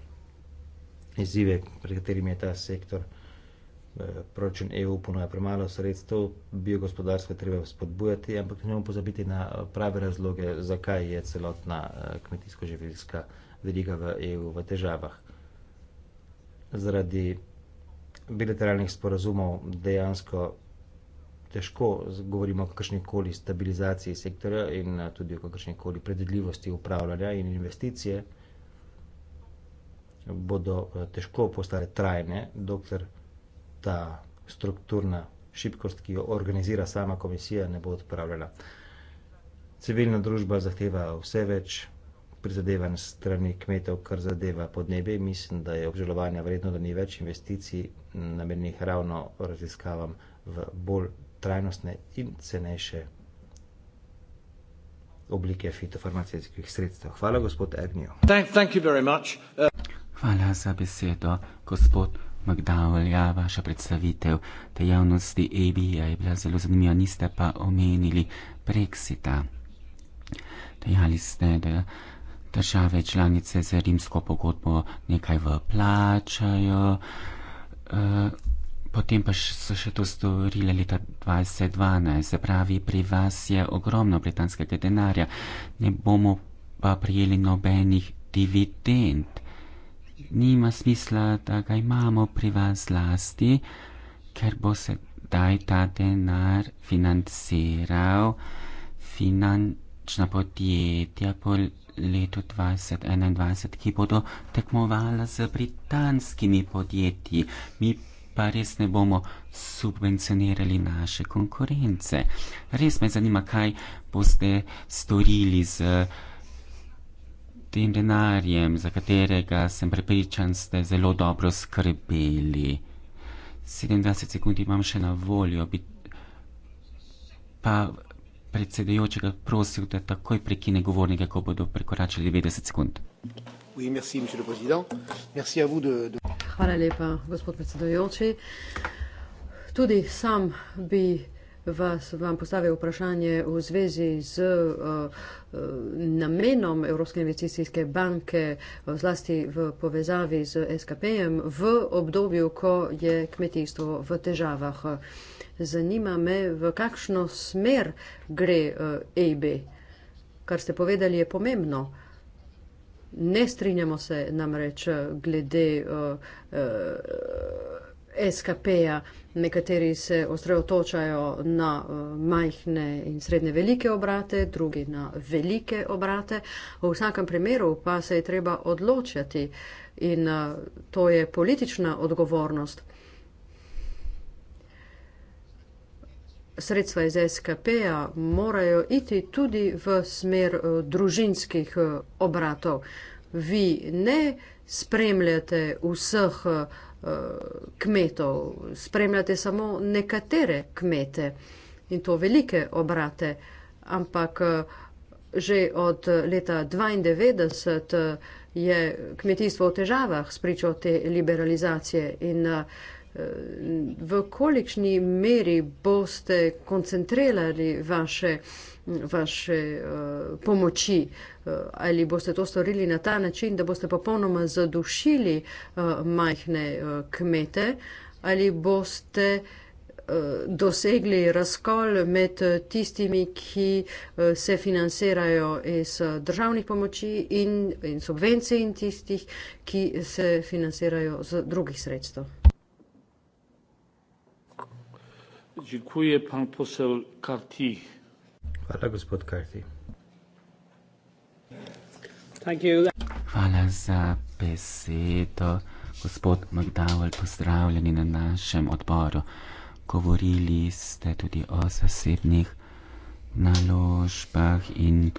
izzive, pred katerimi je ta sektor, eh, proračun EU ponuja premalo sredstev, bio gospodarstvo treba spodbujati, ampak ne moramo pozabiti na prave razloge, zakaj je celotna eh, kmetijsko-živilska veriga v EU v težavah. Zaradi bilateralnih sporazumov dejansko težko govorimo o kakršni koli stabilizaciji sektorja in eh, tudi o kakršni koli predvidljivosti upravljanja in investicije bodo eh, težko postale trajne, dokler ta strukturna šibkost, ki jo organizira sama komisija, ne bo odpravljena. Civilna družba zahteva vse več prizadevanj strani kmetov, kar zadeva podnebje. Mislim, da je obžalovanja vredno, da ni več investicij namenjenih ravno raziskavam v bolj trajnostne in cenejše oblike fitofarmacijskih sredstev. Hvala, gospod Agnijo. Hvala za besedo, gospod McDowell. Ja, vaša predstavitev te javnosti ABA je bila zelo zanimiva. Niste pa omenili Brexita. Dejali ste, da države članice za rimsko pogodbo nekaj vplačajo. Uh, eh, Potem pa so še to storili leta 2012, se pravi, pri vas je ogromno britanskega denarja, ne bomo pa prijeli nobenih dividend. Nima smisla, da ga imamo pri vas lasti, ker bo se daj ta denar financiral finančna podjetja po letu 2021, ki bodo tekmovala z britanskimi podjetji. Mi pa res ne bomo subvencionirali naše konkurence. Res me zanima, kaj boste storili z tem denarjem, za katerega sem prepričan, ste zelo dobro skrbeli. 27 sekund imam še na voljo, bi pa predsedujočega prosil, da takoj prekine govornike, ko bodo prekoračili 90 sekund. Hvala lepa, gospod predsedujoči. Tudi sam bi vas, vam postavil vprašanje v zvezi z uh, namenom Evropske investicijske banke, eh, zlasti v povezavi z SKP-jem, v obdobju, ko je kmetijstvo v težavah. Zanima me, v kakšno smer gre EIB. E Kar ste povedali, je pomembno. Ne strinjamo se namreč eh, glede uh, eh, uh, eh, SKP-ja. Nekateri se osredotočajo na uh, majhne in srednje velike obrate, drugi na velike obrate. V vsakem primeru pa se je treba odločati in uh, to je politična odgovornost. sredstva iz SKP-ja morajo iti tudi v smer eh, družinskih eh, obratov. Vi ne spremljate vseh eh, kmetov, spremljate samo nekatere kmete in to velike obrate, ampak že od leta 1992 je kmetijstvo v težavah spričo te liberalizacije in v kolikšni meri boste koncentrirali vaše, vaše uh, pomoči eh, ali boste to storili na ta način, da boste popolnoma zadušili uh, majhne uh, kmete ali boste uh, dosegli razkol med tistimi, ki uh, se financirajo iz državnih pomoči in, in subvencij in tistih, ki se financirajo z drugih sredstev. Dziękuję pan poseł Carty. Hvala, gospod Carty. Hvala za besedo, gospod McDowell, pozdravljeni na našem odboru. Govorili ste tudi o zasebnih naložbah in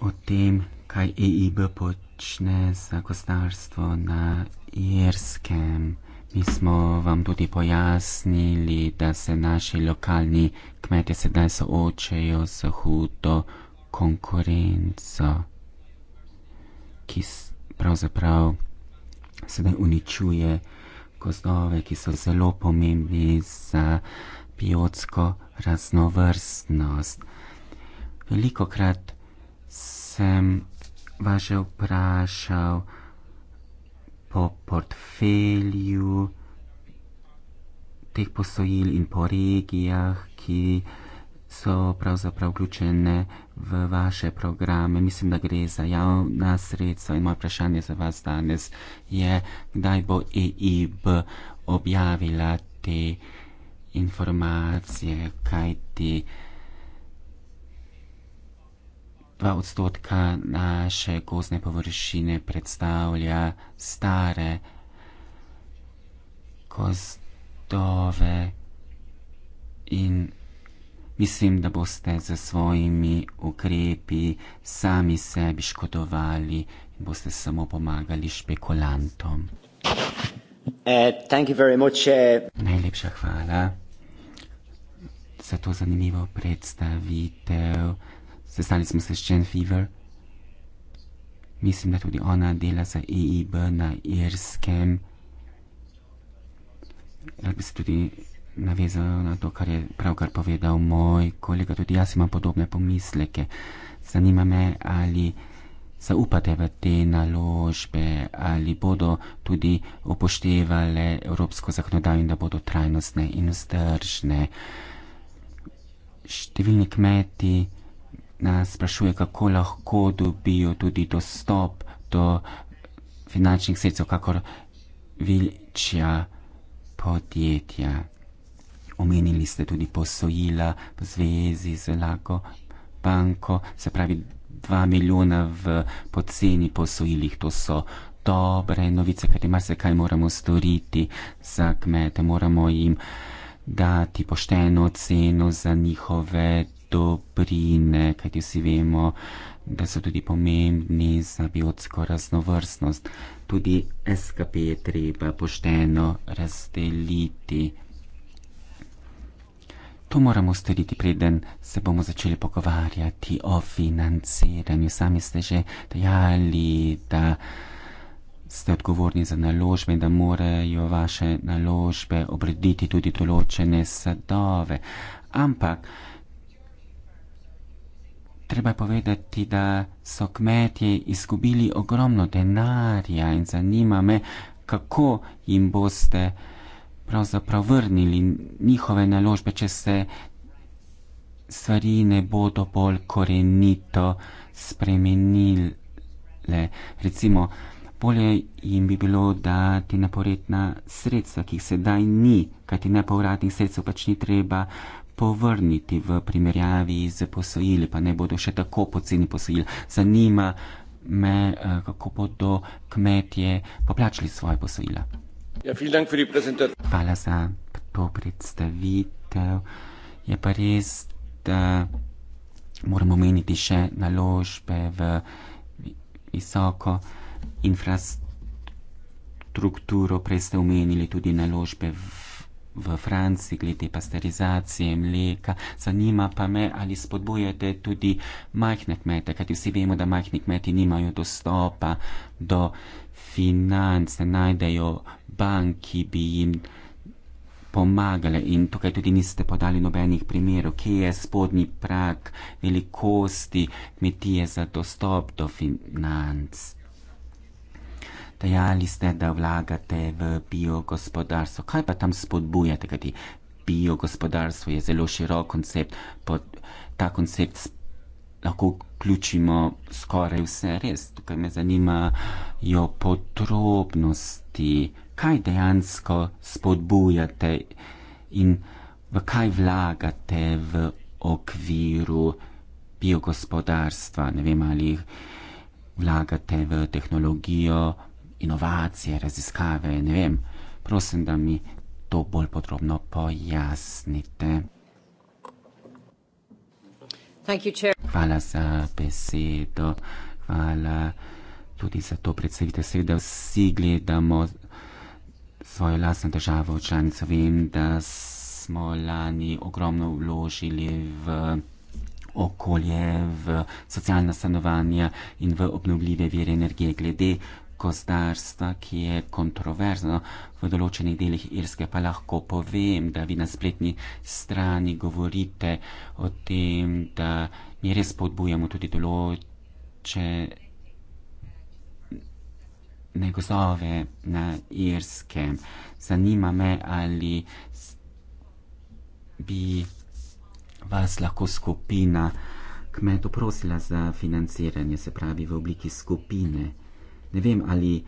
o tem, kaj EIB počne za gospodarstvo na irskem. Mi smo vam tudi pojasnili, da se naši lokalni kmetje sedaj soočajo z hudo konkurenco, ki pravzaprav sedaj uničuje gozdove, ki so zelo pomembni za biotsko raznovrstnost. Veliko krat sem vas že vprašal, po portfelju teh posojil in po regijah, ki so pravzaprav vključene v vaše programe. Mislim, da gre za javna sredstva in moje vprašanje za vas danes je, kdaj bo EIB objavila te informacije, kaj ti. Te... 2 odstotka naše gozne površine predstavlja stare gozdove in mislim, da boste z svojimi ukrepi sami sebi škodovali in boste samo pomagali špekulantom. Uh, thank you very much, uh... Najlepša hvala za to zanimivo predstavitev. Sestali smo se s Jen Fever. Mislim, da tudi ona dela za EIB na Irskem. Rad bi se tudi navezal na to, kar je pravkar povedal moj kolega. Tudi jaz imam podobne pomisleke. Zanima me, ali zaupate v te naložbe, ali bodo tudi upoštevale evropsko zakonodajo in da bodo trajnostne in vzdržne. Številni kmeti nas sprašuje, kako lahko dobijo tudi dostop do finančnih sredstev, kakor večja podjetja. Omenili ste tudi posojila v zvezi z lago banko, se pravi 2 milijona v poceni posojilih. To so dobre novice, kajti marsikaj kaj moramo storiti za kmete, moramo jim dati pošteno ceno za njihove dobrine, kajti vsi vemo, da so tudi pomembni za biotsko raznovrstnost. Tudi SKP je treba pošteno razdeliti. To moramo storiti, preden se bomo začeli pogovarjati o financiranju. Sami ste že dejali, da ste odgovorni za naložbe in da morajo vaše naložbe obrediti tudi določene sadove. Ampak treba povedati, da so kmetje izgubili ogromno denarja in zanima me, kako jim boste pravzaprav vrnili njihove naložbe, če se stvari ne bodo bolj korenito spremenile. Recimo, bolje jim bi bilo dati naporetna sredstva, ki jih sedaj ni, kajti nepovratnih sredstev pač ni treba povrniti v primerjavi z posojili, pa ne bodo še tako poceni posojili. Zanima me, eh, kako bodo kmetje poplačali svoje posojila. Ja, Hvala za to predstavitev. Je pa res, da moramo omeniti še naložbe v visoko infrastrukturo, prej ste omenili tudi naložbe v v Franciji glede pasterizacije mleka. Zanima pa me, ali spodbujate tudi majhne kmete, kajti vsi vemo, da majhni kmeti nimajo dostopa do financ, ne najdejo bank, ki bi jim pomagale in tukaj tudi niste podali nobenih primerov, kje je spodnji prak velikosti kmetije za dostop do financ. Dejali ste, da vlagate v biogospodarstvo. Kaj pa tam spodbujate, kajti biogospodarstvo je zelo širok koncept, pod ta koncept lahko vključimo skoraj vse res. Tukaj me zanimajo podrobnosti, kaj dejansko spodbujate in v kaj vlagate v okviru biogospodarstva. Ne vem, ali vlagate v tehnologijo, inovacije, raziskave, ne vem. Prosim, da mi to bolj podrobno pojasnite. Thank you, chair. Hvala za besedo, hvala tudi za to predstavitev. Seveda vsi gledamo svojo lastno državo v članico. Vem, da smo lani ogromno vložili v okolje, v socialna stanovanja in v obnovljive vire energije. Glede gozdarstva, ki je kontroverzno v določenih delih Irske, pa lahko povem, da vi na spletni strani govorite o tem, da mi res podbujamo tudi določene gozove na Irskem. Zanima me, ali bi vas lahko skupina kmetov prosila za financiranje, se pravi v obliki skupine ne vem, ali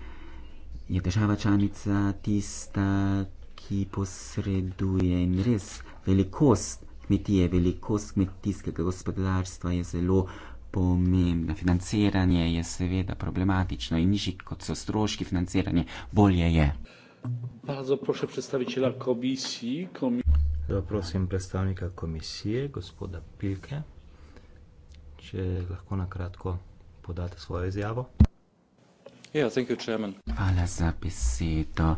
je država članica tista, ki posreduje in res velikost kmetije, velikost kmetijskega gospodarstva je zelo pomembna. Financiranje je seveda problematično in nižji kot so stroški financiranja, bolje je. Bardzo proszę przedstawiciela komisji. Komi Zaprosim predstavnika komisije, gospoda Pilke, če lahko na kratko podate svojo izjavo. Hvala za besedo.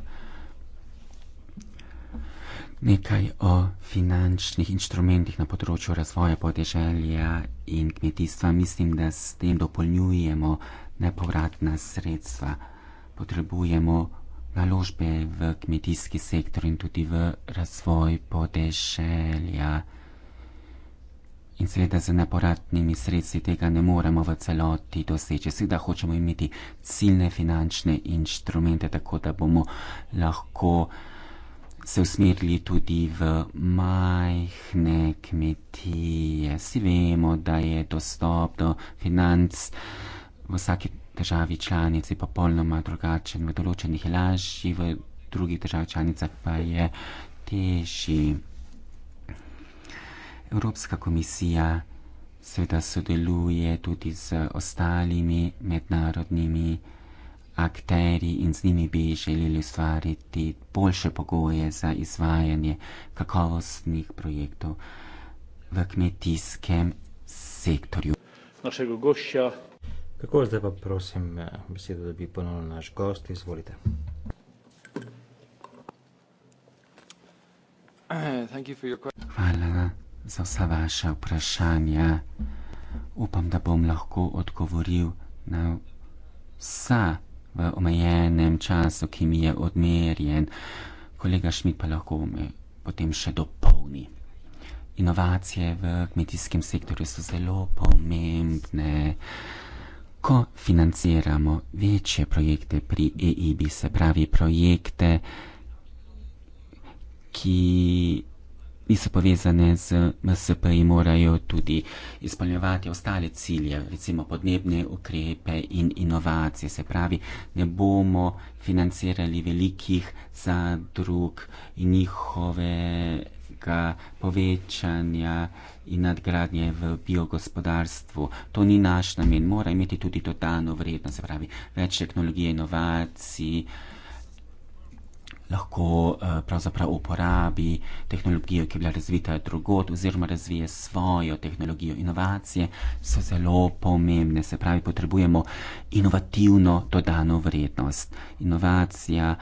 Nekaj o finančnih inštrumentih na področju razvoja podeželja in kmetijstva. Mislim, da s tem dopolnjujemo nepovratna sredstva. Potrebujemo naložbe v kmetijski sektor in tudi v razvoj podeželja. In seveda z neporatnimi sredstvi tega ne moremo v celoti doseči. Seveda hočemo imeti ciljne finančne inštrumente, tako da bomo lahko se usmerili tudi v majhne kmetije. Vsi vemo, da je dostop do financ v vsaki državi članici popolnoma drugačen, v določenih lažji, v drugih državah članicah pa je težji. Evropska komisija seveda sodeluje tudi z ostalimi mednarodnimi akteri in z njimi bi želeli ustvariti boljše pogoje za izvajanje kakovostnih projektov v kmetijskem sektorju. Našega gošča. Kako zdaj pa prosim eh, besedo, da bi ponovno naš gost, izvolite. Eh, Hvala za vsa vaša vprašanja. Upam, da bom lahko odgovoril na vsa v omejenem času, ki mi je odmerjen. Kolega Šmit pa lahko me potem še dopolni. Inovacije v kmetijskem sektorju so zelo pomembne. Ko financiramo večje projekte pri EIB, se pravi projekte, ki ki so povezane z MSP, morajo tudi izpolnjevati ostale cilje, recimo podnebne ukrepe in inovacije. Se pravi, ne bomo financirali velikih zadrug in njihovega povečanja in nadgradnje v biogospodarstvu. To ni naš namen, mora imeti tudi dodano vrednost, se pravi, več tehnologije, inovacij lahko eh, pravzaprav uporabi tehnologijo, ki je bila razvita drugod oziroma razvije svojo tehnologijo. Inovacije so zelo pomembne, se pravi, potrebujemo inovativno dodano vrednost. Inovacija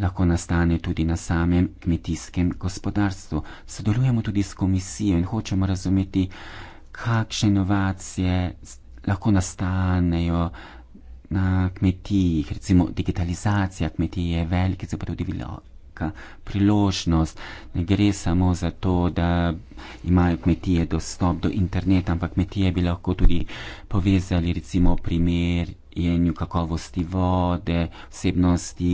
lahko nastane tudi na samem kmetijskem gospodarstvu. Sodelujemo tudi s komisijo in hočemo razumeti, kakšne inovacije lahko nastanejo na kmetijih, recimo digitalizacija kmetije je velika, se pa tudi velika priložnost. Ne gre samo za to, da imajo kmetije dostop do interneta, ampak kmetije bi lahko tudi povezali, recimo primer jenju kakovosti vode, vsebnosti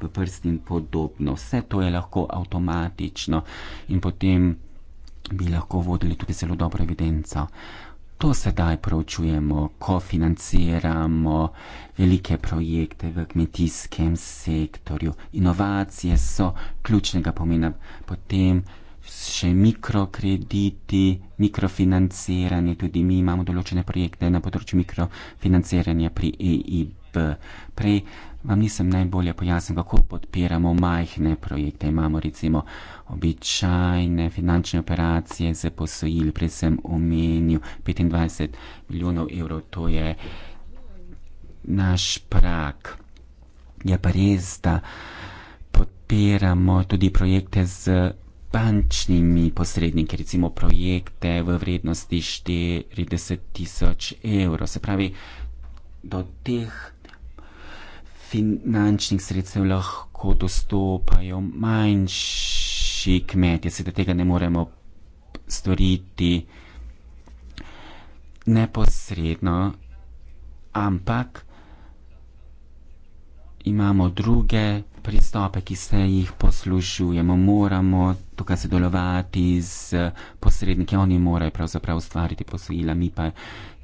v prst in podobno. Vse to je lahko avtomatično in potem bi lahko vodili tudi zelo dobro evidenco to sedaj proučujemo, ko financiramo velike projekte v kmetijskem sektorju. Inovacije so ključnega pomena, potem še mikrokrediti, mikrofinanciranje, tudi mi imamo določene projekte na področju mikrofinanciranja pri EIB. Prej vam nisem najbolje pojasnil, kako podpiramo majhne projekte. Imamo recimo običajne finančne operacije za posojil, predvsem v menju 25 milijonov evrov, to je naš prak. Je pa res, da podpiramo tudi projekte z bančnimi posredniki, recimo projekte v vrednosti 40 tisoč evrov. Se pravi, do teh finančnih sredstev lahko dostopajo manjši kmetje, se da tega ne moremo storiti neposredno, ampak imamo druge pristope, ki se jih poslužujemo. Moramo tukaj sodelovati z posredniki, oni morajo pravzaprav ustvariti posojila, mi pa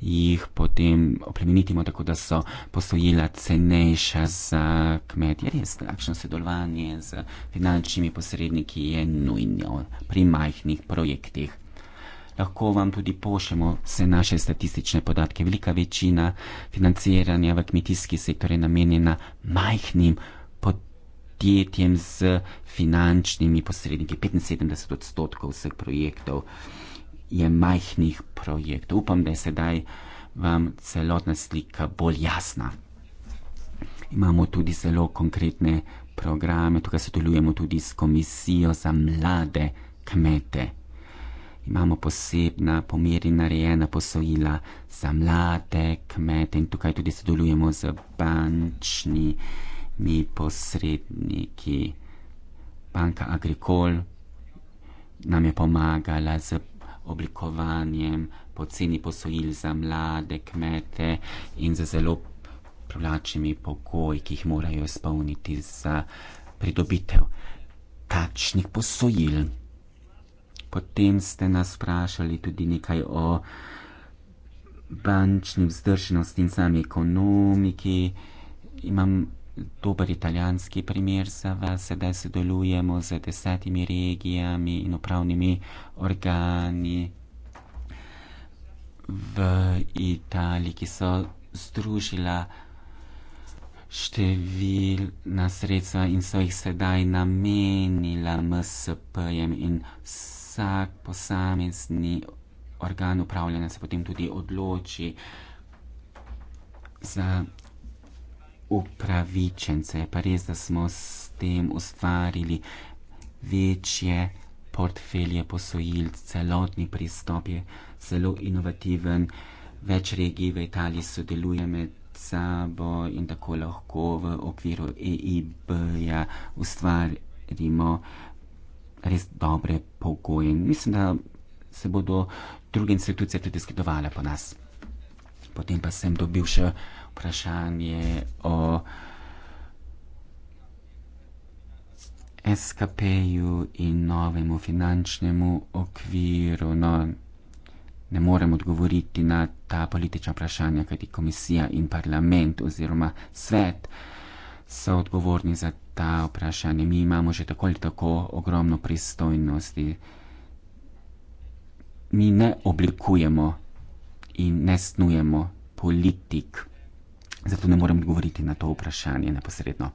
jih potem oplemenitimo, tako da so posojila cenejša za kmetje. Res, takšno sodelovanje z finančnimi posredniki je nujno pri majhnih projektih. Lahko vam tudi pošljemo vse naše statistične podatke. Velika večina financiranja v kmetijski sektor je namenjena majhnim projektom podjetjem z finančnimi posredniki. 75 odstotkov vseh projektov je majhnih projektov. Upam, da je sedaj vam celotna slika bolj jasna. Imamo tudi zelo konkretne programe, tukaj sodelujemo tudi s Komisijo za mlade kmete. Imamo posebna, pomeri narejena posojila za mlade kmete in tukaj tudi sodelujemo z bančnimi mi posredniki, banka Agricol nam je pomagala z oblikovanjem poceni posojil za mlade kmete in z zelo privlačnimi pogoji, ki jih morajo izpolniti za pridobitev takšnih posojil. Potem ste nas vprašali tudi nekaj o bančni vzdržnosti in sami ekonomiki. Imam dober italijanski primer za vas. Sedaj sodelujemo z desetimi regijami in upravnimi organi v Italiji, ki so združila številna sredstva in so jih sedaj namenila MSP-jem in vsak posamezni organ upravljanja se potem tudi odloči za upravičence. Je pa res, da smo s tem ustvarili večje portfelje posojil, celotni pristop je zelo inovativen, več regij v Italiji sodeluje med sabo in tako lahko v okviru EIB-ja ustvarimo res dobre pogoje. Mislim, da se bodo druge institucije tudi skidovale po nas. Potem pa sem dobil še vprašanje o SKP-ju in novemu finančnemu okviru. No, ne morem odgovoriti na ta politična vprašanja, kajti komisija in parlament oziroma svet so odgovorni za ta vprašanja. Mi imamo že tako ali tako ogromno pristojnosti. Mi ne oblikujemo in ne snujemo politik zato ne morem odgovoriti na to vprašanje neposredno.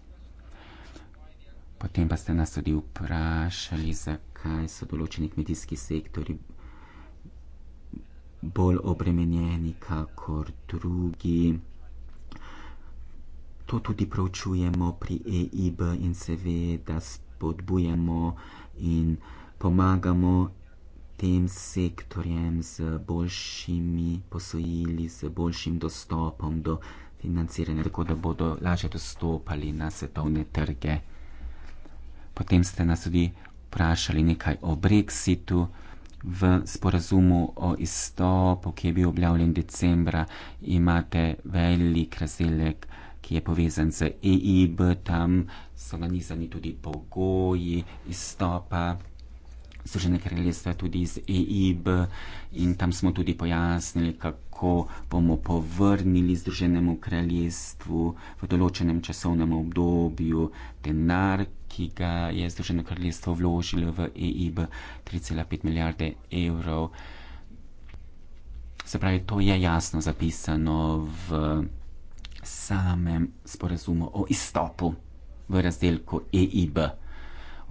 Potem pa ste nas tudi vprašali, zakaj so določeni kmetijski sektori bolj obremenjeni kot drugi. To tudi proučujemo pri EIB in seveda spodbujamo in pomagamo tem sektorjem z boljšimi posojili, z boljšim dostopom do kmetijskih sektorjev financiranje, tako da bodo lažje dostopali na svetovne trge. Potem ste nas tudi vprašali nekaj o Brexitu. V sporazumu o izstopu, ki je bil objavljen decembra, imate velik razdelek, ki je povezan z EIB, tam so nanizani tudi pogoji izstopa. Združene kraljestva, tudi iz EIB in tam smo tudi pojasnili, kako bomo povrnili Združenemu kraljestvu v določenem časovnem obdobju denar, ki ga je Združeno kraljestvo vložilo v EIB 3,5 milijarde evrov. Se pravi, to je jasno zapisano v samem sporazumu o izstopu v razdelku EIB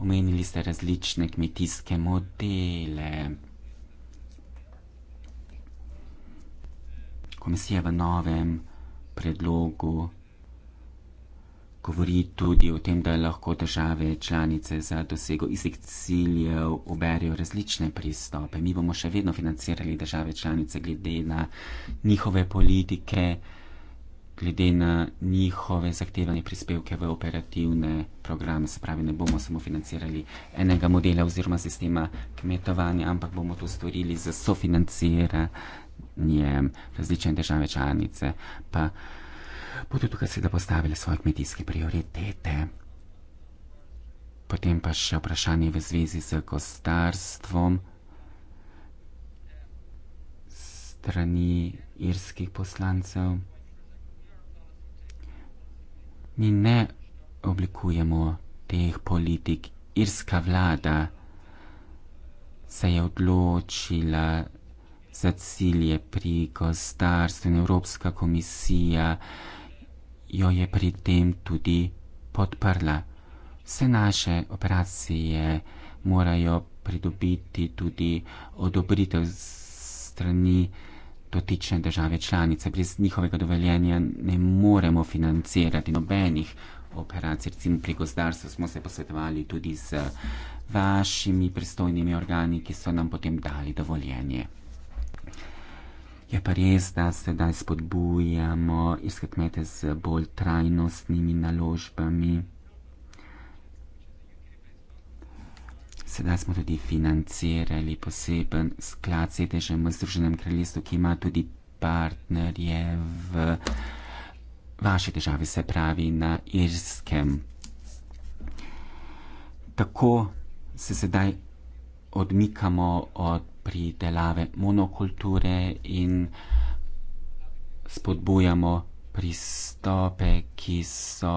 omenili ste različne kmetijske modele. Komisija v novem predlogu govori tudi o tem, da lahko države članice za dosego istih ciljev uberijo različne pristope. Mi bomo še vedno financirali države članice glede na njihove politike glede na njihove zahtevane prispevke v operativne programe. Se pravi, ne bomo samo financirali enega modela oziroma sistema kmetovanja, ampak bomo to storili za sofinanciranjem različne države članice, pa bodo tukaj seveda postavili svoje kmetijske prioritete. Potem pa še vprašanje v zvezi z gostarstvom strani irskih poslancev. Mi ne oblikujemo teh politik. Irska vlada se je odločila za cilje pri gospodarstvu in Evropska komisija jo je pri tem tudi podprla. Vse naše operacije morajo pridobiti tudi odobritev strani dotične države članice. Brez njihovega dovoljenja ne moremo financirati nobenih operacij. Recimo pri gozdarstvu smo se posvetovali tudi z vašimi pristojnimi organi, ki so nam potem dali dovoljenje. Je pa res, da sedaj spodbujamo irske kmete z bolj trajnostnimi naložbami. Sedaj smo tudi financirali poseben sklad sedežem v Združenem kraljestvu, ki ima tudi partnerje v vaši državi, se pravi na Irskem. Tako se sedaj odmikamo od pridelave monokulture in spodbujamo pristope, ki so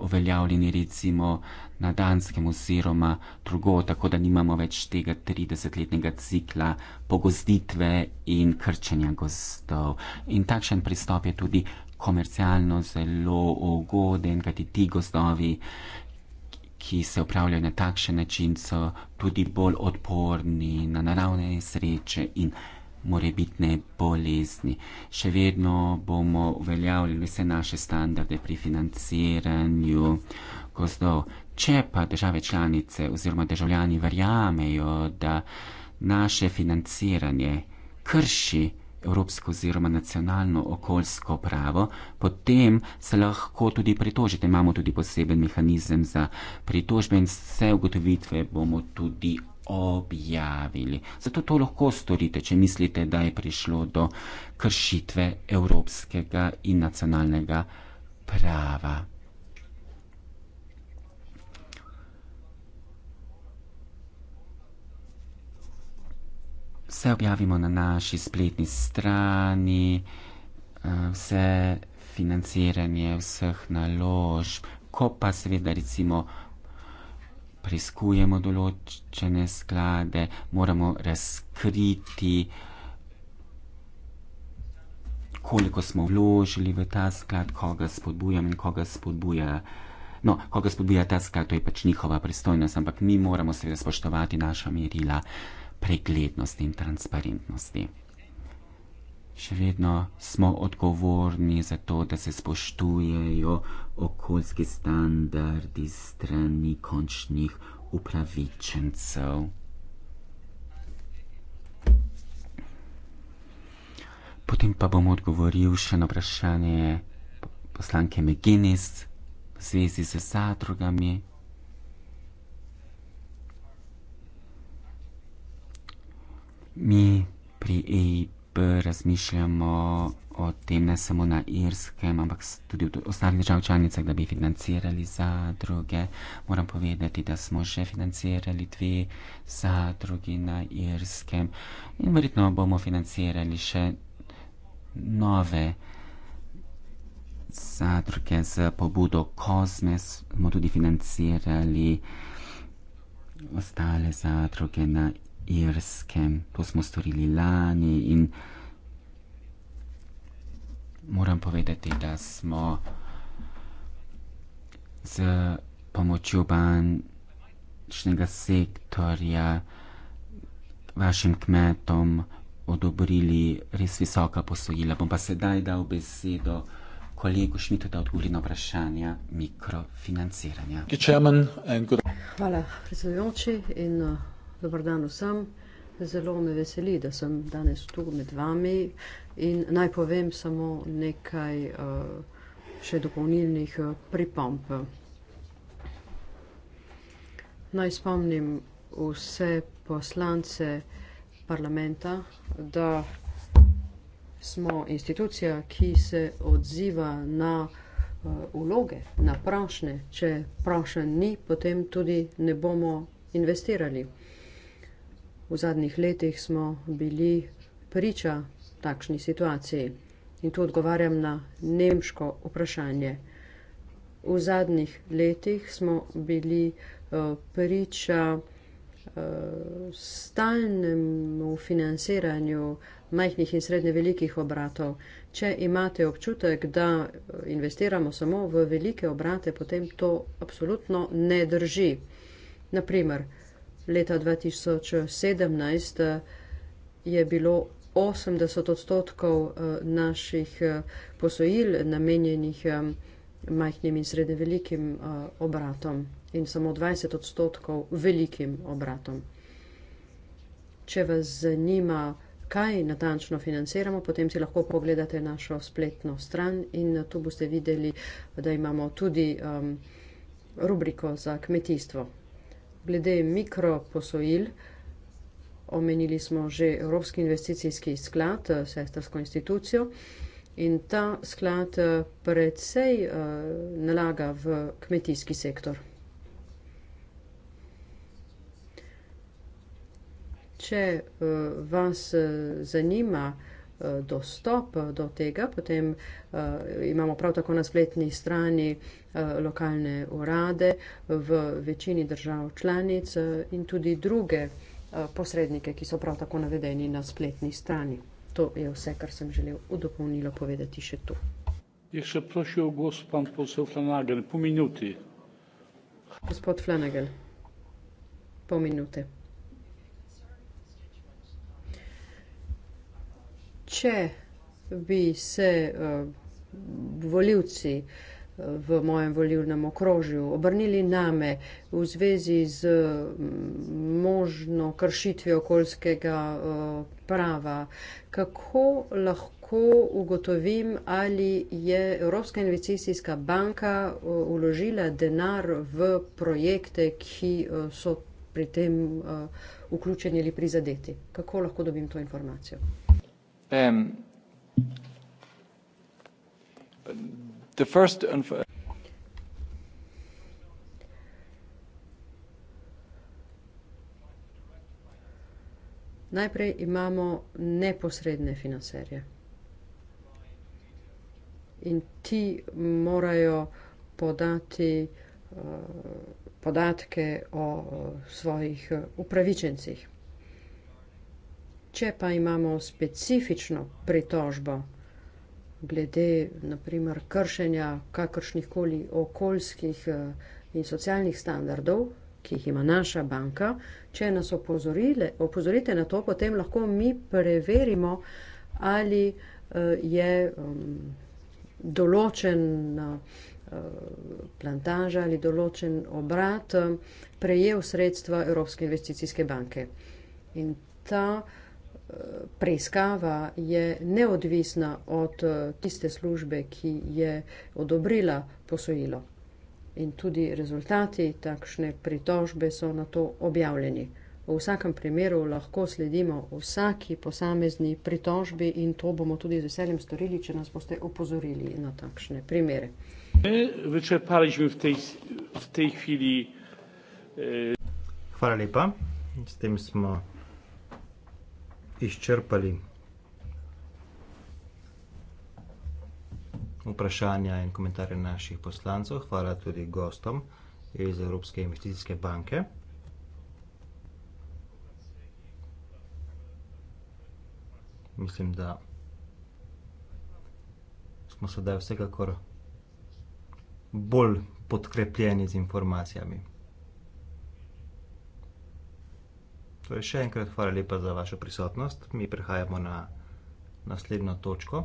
uveljavljeni recimo na danskem oziroma drugo, tako da nimamo več tega 30-letnega cikla pogozditve in krčenja gostov. In takšen pristop je tudi komercialno zelo ugoden, kajti ti gozdovi, ki se upravljajo na takšen način, so tudi bolj odporni na naravne sreče in morebitne bolezni. Še vedno bomo uveljavljali vse naše standarde pri financiranju gozdov. Če pa države članice oziroma državljani verjamejo, da naše financiranje krši evropsko oziroma nacionalno okoljsko pravo, potem se lahko tudi pritožite. Imamo tudi poseben mehanizem za pritožbe in vse ugotovitve bomo tudi objavili. Zato to lahko storite, če mislite, da je prišlo do kršitve evropskega in nacionalnega prava. vse objavimo na naši spletni strani, eh, vse financiranje vseh naložb, ko pa seveda recimo preiskujemo določene sklade, moramo razkriti, koliko smo vložili v ta sklad, koga spodbujam in koga spodbuja. No, koga spodbuja ta sklad, to je pač njihova pristojnost, ampak mi moramo seveda spoštovati naša merila preglednosti in transparentnosti. Še vedno smo odgovorni za to, da se spoštujejo okoljski standardi strani končnih upravičencev. Potem pa bom odgovoril še na vprašanje poslanke McGuinness v zvezi z zadrugami. Mi pri EIP razmišljamo o tem, ne samo na Irskem, ampak tudi v ostalih državah članicah, da bi financirali zadruge. Moram povedati, da smo že financirali dve zadrugi na Irskem in verjetno bomo financirali še nove zadruge z pobudo Kozme, smo tudi financirali ostale zadruge na Irskem. Irskem. To smo storili lani in moram povedati, da smo z pomočjo bančnega sektorja vašim kmetom odobrili res visoka posojila. Bom pa sedaj dal besedo kolegu Šmitu, da odgovori na vprašanja mikrofinanciranja. Hvala, predsedujoči in uh, Dobro dan vsem. Zelo me veseli, da sem danes tu med vami in naj povem samo nekaj eh, še dopolnilnih eh, pripomp. Naj spomnim vse poslance parlamenta, da smo institucija, ki se odziva na eh, vloge, na prošnje. Če prošen ni, potem tudi ne bomo investirali. V zadnjih letih smo bili priča takšni situaciji in tu odgovarjam na nemško vprašanje. V zadnjih letih smo bili eh, priča eh, stalnemu financiranju majhnih in srednje velikih obratov. Če imate občutek, da eh, investiramo samo v velike obrate, potem to absolutno ne drži. Naprimer, leta 2017 eh, je bilo 80 odstotkov eh, naših eh, posojil namenjenih majhnim in srednje velikim obratom in samo 20 odstotkov velikim obratom. Če vas zanima, kaj natančno financiramo, potem si lahko pogledate našo spletno stran in tu boste videli, da imamo tudi um, rubriko za kmetijstvo. Glede mikroposojil, omenili smo že Evropski investicijski sklad, eh, sestrsko institucijo. In ta sklad eh, predvsej eh, nalaga v kmetijski sektor. Če vas zanima dostop do tega, potem imamo prav tako na spletni strani Eh, lokalne urade v večini držav članic eh, in tudi druge eh, posrednike, ki so prav tako navedeni na spletni strani. To je vse, kar sem želel v dopolnilo povedati še tu. Jaz se prosim, gospod posel Flanagel, po minuti. Gospod Flanagel, po minute. Če bi se uh, volivci uh, v mojem volivnem okrožju, obrnili name v zvezi z mm, možno kršitvijo okoljskega eh, prava. Kako lahko ugotovim, ali je Evropska investicijska banka uložila eh, denar v projekte, ki eh, so pri tem vključeni ali prizadeti? Kako lahko dobim to informacijo? Um the first and for Najprej imamo neposredne financerje. In ti morajo podati eh, podatke o eh, svojih eh, upravičencih. Če pa imamo specifično pritožbo, glede naprimer kršenja kakršnih koli okoljskih eh, in socialnih standardov, ki jih ima naša banka, če nas opozorile, opozorite na to, potem lahko mi preverimo, ali eh, je mm, določen eh, plantaža ali določen obrat prejel sredstva Evropske investicijske banke. In ta uh, preiskava je neodvisna od eh, tiste službe, ki je odobrila posojilo. In tudi rezultati takšne pritožbe so na to objavljeni. V vsakem primeru lahko sledimo vsaki posamezni pritožbi in to bomo tudi z veseljem storili, če nas boste opozorili na takšne primere. E, Hvala lepa. S tem smo izčrpali vprašanja in komentarje naših poslancev. Hvala tudi gostom iz Evropske investicijske banke. Mislim, da smo sedaj vsekakor bolj podkrepljeni z informacijami. Torej, še enkrat hvala lepa za vašo prisotnost. Mi prehajamo na naslednjo točko.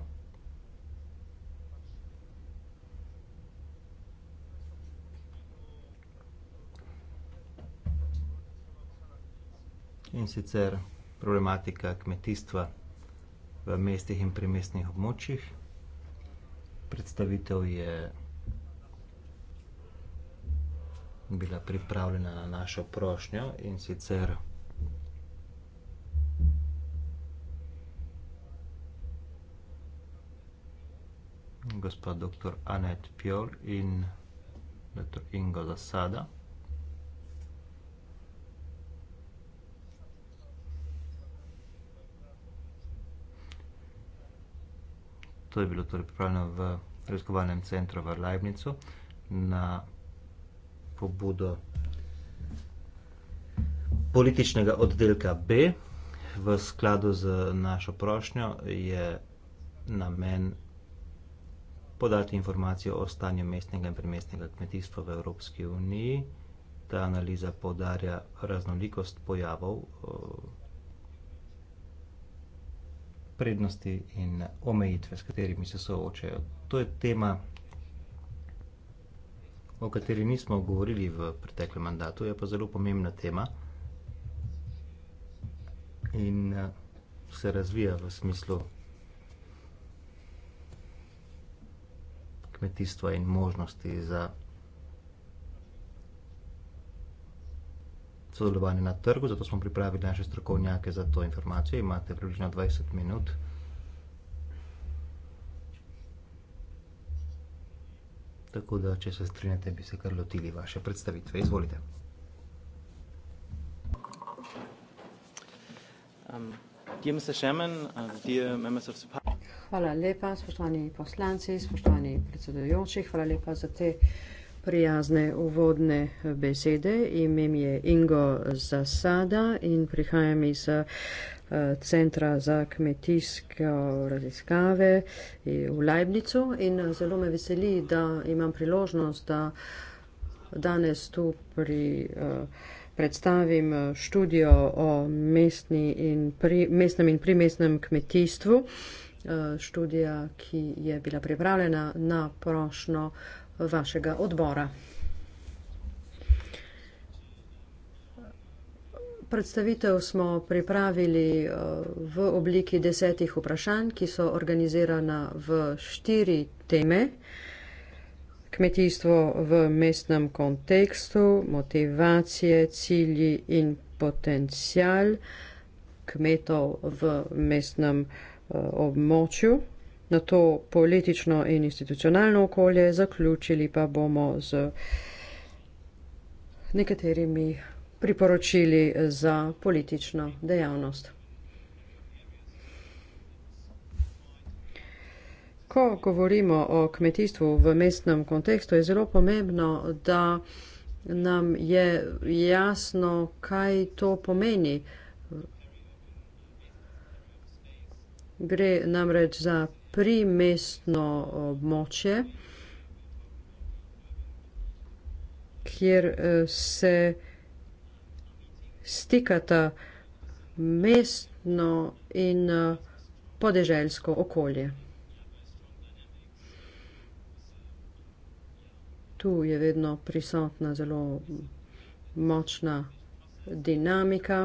In sicer problematika kmetijstva v mestih in primestnih območjih. Predstavitev je bila pripravljena na našo prošnjo in sicer. gospa dr. Anet Pjol in dr. Ingo Zasada. To je bilo torej pripravljeno v raziskovalnem centru v Leibnicu na pobudo političnega oddelka B. V skladu z našo prošnjo je namen podati informacijo o stanju mestnega in premestnega kmetijstva v Evropski uniji. Ta analiza podarja raznolikost pojavov, eh, prednosti in omejitve, s katerimi se soočajo. To je tema, o kateri nismo govorili v preteklem mandatu, je pa zelo pomembna tema in eh, se razvija v smislu kmetijstva in možnosti za sodelovanje na trgu, zato smo pripravili naše strokovnjake za to informacijo. Imate približno 20 minut. Tako da, če se strinjate, bi se kar lotili vaše predstavitve. Izvolite. Um, geben Sie Schemen, die Memes of Support. Hvala lepa, spoštovani poslanci, spoštovani predsedujoči. Hvala lepa za te prijazne uvodne besede. Ime mi je Ingo Zasada in prihajam iz eh, Centra za kmetijske raziskave eh, v Leibnicu. In eh, zelo me veseli, da imam priložnost, da danes tu pri predstavim študijo o mestni in pri, mestnem in primestnem kmetijstvu. Uh, Eh, študija, ki je bila pripravljena na prošno vašega odbora. Predstavitev smo pripravili eh, v obliki desetih vprašanj, ki so organizirana v štiri teme. Kmetijstvo v mestnem kontekstu, motivacije, cilji in potencial kmetov v mestnem kontekstu. Eh, območju, na to politično in institucionalno okolje, zaključili pa bomo z nekaterimi priporočili za politično dejavnost. Ko govorimo o kmetijstvu v mestnem kontekstu, je zelo pomembno, da nam je jasno, kaj to pomeni. Gre namreč za primestno območje, kjer, eh, se stikata mestno in, eh, podeželsko okolje. Tu je vedno prisotna zelo močna dinamika.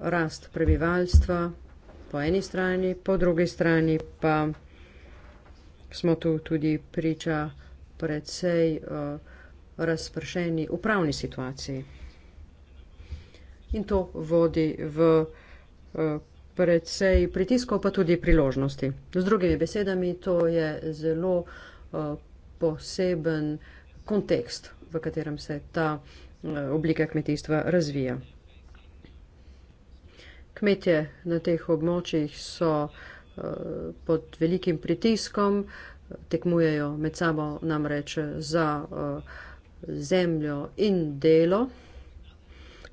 rast prebivalstva po eni strani, po drugi strani pa smo tu tudi priča predvsej uh, eh, razpršeni upravni situaciji. In to vodi v uh, eh, predvsej pritiskov, pa tudi priložnosti. Z drugimi besedami, to je zelo uh, poseben kontekst, v katerem se ta uh, oblika kmetijstva razvija. Kmetje na teh območjih so eh, pod velikim pritiskom, tekmujejo med sabo namreč za eh, zemljo in delo.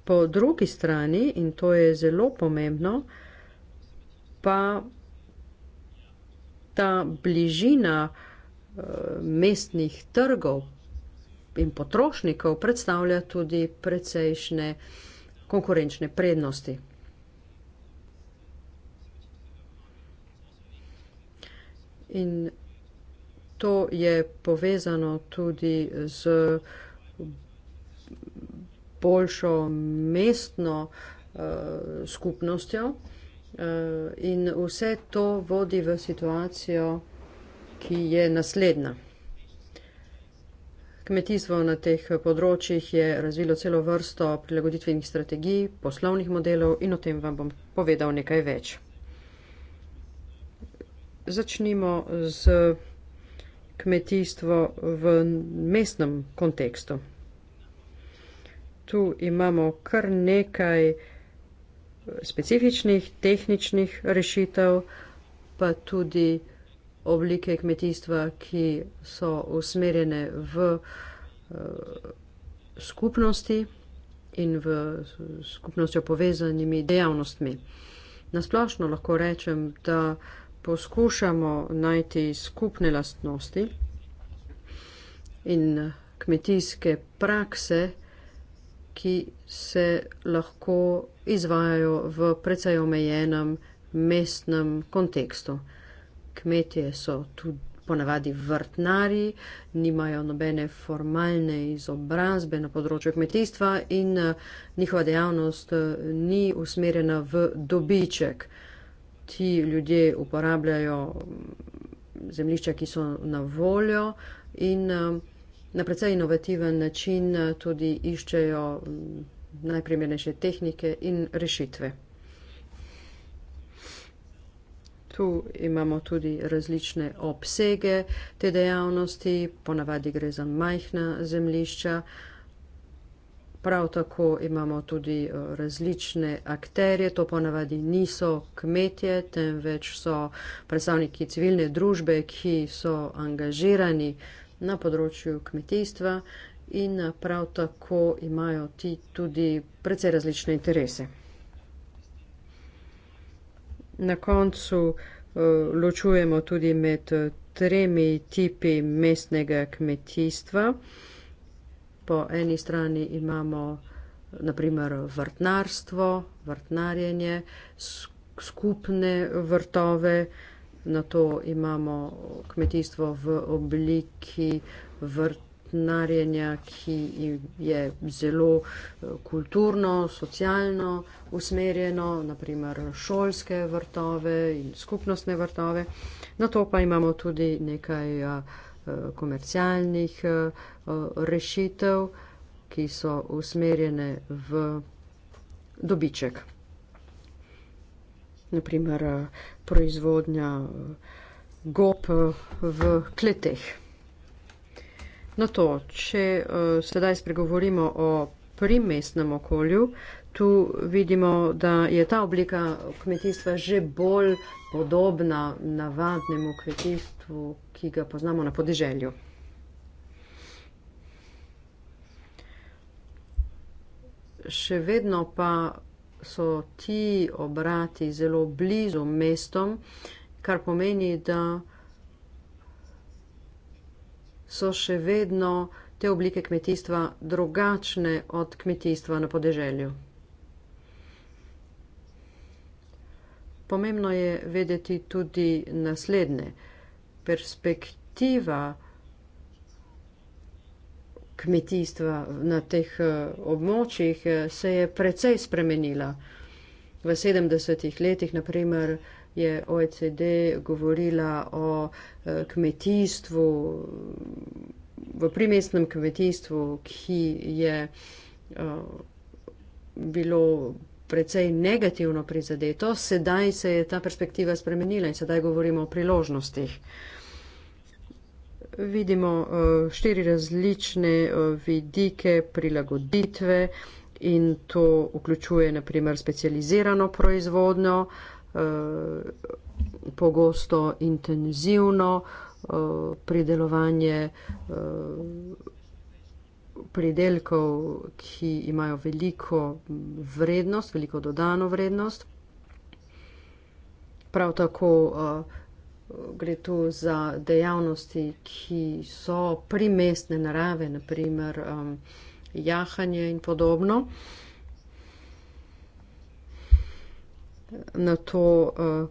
Po drugi strani, in to je zelo pomembno, pa ta bližina eh, mestnih trgov in potrošnikov predstavlja tudi precejšnje konkurenčne prednosti. in to je povezano tudi z boljšo mestno uh, skupnostjo uh, in vse to vodi v situacijo, ki je naslednja. Kmetijstvo na teh področjih je razvilo celo vrsto prilagoditvenih strategij, poslovnih modelov in o tem vam bom povedal nekaj več začnimo z kmetijstvo v mestnem kontekstu. Tu imamo kar nekaj specifičnih tehničnih rešitev, pa tudi oblike kmetijstva, ki so usmerjene v eh, skupnosti in v skupnostjo povezanimi dejavnostmi. Nasplošno lahko rečem, da poskušamo najti skupne lastnosti in kmetijske prakse, ki se lahko izvajajo v precej omejenem mestnem kontekstu. Kmetije so tudi ponavadi vrtnari, nimajo nobene formalne izobrazbe na področju kmetijstva in eh, njihova dejavnost eh, ni usmerjena v dobiček ti ljudje uporabljajo mm, zemljišča, ki so na voljo in um, na precej inovativen način uh, tudi iščejo mm, najprimernejše tehnike in rešitve. Tu imamo tudi različne obsege te dejavnosti, ponavadi gre za majhna zemljišča. Prav tako imamo tudi eh, različne akterje, to ponavadi niso kmetje, temveč so predstavniki civilne družbe, ki so angažirani na področju kmetijstva in eh, prav tako imajo ti tudi precej različne interese. Na koncu eh, ločujemo tudi med tremi tipi mestnega kmetijstva. Po eni strani imamo naprimer vrtnarstvo, vrtnarjenje, skupne vrtove, na to imamo kmetijstvo v obliki vrtnarjenja, ki je zelo kulturno, socialno usmerjeno, naprimer šolske vrtove in skupnostne vrtove. Na to pa imamo tudi nekaj uh, Eh, komercialnih eh, eh, rešitev, ki so usmerjene v dobiček. Naprimer, proizvodnja gob v kleteh. Na no to, če sedaj spregovorimo o primestnem okolju, tu vidimo, da je ta oblika kmetijstva že bolj podobna navadnemu kmetijstvu, ki ga poznamo na podeželju. Še vedno pa so ti obrati zelo blizu mestom, kar pomeni, da so še vedno te oblike kmetijstva drugačne od kmetijstva na podeželju. pomembno je vedeti tudi naslednje. Perspektiva kmetijstva na teh eh, območjih eh, se je precej spremenila. V 70-ih letih, naprimer, je OECD govorila o eh, kmetijstvu, v primestnem kmetijstvu, ki je bilo precej negativno prizadeto, sedaj se je ta perspektiva spremenila in sedaj govorimo o priložnostih. Vidimo eh, štiri različne eh, vidike prilagoditve in to vključuje naprimer specializirano proizvodno, eh, pogosto intenzivno pridelovanje pridelkov, ki imajo veliko vrednost, veliko dodano vrednost. Prav tako uh, gre tu za dejavnosti, ki so primestne narave, naprimer um, jahanje in podobno. Na to uh,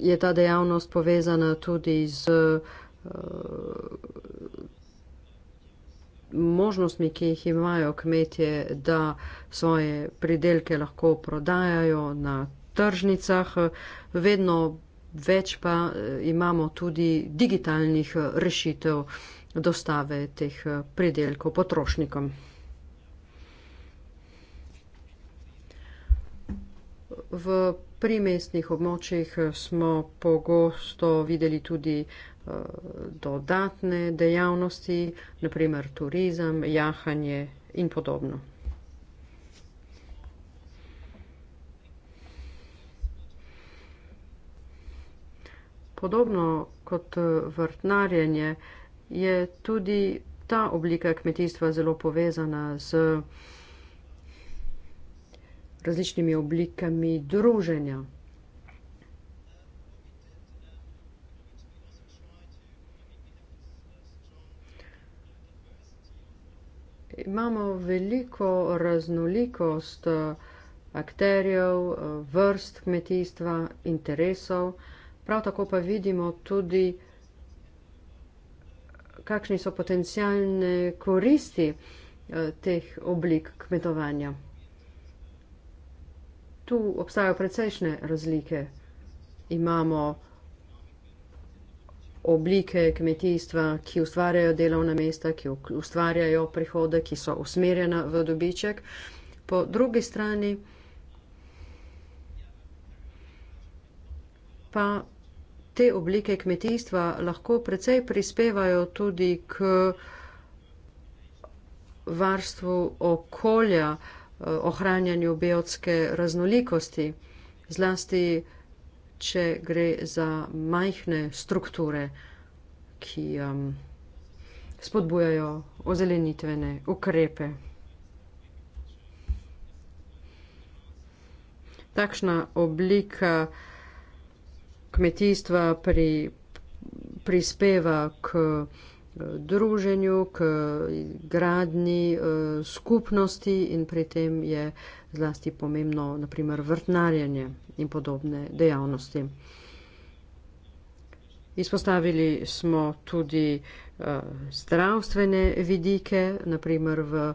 je ta dejavnost povezana tudi z uh, možnostmi, ki jih imajo kmetje, da svoje pridelke lahko prodajajo na tržnicah. Vedno več pa eh, imamo tudi digitalnih eh, rešitev dostave teh eh, pridelkov potrošnikom. V primestnih območjih smo pogosto videli tudi uh, Eh, dodatne dejavnosti, naprimer turizem, jahanje in podobno. Podobno kot eh, vrtnarjenje je tudi ta oblika kmetijstva zelo povezana z različnimi oblikami druženja. imamo veliko raznolikost eh, akterjev, eh, vrst kmetijstva, interesov, prav tako pa vidimo tudi, kakšni so potencijalne koristi eh, teh oblik kmetovanja. Tu obstajajo precejšnje razlike. Imamo oblike kmetijstva, ki ustvarjajo delovna mesta, ki ustvarjajo prihode, ki so usmerjena v dobiček. Po drugi strani pa te oblike kmetijstva lahko precej prispevajo tudi k varstvu okolja, eh, ohranjanju biotske raznolikosti, zlasti če gre za majhne strukture, ki um, spodbujajo ozelenitvene ukrepe. Takšna oblika kmetijstva pri, prispeva k druženju, k gradni eh, skupnosti in pri tem je zlasti pomembno naprimer vrtnarjenje in podobne dejavnosti. Izpostavili smo tudi eh, zdravstvene vidike, naprimer v eh,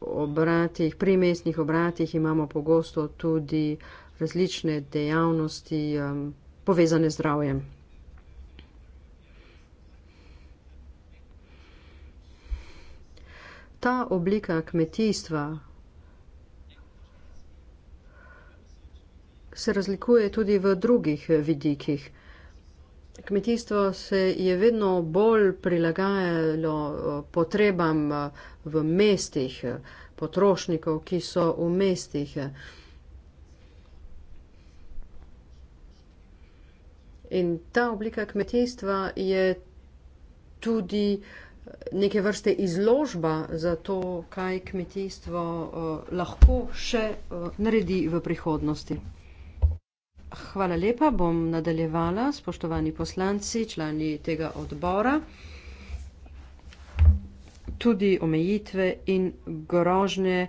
obratih, pri mestnih obratih imamo pogosto tudi različne dejavnosti povezane z zdravjem. ta oblika kmetijstva se razlikuje tudi v drugih vidikih. Kmetijstvo se je vedno bolj prilagajalo eh, potrebam eh, v mestih, eh, potrošnikov, ki so v mestih. In ta oblika kmetijstva je tudi uh, neke vrste izložba za to, kaj kmetijstvo uh, lahko še uh, naredi v prihodnosti. Hvala lepa, bom nadaljevala, spoštovani poslanci, člani tega odbora. Tudi omejitve in grožnje eh,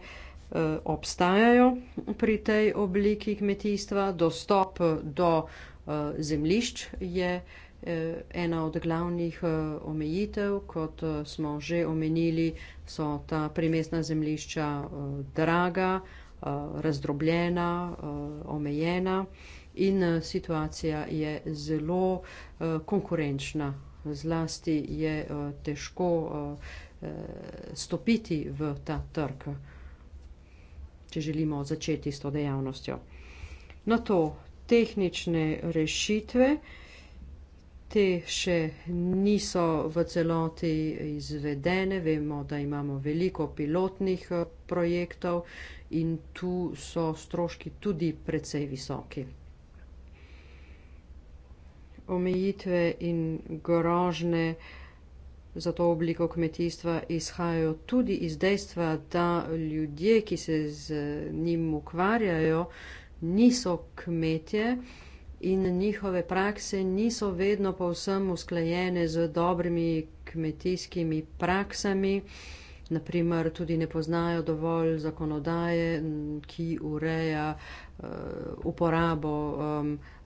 obstajajo pri tej obliki kmetijstva. Dostop do eh, zemlišč je eh, Eh, ena od glavnih eh, omejitev, kot eh, smo že omenili, so ta primestna zemljišča draga, razdrobljena, omejena in situacija je zelo konkurenčna. Zlasti je težko stopiti v ta trg, če želimo začeti s to dejavnostjo. Na no, to tehnične rešitve, te še niso v celoti izvedene. Vemo, da imamo veliko pilotnih eh, projektov in tu so stroški tudi precej visoki. Omejitve in grožne za to obliko kmetijstva izhajajo tudi iz dejstva, da ljudje, ki se z njim ukvarjajo, niso kmetje in njihove prakse niso vedno povsem usklajene z dobrimi kmetijskimi praksami. Naprimer, tudi ne poznajo dovolj zakonodaje, ki ureja eh, uporabo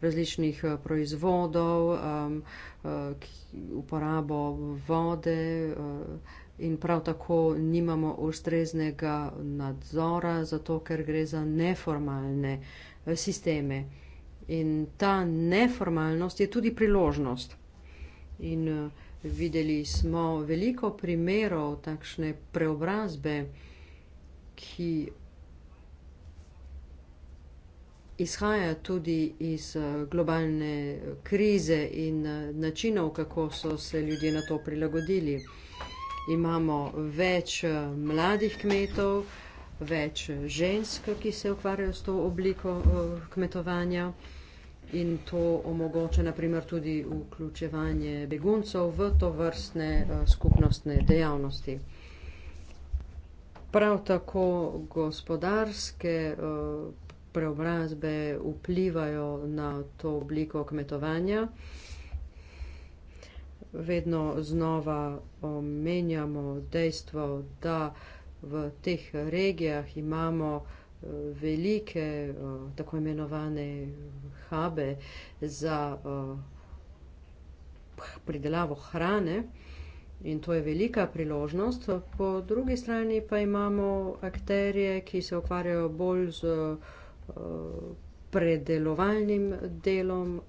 različnih eh, proizvodov, eh, uporabo vode in prav tako nimamo ustreznega nadzora, zato ker gre za neformalne sisteme. In ta neformalnost je tudi priložnost. In eh, videli smo veliko primerov takšne preobrazbe, ki izhaja tudi iz eh, globalne krize in eh, načinov, kako so se ljudje na to prilagodili. Imamo več mladih kmetov, več žensk, ki se ukvarjajo s to obliko kmetovanja in to omogoča na primer tudi vključevanje beguncev v to vrstne eh, skupnostne dejavnosti. Prav tako gospodarske eh, preobrazbe vplivajo na to obliko kmetovanja. Vedno znova omenjamo dejstvo, da v teh regijah imamo velike eh, tako imenovane eh, hube za eh, pridelavo hrane in to je velika priložnost. Po drugi strani pa imamo akterje, ki se ukvarjajo bolj z predelovalnim delom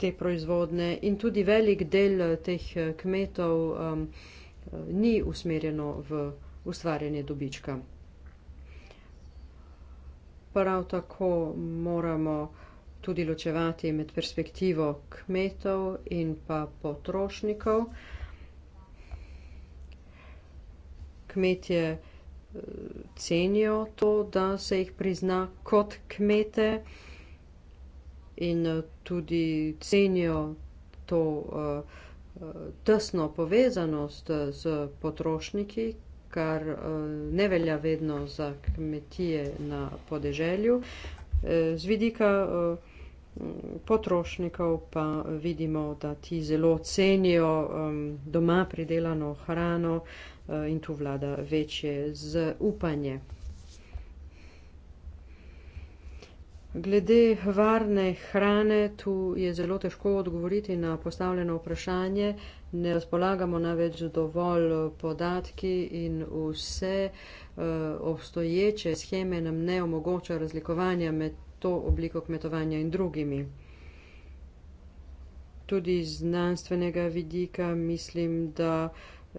te proizvodne in tudi velik del teh kmetov ni usmerjeno v ustvarjanje dobička prav tako moramo tudi ločevati med perspektivo kmetov in pa potrošnikov. Kmetje eh, cenijo to, da se jih prizna kot kmete in eh, tudi cenijo to eh, tesno povezanost z potrošniki, kar eh, ne velja vedno za kmetije na podeželju. Eh, z vidika eh, potrošnikov pa vidimo, da ti zelo cenijo doma pridelano hrano in tu vlada večje z upanje. Glede varne hrane, tu je zelo težko odgovoriti na postavljeno vprašanje, eh, ne razpolagamo največ z dovolj eh, podatki in vse uh, obstoječe scheme nam ne omogoča razlikovanja med to obliko kmetovanja in drugimi. Tudi iz znanstvenega vidika mislim, da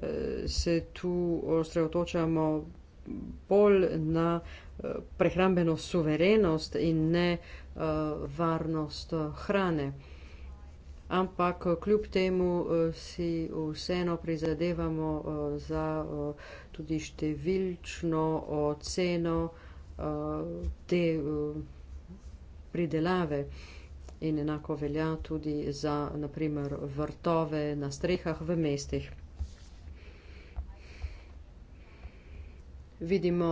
eh, se tu osredotočamo bolj na prehrambeno suverenost in ne varnost hrane ampak eh, kljub temu eh, si vseeno prizadevamo eh, za tudi številčno oceno te pridelave. In enako velja tudi za naprimer vrtove na strehah v mestih. Vidimo,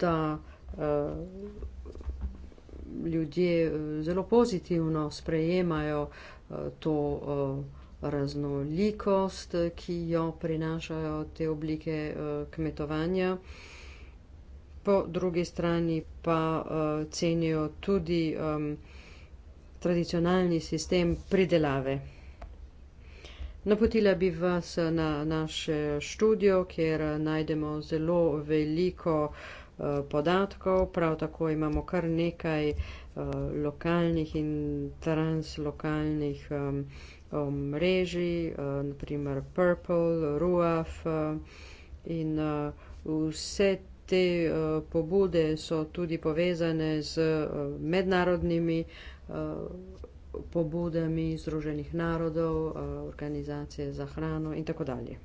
da eh, ljudje zelo pozitivno sprejemajo eh, to eh, raznolikost, ki jo prinašajo te oblike eh, kmetovanja. Po drugi strani pa eh, cenijo tudi tradicionalni sistem pridelave. Napotila bi vas na naš študijo, kjer najdemo zelo veliko uh, Eh, podatkov, prav tako imamo kar nekaj eh, lokalnih in translokalnih eh, omrežij, naprimer Purple, RUAF in vse te pobude so tudi povezane z mednarodnimi pobudami Združenih narodov, organizacije za hrano in tako dalje.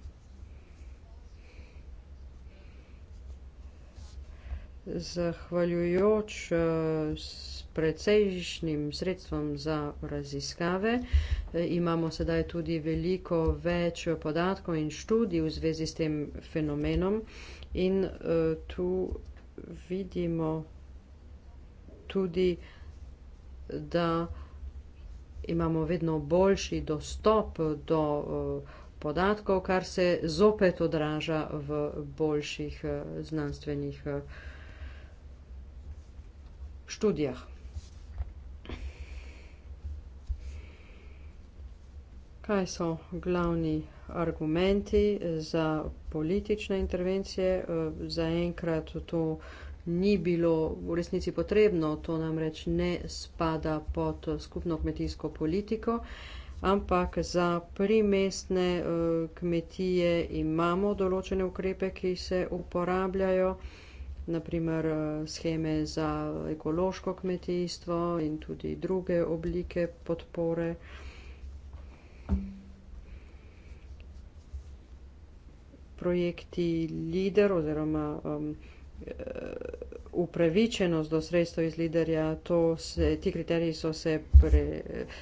Zahvaljujoč eh, s precejšnjim sredstvom za raziskave eh, imamo sedaj tudi veliko več podatkov in študij v zvezi s tem fenomenom in eh, tu vidimo tudi, da imamo vedno boljši dostop do podatkov, kar se zopet odraža v boljših znanstvenih študijah. Kaj so glavni argumenti za politične intervencije? E, zaenkrat to ni bilo v resnici potrebno, to namreč ne spada pod skupno kmetijsko politiko, ampak za primestne e, kmetije imamo določene ukrepe, ki se uporabljajo naprimer eh, scheme za ekološko kmetijstvo in tudi druge oblike podpore. Projekti LIDER oziroma um, upravičenost do sredstev iz liderja, se, ti kriteriji so se pre,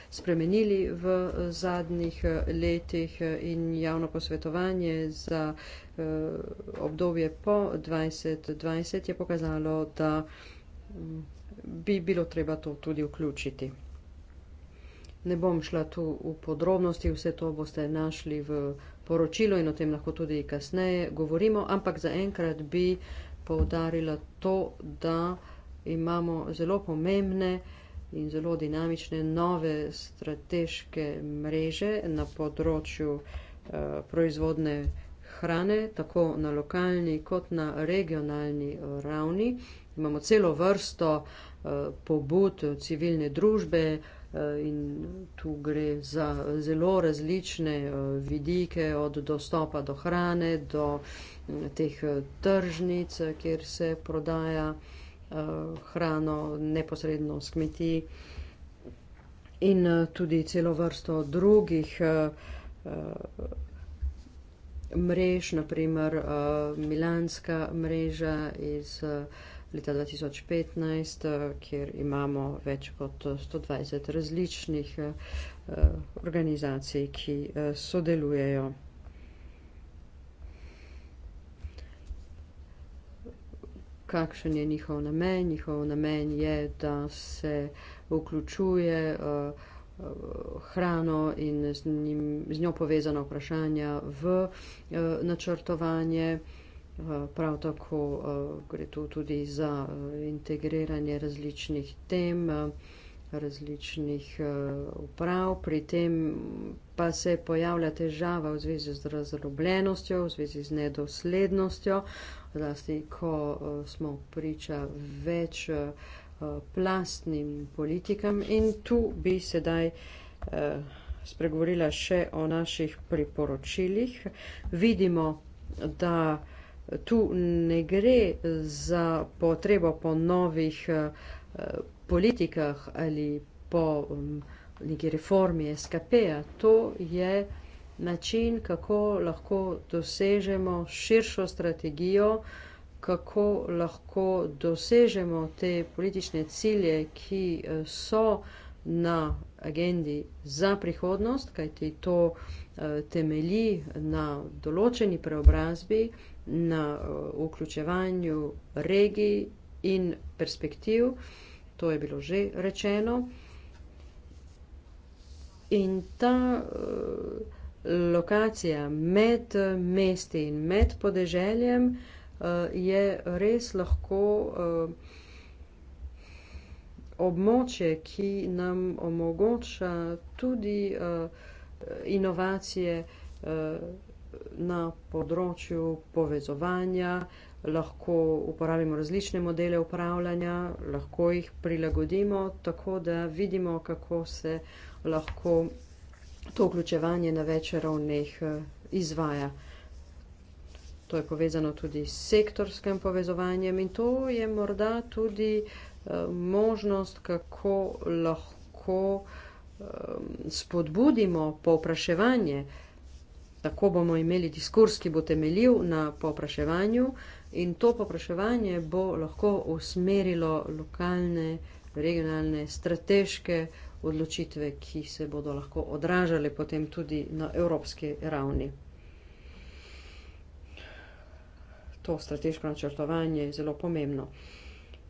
spremenili v zadnjih letih in javno posvetovanje za eh, obdobje po 2020 je pokazalo, da mm, bi bilo treba to tudi vključiti. Ne bom šla tu v podrobnosti, vse to boste našli v poročilu in o tem lahko tudi kasneje govorimo, ampak zaenkrat bi eh, poudarila to, da imamo zelo pomembne in zelo dinamične nove strateške mreže na področju eh, proizvodne hrane, tako na lokalni kot na regionalni eh, ravni. Imamo celo vrsto eh, pobud civilne družbe, eh, E, in tu gre za zelo različne e, vidike, od dostopa do hrane, do teh e, tržnic, kjer se prodaja hrano neposredno s kmetij, in tudi celo vrsto drugih mrež, naprimer Milanska mreža iz Milana leta 2015, eh, kjer imamo več kot 120 eh, različnih eh, organizacij, ki sodelujejo. Kakšen je njihov namen? Njihov namen je, da se vključuje hrano in z, njim, z njo povezano vprašanja v načrtovanje. Prav tako eh, gre tu tudi za eh, integriranje različnih tem, eh, različnih uprav, pri tem pa se pojavlja težava v zvezi z razdrobljenostjo, v zvezi z nedoslednostjo, zlasti ko smo priča več plastnim politikam in tu bi sedaj spregovorila še o naših priporočilih. Vidimo, da tu ne gre za potrebo po novih eh, politikah ali po mm, neki reformi SKP-ja. To je način, kako lahko dosežemo širšo strategijo, kako lahko dosežemo te politične cilje, ki eh, so na agendi za prihodnost, kajti to eh, temelji na določeni preobrazbi na eh, vključevanju regij in perspektiv, to je bilo že rečeno. In ta eh, lokacija med eh, mesti in med podeželjem je res lahko območje, ki nam omogoča tudi inovacije na področju povezovanja, lahko uporabimo različne modele upravljanja, lahko jih prilagodimo tako, da vidimo, kako se lahko to vključevanje na več ravneh eh, izvaja. To je povezano tudi s sektorskim povezovanjem in to je morda tudi eh, možnost, kako lahko eh, spodbudimo povpraševanje po Tako bomo imeli diskurs, ki bo temeljil na popraševanju in to popraševanje bo lahko usmerilo lokalne, regionalne, strateške odločitve, ki se bodo lahko odražale potem tudi na evropski ravni. To strateško načrtovanje je zelo pomembno.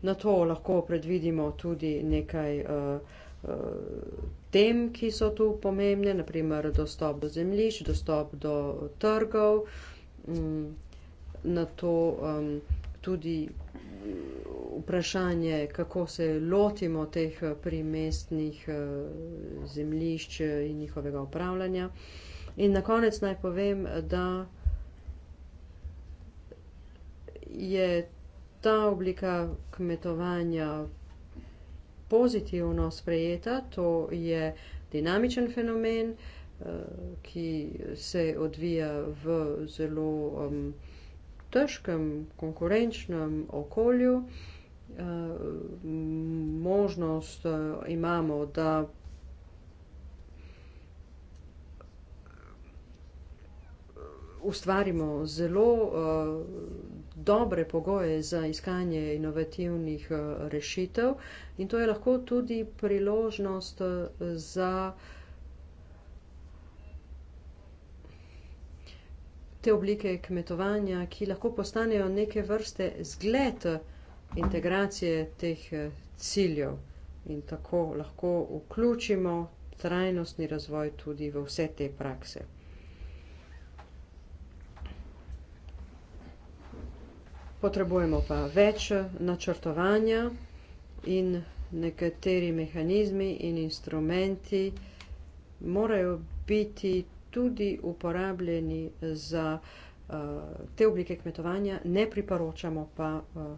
Na to lahko predvidimo tudi nekaj uh, Eh, tem, ki so tu pomembne, naprimer dostop do zemljišč, dostop do trgov, mm, na to tudi eh, vprašanje, kako se lotimo teh eh, primestnih zemljišč in njihovega upravljanja. In na konec naj povem, da je ta oblika kmetovanja pozitivno sprejeta. To je dinamičen fenomen, eh, ki se odvija v zelo um, težkem konkurenčnem okolju. Eh, možnost eh, imamo, da ustvarimo zelo uh, dobre pogoje za iskanje inovativnih eh, rešitev in to je lahko tudi priložnost eh, za te oblike kmetovanja, ki lahko postanejo neke vrste zgled integracije teh eh, ciljev in tako lahko vključimo trajnostni razvoj tudi v vse te prakse. potrebujemo pa več načrtovanja in nekateri mehanizmi in instrumenti morajo biti tudi uporabljeni za uh, te oblike kmetovanja, ne priporočamo pa, uh,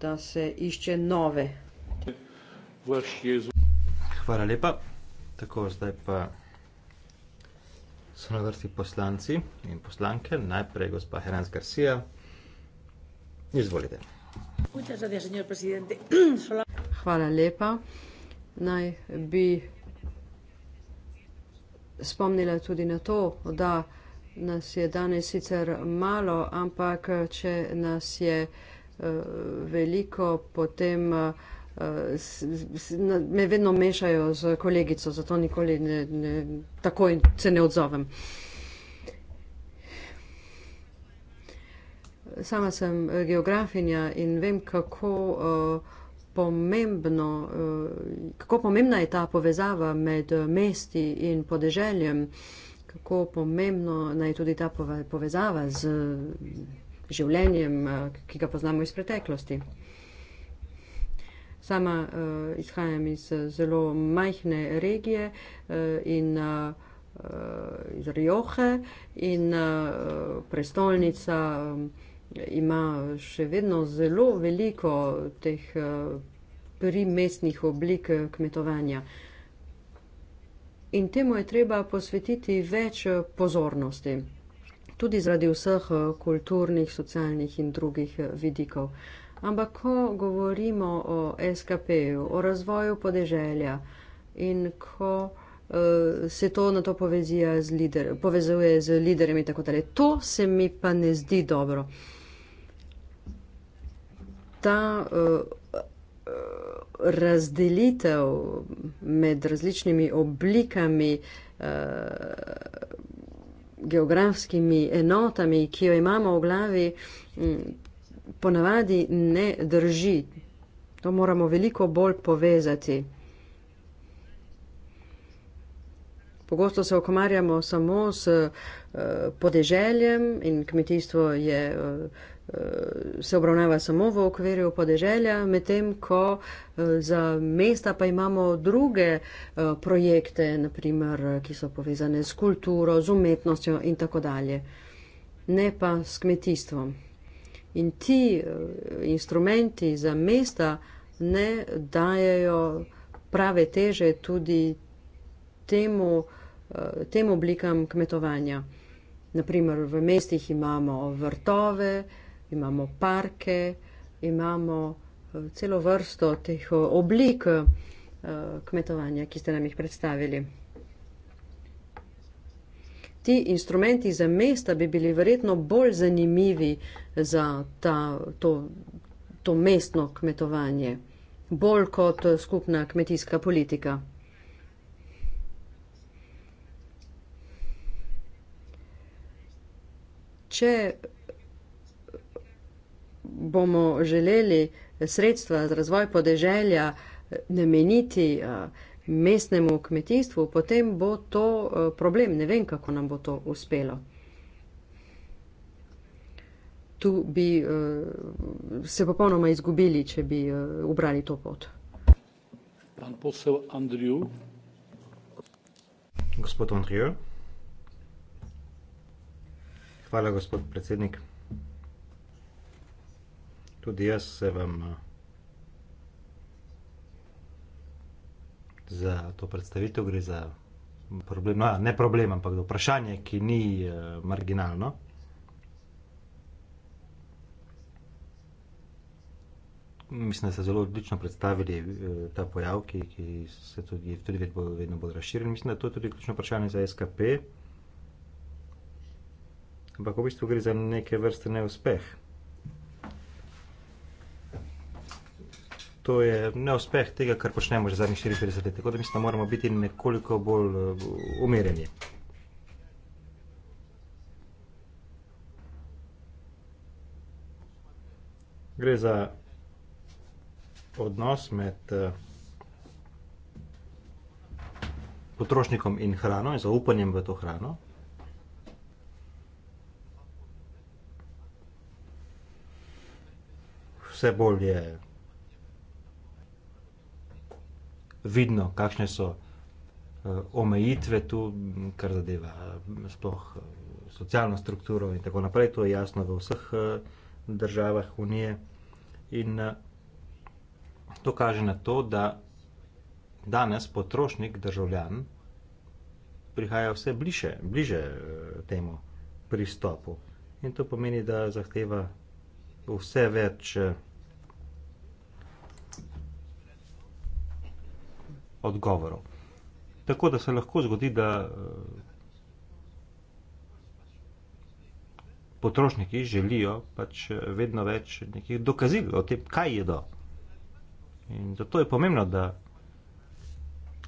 da se išče nove. Hvala lepa. Tako, zdaj pa so na vrsti poslanci in poslanke. Najprej gospa Herenc Garcia. Izvolite. *clears throat* Hvala lepa. Naj bi spomnila tudi na to, da nas je danes sicer malo, ampak če nas je eh, veliko, potem eh, me vedno mešajo z kolegico, zato nikoli ne, ne, takoj se ne odzovem. Sama sem eh, geografinja in vem, kako, uh, pomembno, uh, kako pomembna je ta povezava med mesti in podeželjem, kako pomembno naj je tudi ta povezava z življenjem, uh, ki ga poznamo iz preteklosti. Sama uh, izhajam iz zelo majhne regije uh, in uh, iz Rioche in uh, prestolnica. Um, ima še vedno zelo veliko teh eh, primestnih oblik eh, kmetovanja. In temu je treba posvetiti več eh, pozornosti, tudi zaradi vseh kulturnih, socialnih in drugih vidikov. Ampak, ko govorimo o SKP-ju, o razvoju podeželja in ko uh, se to na to povezuje z liderjem, tako dalje, to se mi pa ne zdi dobro. Uh, ta eh, razdelitev med različnimi oblikami, eh, geografskimi enotami, ki jo imamo v glavi, mm, ponavadi ne drži. To moramo veliko bolj povezati. Pogosto se okomarjamo samo s eh, podeželjem in kmetijstvo je Eh, se obravnava samo v okviru podeželja, medtem ko eh, za mesta pa imamo druge eh, projekte, naprimer, ki so povezane s kulturo, z umetnostjo in tako dalje, ne pa s kmetijstvom. In ti instrumenti za mesta ne dajajo prave teže tudi temu, tem oblikam kmetovanja. Naprimer, v mestih imamo vrtove, imamo parke, imamo eh, celo vrsto teh eh, oblik eh, kmetovanja, ki ste nam jih predstavili. Ti instrumenti za mesta bi bili verjetno bolj zanimivi za ta, to, to mestno kmetovanje, bolj kot skupna kmetijska politika. Če bomo želeli sredstva za razvoj podeželja nameniti eh, mestnemu kmetijstvu, potem bo to eh, problem. Ne vem, kako nam bo to uspelo. Tu bi eh, se popolnoma izgubili, če bi ubrali to pot. Pan posel Andriju. Gospod Andriju. Hvala, gospod predsednik. Tudi jaz se vam eh, za to predstavitev gre za problem, no, ja, ne problem, ampak za vprašanje, ki ni eh, marginalno. Mislim, da ste zelo odlično predstavili eh, ta pojav, ki, ki se tudi, tudi vedno bolj razširil. Mislim, da to je tudi ključno vprašanje za SKP. Ampak v bistvu gre za neke vrste neuspeh. to je neuspeh tega, kar počnemo že zadnjih 44 let. Tako da mislim, da moramo biti nekoliko bolj eh, umirjeni. Gre za odnos med eh, potrošnikom in hrano in zaupanjem v to hrano. Vse bolj je vidno, kakšne so eh, omejitve tu, kar zadeva eh, sploh eh, socialno strukturo in tako naprej. To je jasno v vseh državah Unije. In to kaže na to, da danes potrošnik, državljan, prihaja vse bliže, bliže temu pristopu. In to pomeni, da zahteva vse več pristopu odgovorov. Tako da se lahko zgodi, da eh, potrošniki želijo pač eh, vedno več nekih dokazil o tem, kaj jedo. In zato je pomembno, da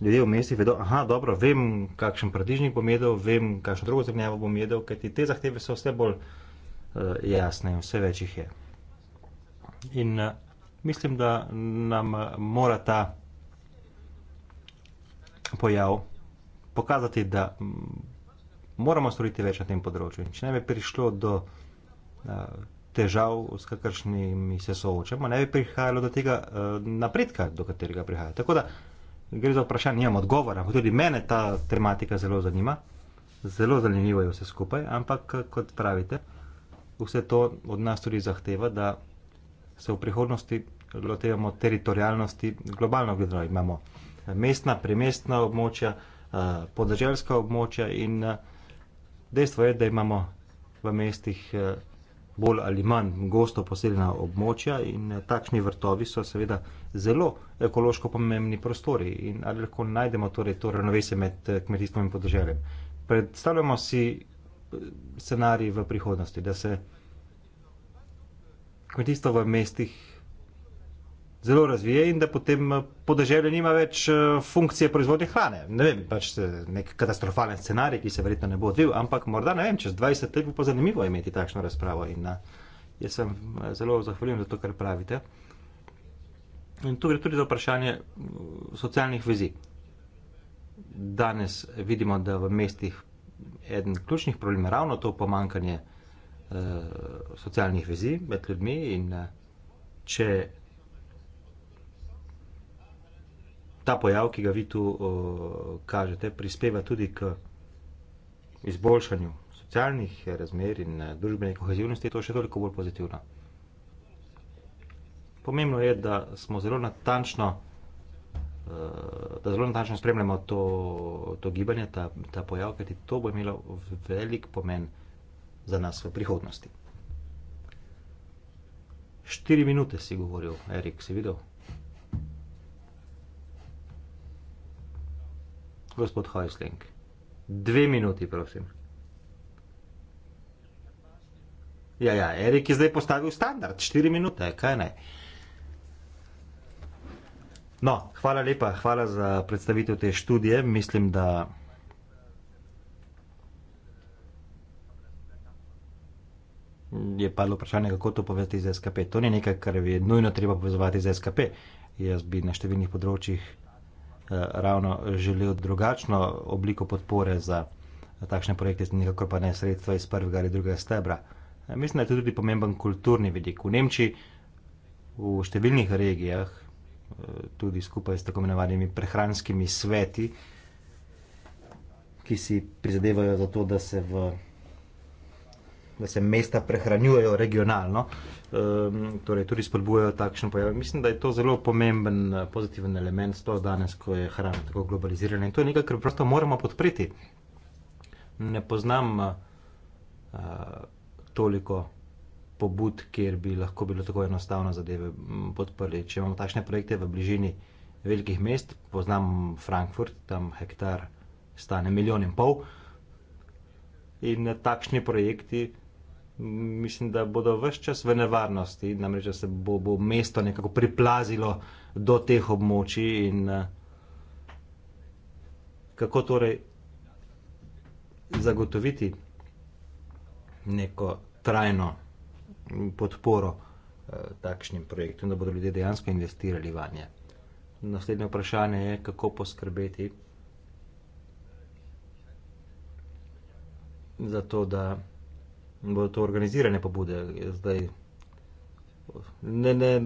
ljudje v mesti vedo, aha, dobro, vem, kakšen pradižnik bom jedel, vem, kakšno drugo zemljavo bom jedel, ker te zahteve so vse bolj uh, jasne in vse več jih je. In uh, mislim, da nam uh, mora ta pojav, pokazati, da mm, moramo storiti več na tem področju. In če ne bi prišlo do eh, težav, s kakršnimi se soočamo, ne bi prihajalo do tega eh, napredka, do katerega prihaja. Tako da gre za vprašanje, nimam odgovora, ampak tudi mene ta tematika zelo zanima, zelo zanimivo je vse skupaj, ampak eh, kot pravite, vse to od nas tudi zahteva, da se v prihodnosti lotevamo teritorijalnosti globalno gledano imamo mestna, primestna območja, eh, podeželska območja in eh, dejstvo je, da imamo v mestih eh, bolj ali manj gosto poseljena območja in takšni vrtovi so seveda zelo ekološko pomembni prostori in ali lahko najdemo torej to ravnovesje med kmetijstvom in podeželjem. Predstavljamo si scenarij v prihodnosti, da se kmetijstvo v mestih zelo razvije in da potem eh, podeželje nima več eh, funkcije proizvodnje hrane. Ne vem, pač eh, nek katastrofalen scenarij, ki se verjetno ne bo odvil, ampak morda ne vem, čez 20 let bo pa zanimivo imeti takšno razpravo in na, jaz sem zelo zahvaljujem za to, kar pravite. In tu gre tudi za vprašanje socialnih vezi. Danes vidimo, da v mestih eden ključnih problemov je ravno to pomankanje socialnih vezi med ljudmi in če ta pojav, ki ga vi tu o, kažete, prispeva tudi k izboljšanju socialnih razmer in eh, družbene kohezivnosti, je to še toliko bolj pozitivno. Pomembno je, da smo zelo natančno eh, da zelo natančno spremljamo to, to gibanje, ta, ta pojav, kajti to bo imelo velik pomen za nas v prihodnosti. Štiri minute si govoril, Erik, si videl? gospod Hojsling. Dve minuti, prosim. Ja, ja, Erik je zdaj postavil standard, štiri minute, kaj ne. No, hvala lepa, hvala za predstavitev te študije, mislim, da... Je padlo vprašanje, kako to povezati z SKP. To ni nekaj, kar je nujno treba povezovati z SKP. Jaz bi na številnih področjih Eh, ravno želel drugačno obliko podpore za takšne projekte, nikakor pa ne sredstva iz prvega ali drugega stebra. Eh, mislim, da je tudi pomemben kulturni vidik. V Nemčiji, v številnih regijah, eh, tudi skupaj s tako imenovanimi prehranskimi sveti, ki si prizadevajo za to, da se v da se mesta prehranjujejo regionalno, um, torej tudi spodbujajo takšne pojave. Mislim, da je to zelo pomemben eh, pozitiven element, to danes, ko je hrana tako globalizirana in to je nekaj, kar prosto moramo podpreti. Ne poznam uh, toliko pobud, kjer bi lahko bilo tako enostavno zadeve mm, podprli. Če imamo takšne projekte v bližini velikih mest, poznam Frankfurt, tam hektar stane milijon in pol. In eh, takšni projekti, mislim, da bodo vse čas v nevarnosti, namreč, da se bo, bo mesto nekako priplazilo do teh območij. In, eh, kako torej zagotoviti neko trajno podporo eh, takšnim projektom, da bodo ljudje dejansko investirali v nje. Naslednje vprašanje je, kako poskrbeti. Zato, da bodo to organizirane pobude. Zdaj, ne, ne,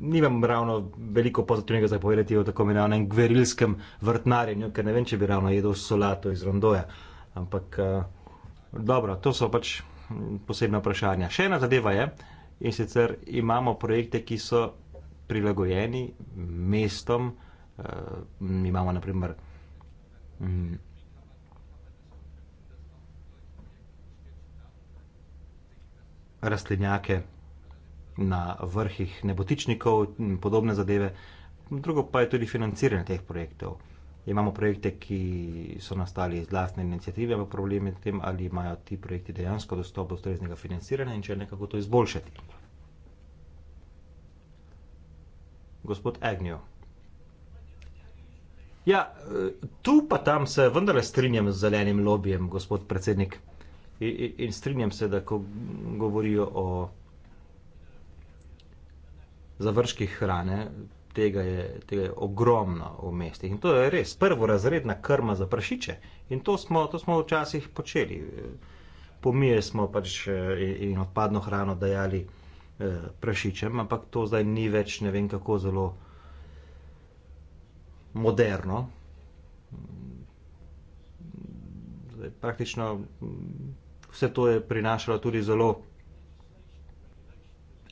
nimam ravno veliko pozitivnega za povedati o tako imenovanem gverilskem vrtnarjenju, ker ne vem, če bi ravno jedel solato iz Rondoja. Ampak eh, dobro, to so pač mm, posebna vprašanja. Še ena zadeva je, in sicer imamo projekte, ki so prilagojeni mestom, eh, imamo naprimer. Mm, rastlinjake na vrhih nebotičnikov in podobne zadeve. Drugo pa je tudi financiranje teh projektov. Imamo projekte, ki so nastali iz vlastne inicijative, ampak problem je v tem, ali imajo ti projekti dejansko dostop do ustreznega financiranja in če je nekako to izboljšati. Gospod Agnew. Ja, eh, tu pa tam se vendarle strinjam z zelenim lobijem, gospod predsednik in strinjam se, da ko govorijo o završkih hrane, tega je, tega je ogromno v mestih. In to je res prvorazredna krma za prašiče. In to smo, to smo včasih počeli. Pomije smo pač eh, in odpadno hrano dajali eh, prašičem, ampak to zdaj ni več ne vem kako zelo moderno. Zdaj, praktično vse to je prinašalo tudi zelo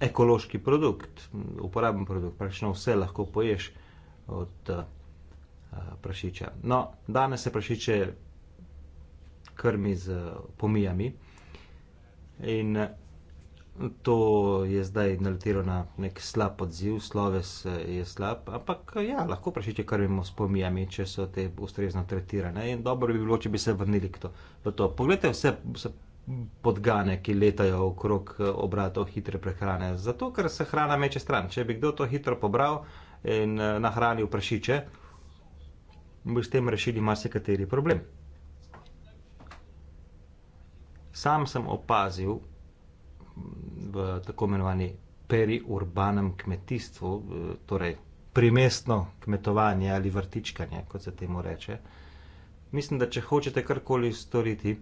ekološki produkt, uporaben produkt, praktično vse lahko poješ od eh, prašiča. No, danes se prašiče krmi z eh, pomijami in eh, to je zdaj naletelo na nek slab odziv, sloves je slab, ampak ja, lahko prašiče krmimo s pomijami, če so te ustrezno tretirane in dobro bi bilo, če bi se vrnili k to. Poglejte vse, podgane, ki letajo okrog eh, obratov hitre prehrane. Zato, ker se hrana meče stran. Če bi kdo to hitro pobral in eh, nahranil prašiče, bi s tem rešili marsikateri problem. Sam sem opazil mm, v tako imenovani periurbanem kmetijstvu, eh, torej primestno kmetovanje ali vrtičkanje, kot se temu reče. Mislim, da če hočete karkoli storiti,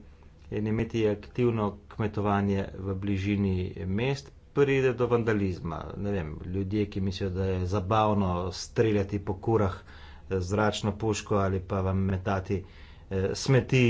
in imeti aktivno kmetovanje v bližini mest, pride do vandalizma. Vem, ljudje, ki mislijo, da je zabavno streljati po kurah zračno puško ali pa vam metati eh, smeti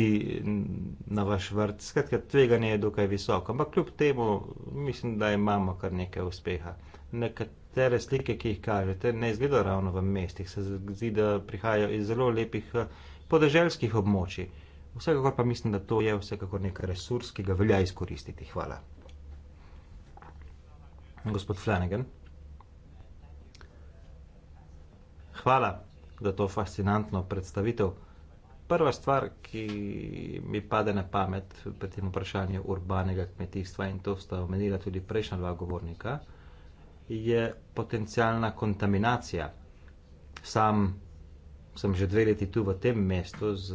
na vaš vrt. Skratka, tveganje je dokaj visoko, ampak kljub temu mislim, da imamo kar nekaj uspeha. Nekatere slike, ki jih kažete, ne izgledajo ravno v mestih, se zdi, da prihajajo iz zelo lepih eh, podeželskih območij. Vsekakor pa mislim, da to je vsekakor nek resurs, ki ga velja izkoristiti. Hvala. Gospod Flanagan. Hvala za to fascinantno predstavitev. Prva stvar, ki mi pade na pamet pri tem vprašanju urbanega kmetijstva in to sta omenila tudi prejšnja dva govornika, je potencijalna kontaminacija. Sam sem že dve leti tu v tem mestu z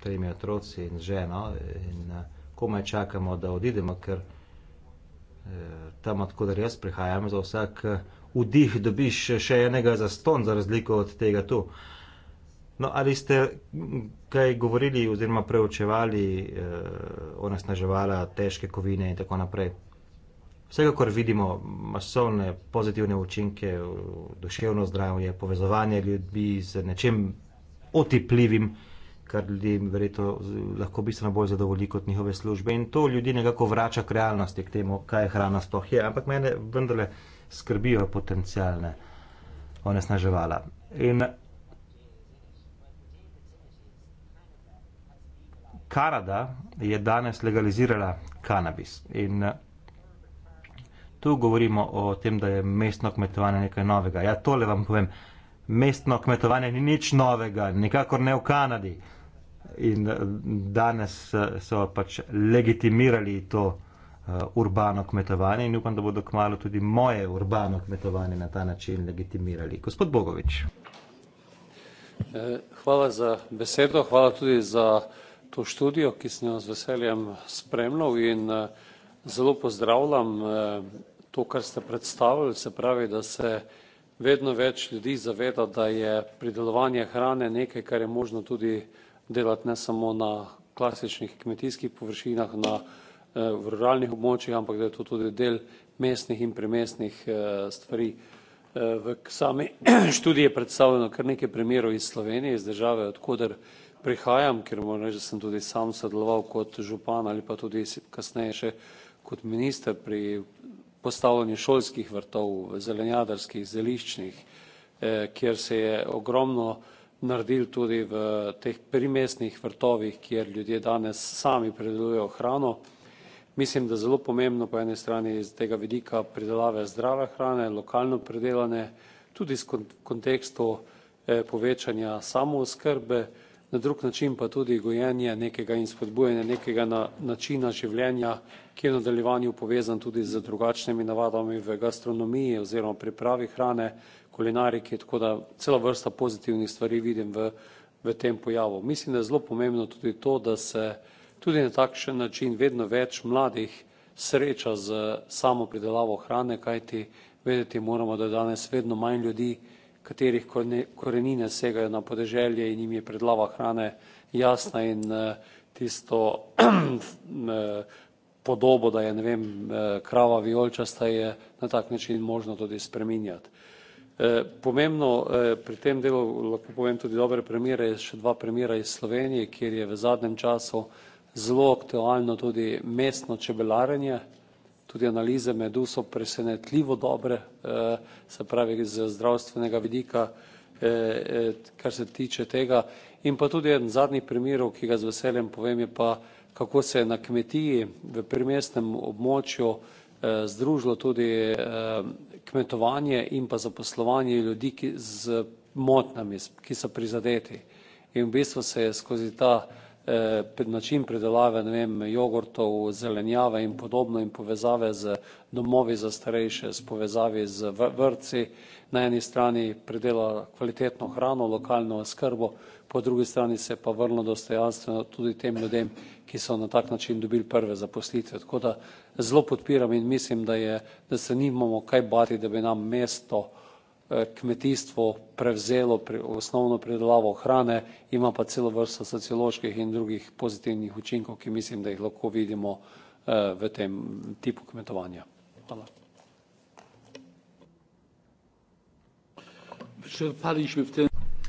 tremi otroci in ženo in eh, komaj čakamo, da odidemo, ker eh, tam, odkudar jaz prihajam, za vsak eh, vdih dobiš še enega za ston, za razliko od tega tu. No, ali ste kaj govorili oziroma preučevali eh, onesnaževala, težke kovine in tako naprej? Vsekakor vidimo masovne pozitivne učinke, duševno zdravje, povezovanje ljudi z nečem otipljivim, kar ljudi verjetno lahko bistveno bolj zadovolji kot njihove službe. In to ljudi nekako vrača k realnosti, k temu, kaj je hrana sploh je. Ampak mene vendarle skrbijo potencijalne onesnaževala. In Kanada je danes legalizirala kanabis. In tu govorimo o tem, da je mestno kmetovanje nekaj novega. Ja, tole vam povem. Mestno kmetovanje ni nič novega, nikakor ne v Kanadi. In eh, danes eh, so pač legitimirali to uh, urbano kmetovanje in upam, da bodo kmalo tudi moje urbano kmetovanje na ta način legitimirali. Gospod Bogovič. Hvala za besedo, hvala tudi za to študijo, ki sem jo z veseljem spremljal in zelo pozdravljam to, kar ste predstavili, se pravi, da se vedno več ljudi zaveda, da je pridelovanje hrane nekaj, kar je možno tudi delati ne samo na klasičnih kmetijskih površinah, na eh, v ruralnih območjih, ampak da je to tudi del mestnih in premestnih eh, stvari. Eh, v sami *clears throat* študiji je predstavljeno kar nekaj primerov iz Slovenije, iz države, odkuder prihajam, ker moram reči, da sem tudi sam sodeloval kot župan ali pa tudi kasneje še kot minister pri postavljanje šolskih vrtov, zelenjadarskih, zeliščnih, eh, kjer se je ogromno naredil tudi v teh primestnih vrtovih, kjer ljudje danes sami predelujejo hrano. Mislim, da zelo pomembno po eni strani iz tega vidika pridelave zdrave hrane, lokalno pridelane, tudi iz kontekstu eh, povečanja samooskrbe, na drug način pa tudi gojenje nekega in spodbujanje nekega na, načina življenja, ki je v nadaljevanju povezan tudi z drugačnimi navadami v gastronomiji oziroma pripravi hrane, kulinariki, tako da cela vrsta pozitivnih stvari vidim v, v tem pojavu. Mislim, da je zelo pomembno tudi to, da se tudi na takšen način vedno več mladih sreča z samo pridelavo hrane, kajti vedeti moramo, da je danes vedno manj ljudi, katerih korenine segajo na podeželje in jim je predlava hrane jasna in eh, tisto *clears throat* eh, podobo, da je ne vem, eh, krava vijolčasta, je na tak način možno tudi spreminjati. Pomembno pri tem delu lahko povem tudi dobre primere, še dva primera iz Slovenije, kjer je v zadnjem času zelo aktualno tudi mestno čebelarenje, tudi analize medu so presenetljivo dobre, eh, se pravi z zdravstvenega vidika, eh, eh, kar se tiče tega. In pa tudi en zadnji primer, ki ga z veseljem povem, je pa, kako se je na kmetiji v primestnem območju združilo tudi kmetovanje in pa zaposlovanje ljudi z motnjami, ki so prizadeti. In v bistvu se je skozi ta Eh, način predelave, ne vem, jogurtov, zelenjave in podobno in povezave z domovi za starejše, s povezavi z vrtci, na eni strani predela kvalitetno hrano, lokalno skrbo, po drugi strani se pa vrlo dostojanstveno tudi tem ljudem, ki so na tak način dobili prve zaposlitve. Tako da zelo podpiram in mislim, da, je, da se nimamo kaj bati, da bi nam mesto uh, Eh, kmetijstvo prevzelo pri osnovno pridelavo hrane, ima pa celo vrsto socioloških in drugih pozitivnih učinkov, ki mislim, da jih lahko vidimo eh, v tem tipu kmetovanja. Hvala.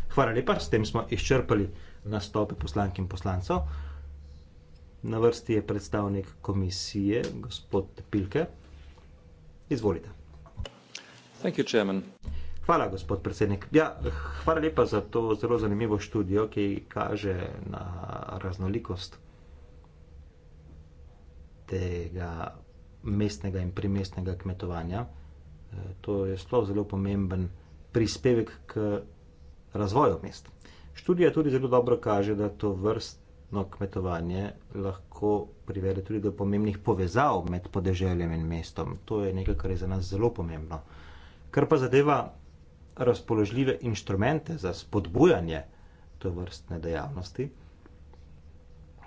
Hvala lepa, s tem smo izčrpali nastope poslank in poslancev. Na vrsti je predstavnik komisije, gospod Pilke. Izvolite. Thank you, chairman. Hvala, gospod predsednik. Ja, hvala lepa za to zelo zanimivo študijo, ki kaže na raznolikost tega mestnega in primestnega kmetovanja. E, to je sploh zelo pomemben prispevek k razvoju mest. Študija tudi zelo dobro kaže, da to vrstno kmetovanje lahko privede tudi do pomembnih povezav med podeželjem in mestom. To je nekaj, kar je za nas zelo pomembno. Kar pa zadeva razpoložljive inštrumente za spodbujanje to vrstne dejavnosti.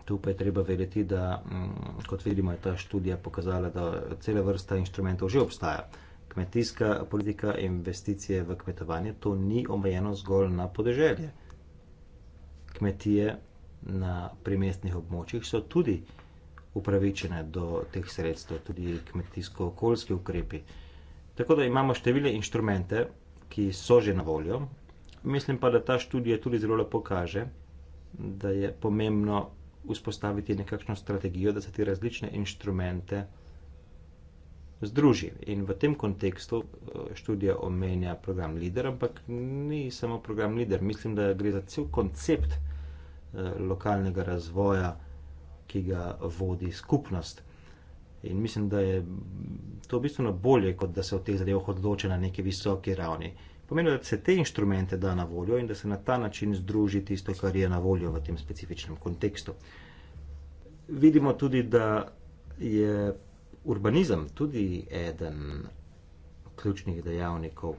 Tu pa je treba vedeti, da mm, kot vidimo, je ta študija pokazala, da cele vrsta inštrumentov že obstaja. Kmetijska politika in investicije v kmetovanje to ni omejeno zgolj na podeželje. Kmetije na primestnih območjih so tudi upravičene do teh sredstev, tudi kmetijsko-okoljski ukrepi. Tako da imamo številne inštrumente, ki so že na voljo. Mislim pa, da ta študija tudi zelo lepo kaže, da je pomembno vzpostaviti nekakšno strategijo, da se ti različne inštrumente združi. In v tem kontekstu eh, študija omenja program LIDER, ampak ni samo program LIDER. Mislim, da gre za cel koncept eh, lokalnega razvoja, ki ga vodi skupnost. In mislim, da je to bistveno bolje, kot da se o teh zadevah odloča na neki visoki ravni. Pomeni, da se te inštrumente da na voljo in da se na ta način združi tisto, kar je na voljo v tem specifičnem kontekstu. Vidimo tudi, da je urbanizem tudi eden ključnih dejavnikov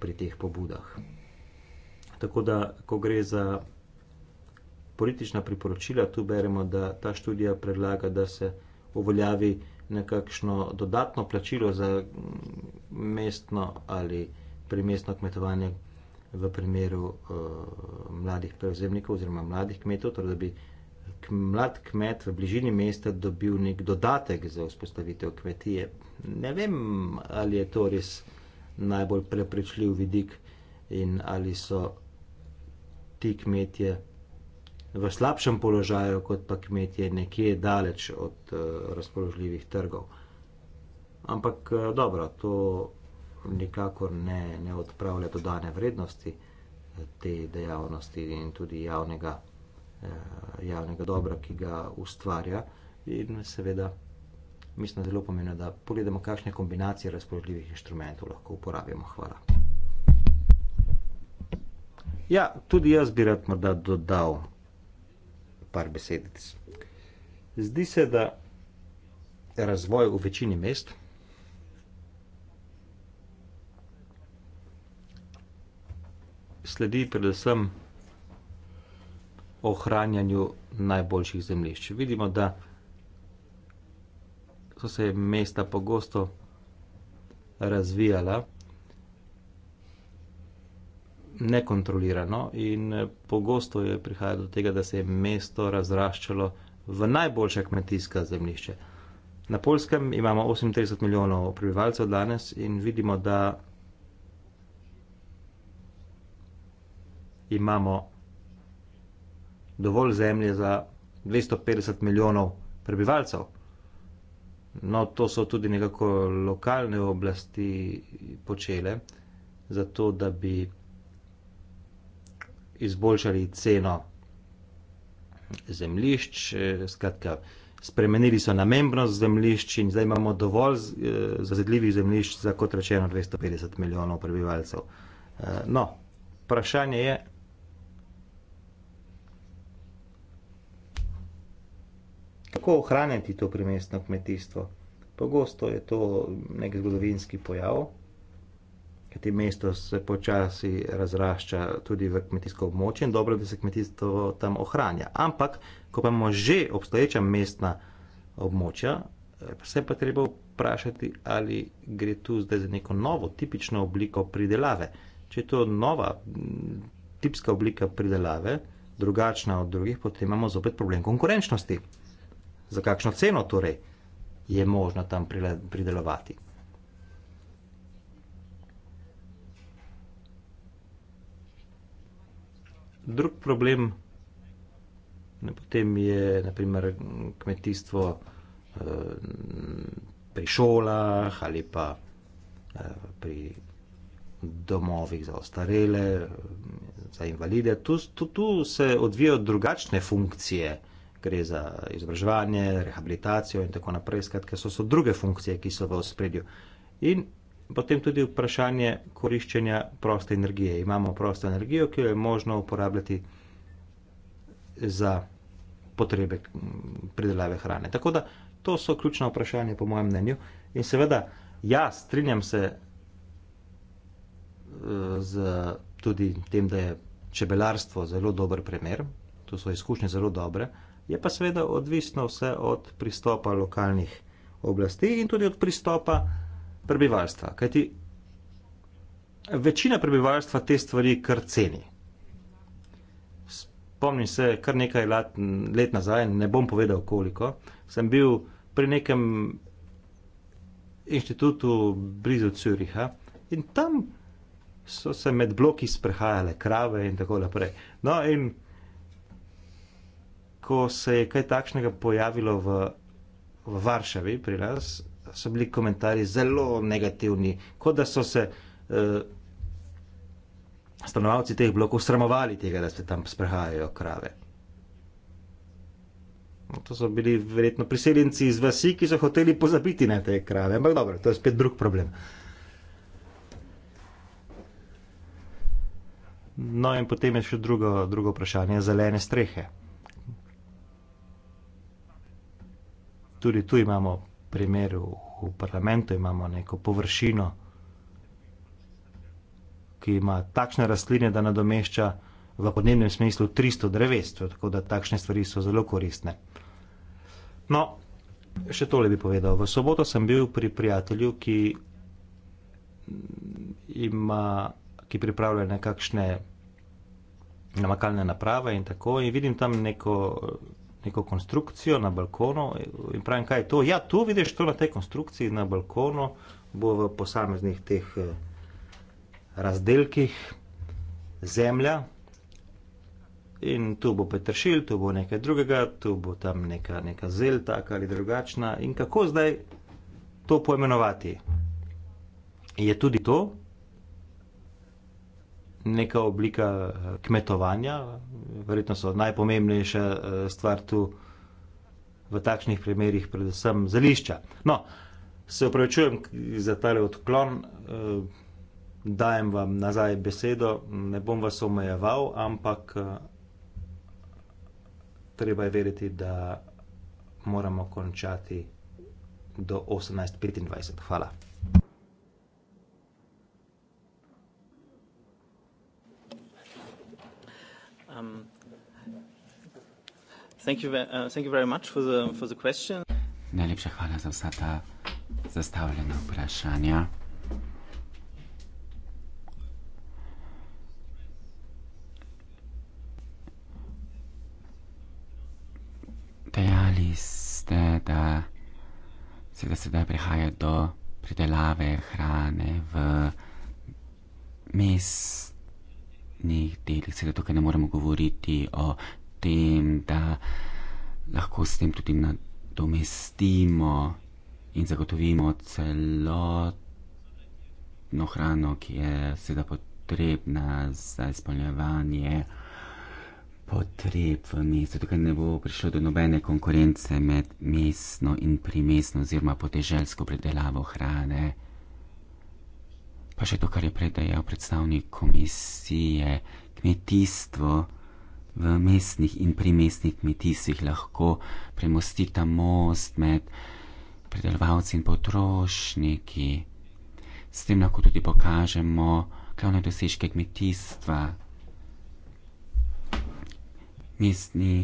pri teh pobudah. Tako da, ko gre za politična priporočila, tu beremo, da ta študija predlaga, da se uveljavi nekakšno dodatno plačilo za mestno ali primestno kmetovanje v primeru uh, mladih prevzemnikov oziroma mladih kmetov, torej da bi mlad kmet v bližini mesta dobil nek dodatek za vzpostavitev kmetije. Ne vem, ali je to res najbolj preprečljiv vidik in ali so ti kmetje v slabšem položaju, kot pa kmetje nekje daleč od eh, razpoložljivih trgov. Ampak eh, dobro, to nikakor ne, ne odpravlja dodane vrednosti eh, te dejavnosti in tudi javnega, javnega dobra, ki ga ustvarja. In seveda, mislim, da je zelo pomembno, da pogledamo, kakšne kombinacije razpoložljivih inštrumentov lahko uporabimo. Hvala. Ja, tudi jaz bi rad morda dodal par besedic. Zdi se, da razvoj v večini mest sledi predvsem ohranjanju najboljših zemljišč. Vidimo, da so se mesta pogosto razvijala, nekontrolirano in eh, pogosto je prihajalo do tega, da se je mesto razraščalo v najboljša kmetijska zemljišča. Na Polskem imamo 38 milijonov prebivalcev danes in vidimo, da imamo dovolj zemlje za 250 milijonov prebivalcev. No, to so tudi nekako lokalne oblasti počele, zato da bi izboljšali ceno zemljišč, eh, skratka, spremenili so namembnost zemljišč in zdaj imamo dovolj eh, zazidljivih zemljišč za, kot rečeno, 250 milijonov prebivalcev. Eh, no, vprašanje je, kako ohraniti to primestno kmetijstvo. Pogosto je to nek zgodovinski pojav kajti mesto se počasi razrašča tudi v kmetijsko območje in dobro, da se kmetijstvo tam ohranja. Ampak, ko pa imamo že obstoječa mestna območja, se pa treba vprašati, ali gre tu zdaj za neko novo, tipično obliko pridelave. Če je to nova, mm, tipska oblika pridelave, drugačna od drugih, potem imamo zopet problem konkurenčnosti. Za kakšno ceno torej je možno tam pridelovati? drug problem. Ne, potem je naprimer kmetijstvo eh, pri šolah ali pa eh, pri domovih za ostarele, eh, za invalide. Tu, tu, tu se odvijajo drugačne funkcije, gre za izobraževanje, rehabilitacijo in tako naprej. Skratka, so, so druge funkcije, ki so v ospredju. In Potem tudi vprašanje koriščenja proste energije. Imamo prosto energijo, ki jo je možno uporabljati za potrebe pridelave hrane. Tako da to so ključna vprašanja, po mojem mnenju. In seveda, ja, strinjam se eh, z tudi tem, da je čebelarstvo zelo dober primer, tu so izkušnje zelo dobre, je pa seveda odvisno vse od pristopa lokalnih oblasti in tudi od pristopa prebivalstva. Kajti večina prebivalstva te stvari kar ceni. Spomnim se, kar nekaj let, let nazaj, ne bom povedal koliko, sem bil pri nekem inštitutu blizu Curiha in tam so se med bloki sprehajale krave in tako naprej. No, in ko se je kaj takšnega pojavilo v, v Varšavi pri nas, so bili komentarji zelo negativni, kot da so se eh, stanovalci teh blokov sramovali tega, da se tam sprehajajo krave. No, to so bili verjetno priseljenci iz vasi, ki so hoteli pozabiti na te krave, ampak dobro, to je spet drug problem. No, in potem je še drugo, drugo vprašanje, zelene strehe. Tudi tu imamo primer v, v parlamentu imamo neko površino, ki ima takšne rastline, da nadomešča v podnebnem smislu 300 drevest, tako da takšne stvari so zelo koristne. No, še tole bi povedal. V soboto sem bil pri prijatelju, ki ima, ki pripravlja nekakšne namakalne naprave in tako in vidim tam neko neko konstrukcijo na balkonu in pravim, kaj je to. Ja, tu vidiš to na tej konstrukciji na balkonu, bo v posameznih teh eh, razdelkih zemlja in tu bo petršil, tu bo nekaj drugega, tu bo tam neka, neka zel taka ali drugačna in kako zdaj to poimenovati? Je tudi to, neka oblika eh, kmetovanja. Verjetno so najpomembnejša eh, stvar tu v takšnih primerih, predvsem zelišča. No, se upravičujem za tale odklon, eh, dajem vam nazaj besedo, ne bom vas omejeval, ampak treba je veriti, da moramo končati do 18.25. Hvala. Um, thank, you, uh, thank you very much for the, for the question. Najlepša hvala za vsa ta zastavljena vprašanja. Dejali ste, da se da sedaj prihaja do pridelave hrane v mestu posameznih delih. Seveda tukaj ne moremo govoriti o tem, da lahko s tem tudi nadomestimo in zagotovimo celotno hrano, ki je seveda potrebna za izpolnjevanje potreb v mestu. Tukaj ne bo prišlo do nobene konkurence med mestno in primestno oziroma podeželsko predelavo hrane. Pa še to, kar je predajal predstavnik komisije kmetijstvo v mestnih in primestnih kmetijstvih lahko premostita most med predelovalci in potrošniki. S tem lahko tudi pokažemo glavne dosežke kmetijstva. Mestni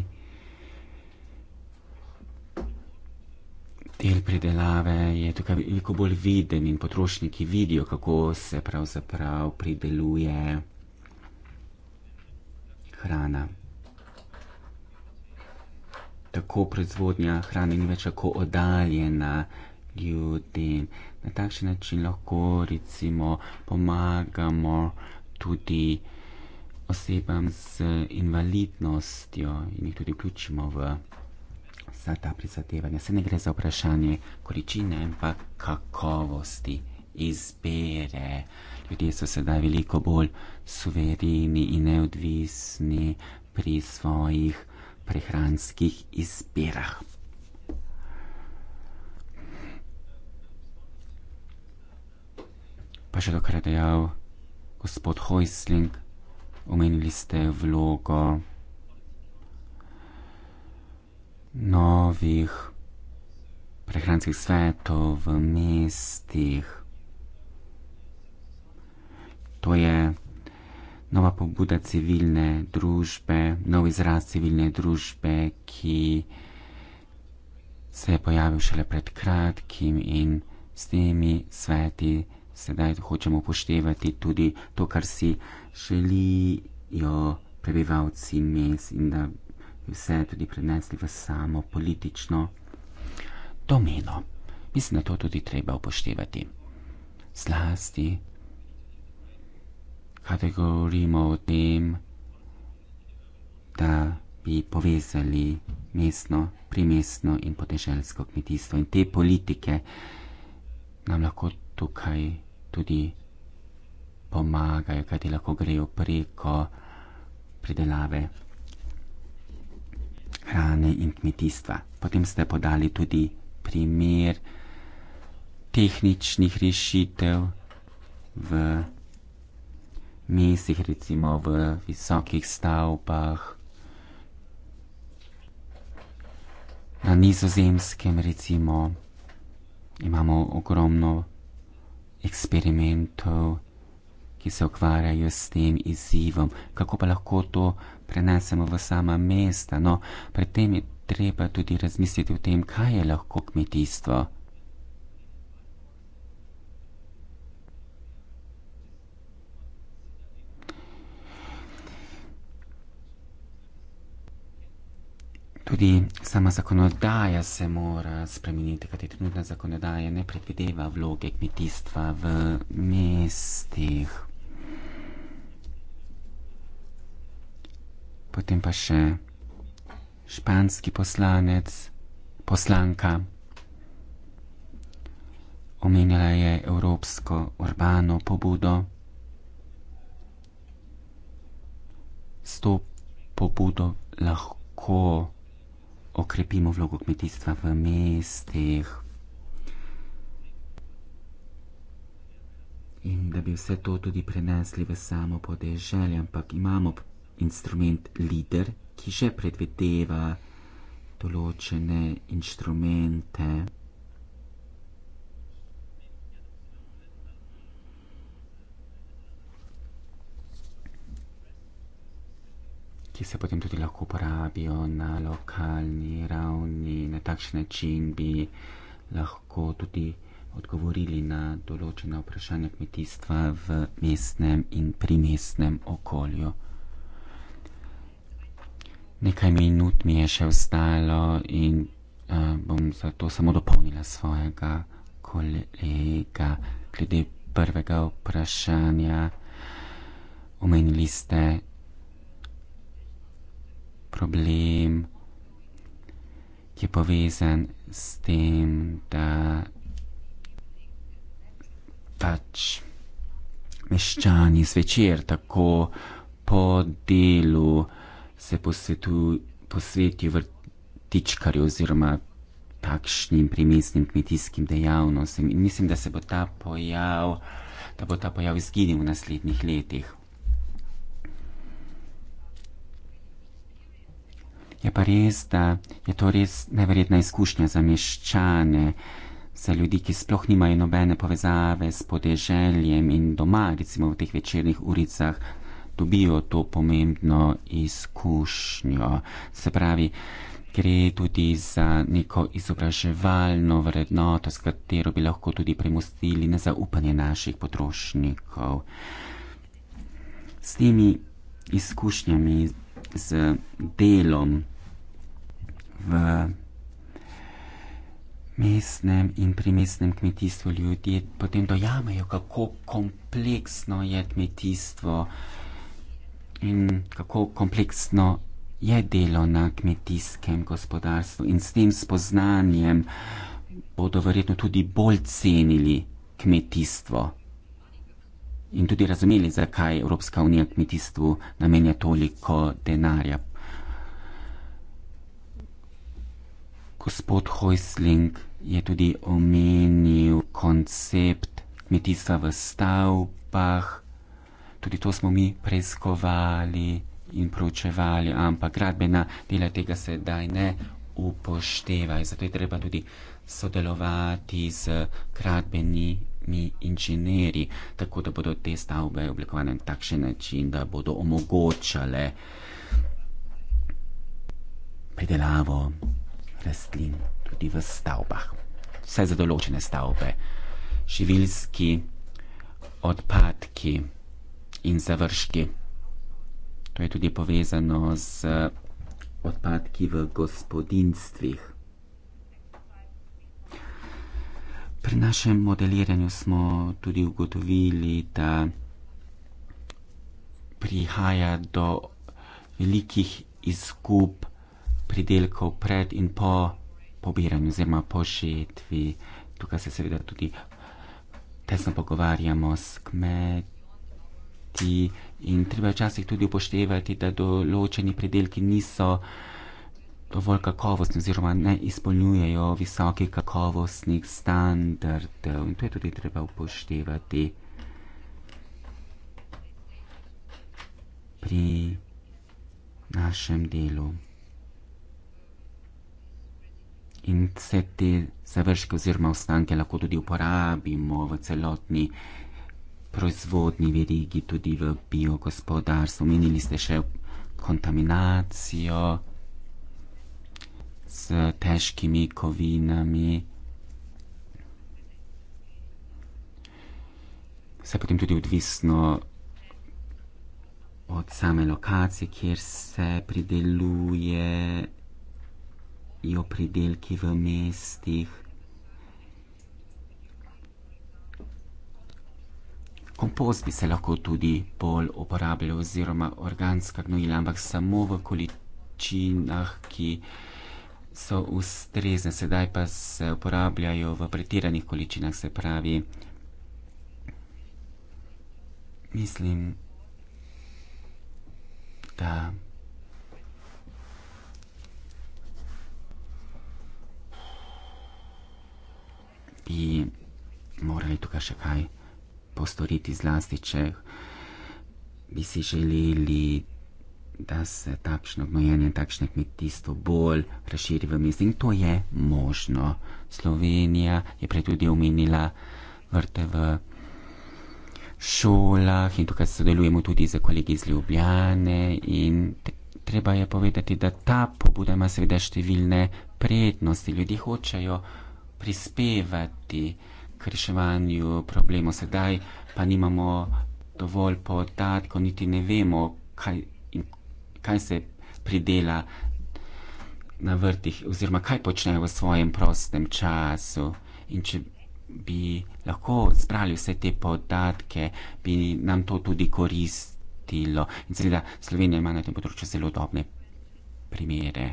pridelave je tukaj veliko bolj viden in potrošniki vidijo, kako se pravzaprav prideluje hrana. Tako proizvodnja hrane ni več tako oddaljena ljudem. Na takšen način lahko recimo pomagamo tudi osebam z invalidnostjo in jih tudi vključimo v vsa ta prizadevanja. Se ne gre za vprašanje količine, ampak kakovosti, izbere. Ljudje so sedaj veliko bolj suvereni in neodvisni pri svojih prehranskih izbirah. Pa še dokaj je dejal gospod Hojsling, omenili ste vlogo novih prehranskih svetov v mestih. To je nova pobuda civilne družbe, nov izraz civilne družbe, ki se je pojavil šele pred kratkim in s temi sveti sedaj hočemo upoštevati tudi to, kar si želijo prebivalci mest in da vse tudi prenesli v samo politično domeno. Mislim, da to tudi treba upoštevati. Zlasti, kadar govorimo o tem, da bi povezali mestno, primestno in podeželsko kmetijstvo in te politike, nam lahko tukaj tudi pomagajo, kajti lahko grejo preko pridelave hrane in kmetijstva. Potem ste podali tudi primer tehničnih rešitev v mestih, recimo v visokih stavbah. Na nizozemskem recimo imamo ogromno eksperimentov, ki se ukvarjajo s tem izzivom. Kako pa lahko to prenesemo v sama mesta, no pri tem je treba tudi razmisliti o tem, kaj je lahko kmetijstvo. Tudi sama zakonodaja se mora spremeniti, kajti trenutna zakonodaja ne predvideva vloge kmetijstva v mestih. potem pa še španski poslanec, poslanka. Omenjala je evropsko urbano pobudo. S to pobudo lahko okrepimo vlogo kmetijstva v mestih. In da bi vse to tudi prenesli v samo podeželje, ampak imamo instrument lider, ki že predvideva določene instrumente. Ki se potem tudi lahko uporabijo na lokalni ravni, na takšen način bi lahko tudi odgovorili na določena vprašanja kmetijstva v mestnem in primestnem okolju. Nekaj minut mi je še ostalo in uh, bom zato samo dopolnila svojega kolega glede prvega vprašanja. Omenili ste problem, ki je povezan s tem, da pač meščani zvečer tako po delu se posveti vrtičkarju oziroma takšnim primestnim kmetijskim dejavnostim. In mislim, da se bo ta pojav, da bo ta pojav izginil v naslednjih letih. Je pa res, da je to res neverjetna izkušnja za meščane, za ljudi, ki sploh nimajo nobene povezave s podeželjem in doma, recimo v teh večernih uricah, dobijo to pomembno izkušnjo. Se pravi, gre tudi za neko izobraževalno vrednoto, s katero bi lahko tudi premustili nezaupanje naših potrošnikov. S temi izkušnjami, z delom v mestnem in primestnem kmetijstvu ljudje potem dojamajo, kako kompleksno je kmetijstvo in kako kompleksno je delo na kmetijskem gospodarstvu in s tem spoznanjem bodo verjetno tudi bolj cenili kmetijstvo in tudi razumeli, zakaj Evropska unija kmetijstvu namenja toliko denarja. Gospod Hojsling je tudi omenil koncept kmetijstva v stavbah, tudi to smo mi preiskovali in proučevali, ampak gradbena dela tega sedaj ne upoštevajo. Zato je treba tudi sodelovati z gradbenimi inženirji, tako da bodo te stavbe oblikovane na takšen način, da bodo omogočale pridelavo rastlin tudi v stavbah. Vse za določene stavbe. Živilski odpadki in zavržki. To je tudi povezano z eh, odpadki v gospodinstvih. Pri našem modeliranju smo tudi ugotovili, da prihaja do velikih izgub pridelkov pred in po pobiranju oziroma po žetvi. Tukaj se seveda tudi tesno pogovarjamo s kmeti upoštevati in treba je včasih tudi upoštevati, da določeni predelki niso dovolj kakovostni oziroma ne izpolnjujejo visokih kakovostnih standardov in to je tudi treba upoštevati. Pri našem delu. In vse te završke oziroma ostanke lahko tudi uporabimo v celotni proizvodni verigi, tudi v biogospodarstvu. Omenili ste še kontaminacijo s težkimi kovinami. Vse potem tudi odvisno od same lokacije, kjer se pridelujejo pridelki v mestih. kompost bi se lahko tudi bolj uporabljal oziroma organska gnojila, ampak samo v količinah, ki so ustrezne. Sedaj pa se uporabljajo v pretiranih količinah, se pravi. Mislim, da. bi morali tukaj še kaj postoriti, zlasti če bi si želeli, da se takšno gnojenje, takšne kmetijstvo bolj razširi v mestu. In to je možno. Slovenija je prej tudi omenila vrte v šolah in tukaj sodelujemo tudi z kolegi iz Ljubljane. In treba je povedati, da ta pobuda ima seveda številne prednosti. Ljudje hočejo prispevati k reševanju problemov. Sedaj pa nimamo dovolj podatkov, niti ne vemo, kaj, in, kaj se pridela na vrtih, oziroma kaj počnejo v svojem prostem času. In če bi lahko zbrali vse te podatke, bi nam to tudi koristilo. In seveda Slovenija ima na tem področju zelo dobre primere.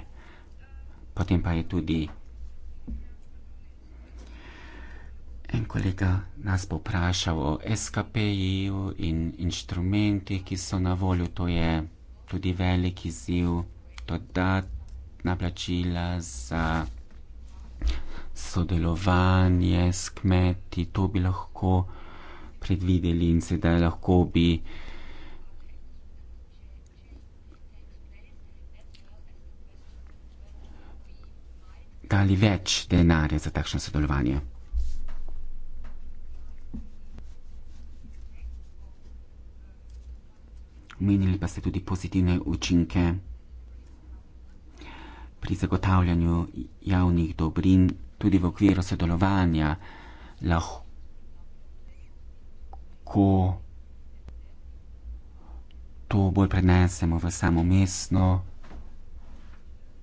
Potem pa je tudi En kolega nas bo vprašal o SKP-ju in inštrumentih, ki so na voljo. To je tudi veliki ziv, dodatna plačila za sodelovanje s kmeti. To bi lahko predvideli in sedaj lahko bi dali več denarja za takšno sodelovanje. omenili pa ste tudi pozitivne učinke pri zagotavljanju javnih dobrin, tudi v okviru sodelovanja lahko to bolj prenesemo v samo mestno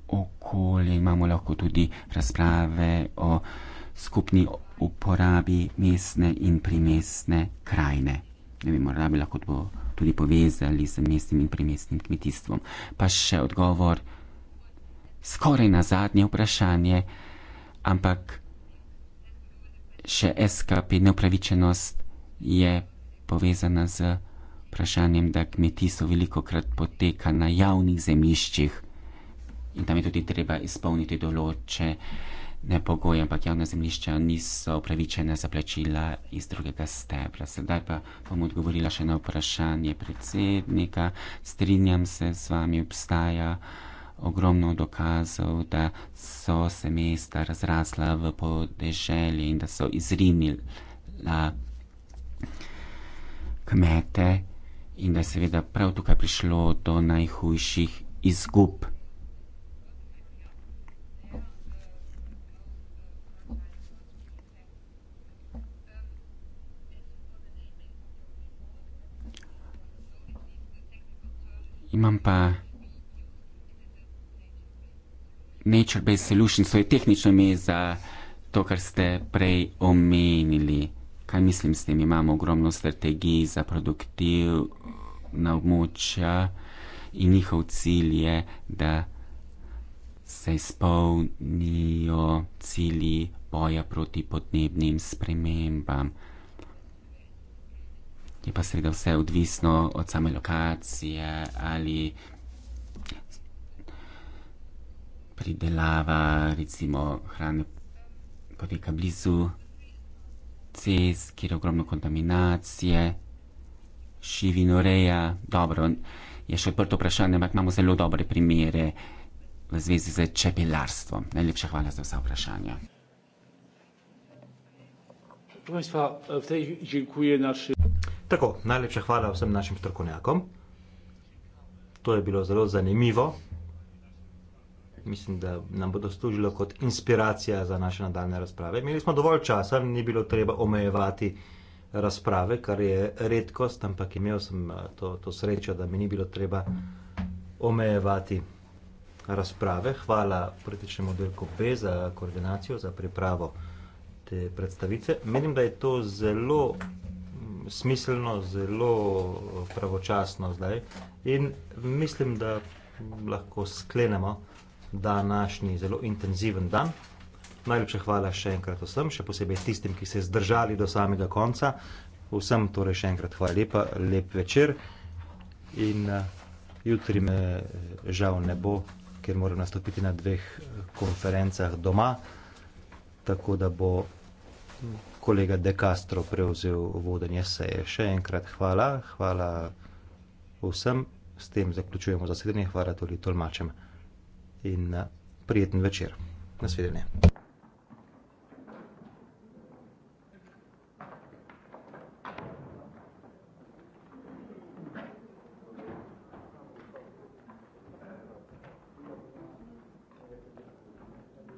okolje, imamo lahko tudi razprave o skupni uporabi mestne in primestne krajine vem, morda bi lahko to tudi povezali z mestnim in primestnim kmetijstvom. Pa še odgovor, skoraj na zadnje vprašanje, ampak še SKP neupravičenost je povezana z vprašanjem, da kmetijstvo veliko krat poteka na javnih zemljiščih in tam je tudi treba izpolniti določene ne pogoje, ampak javna zemlišča niso upravičena za plačila iz drugega stebra. Sedaj pa bom odgovorila še na vprašanje predsednika. Strinjam se z vami, obstaja ogromno dokazov, da so se mesta razrasla v podeželje in da so izrinila kmete in da je seveda prav tukaj prišlo do najhujših izgub. imam pa nature-based solution, svoje tehnično ime za to, kar ste prej omenili. Kaj mislim s tem? Imamo ogromno strategij za produktivna območja in njihov cilj je, da se izpolnijo cilji boja proti podnebnim spremembam je pa seveda vse odvisno od same lokacije ali pridelava recimo hrane poteka blizu cest, kjer je ogromno kontaminacije, živinoreja, dobro, je še odprto vprašanje, ampak imamo zelo dobre primere v zvezi z čebelarstvom. Najlepša hvala za vsa vprašanja. Proszę Państwa, w tej dziękuję naszym. Tako, najlepša hvala vsem našim strokovnjakom. To je bilo zelo zanimivo. Mislim, da nam bo to služilo kot inspiracija za naše nadaljne razprave. Imeli smo dovolj časa, ni bilo treba omejevati razprave, kar je redkost, ampak imel sem eh, to, to srečo, da mi ni bilo treba omejevati razprave. Hvala političnemu oddelku B za koordinacijo, za pripravo te predstavice. Menim, da je to zelo smiselno, zelo eh, pravočasno zdaj. In mislim, da lahko sklenemo današnji zelo intenziven dan. Najlepša hvala še enkrat vsem, še posebej tistim, ki ste zdržali do samega konca. Vsem torej še enkrat hvala lepa, lep večer in uh, jutri me eh, žal ne bo, ker moram nastopiti na dveh konferencah doma, tako da bo kolega De Castro prevzel vodenje seje. Še enkrat hvala, hvala vsem, s tem zaključujemo zasedanje, hvala tudi tolmačem in eh, prijeten večer. Nasvidenje.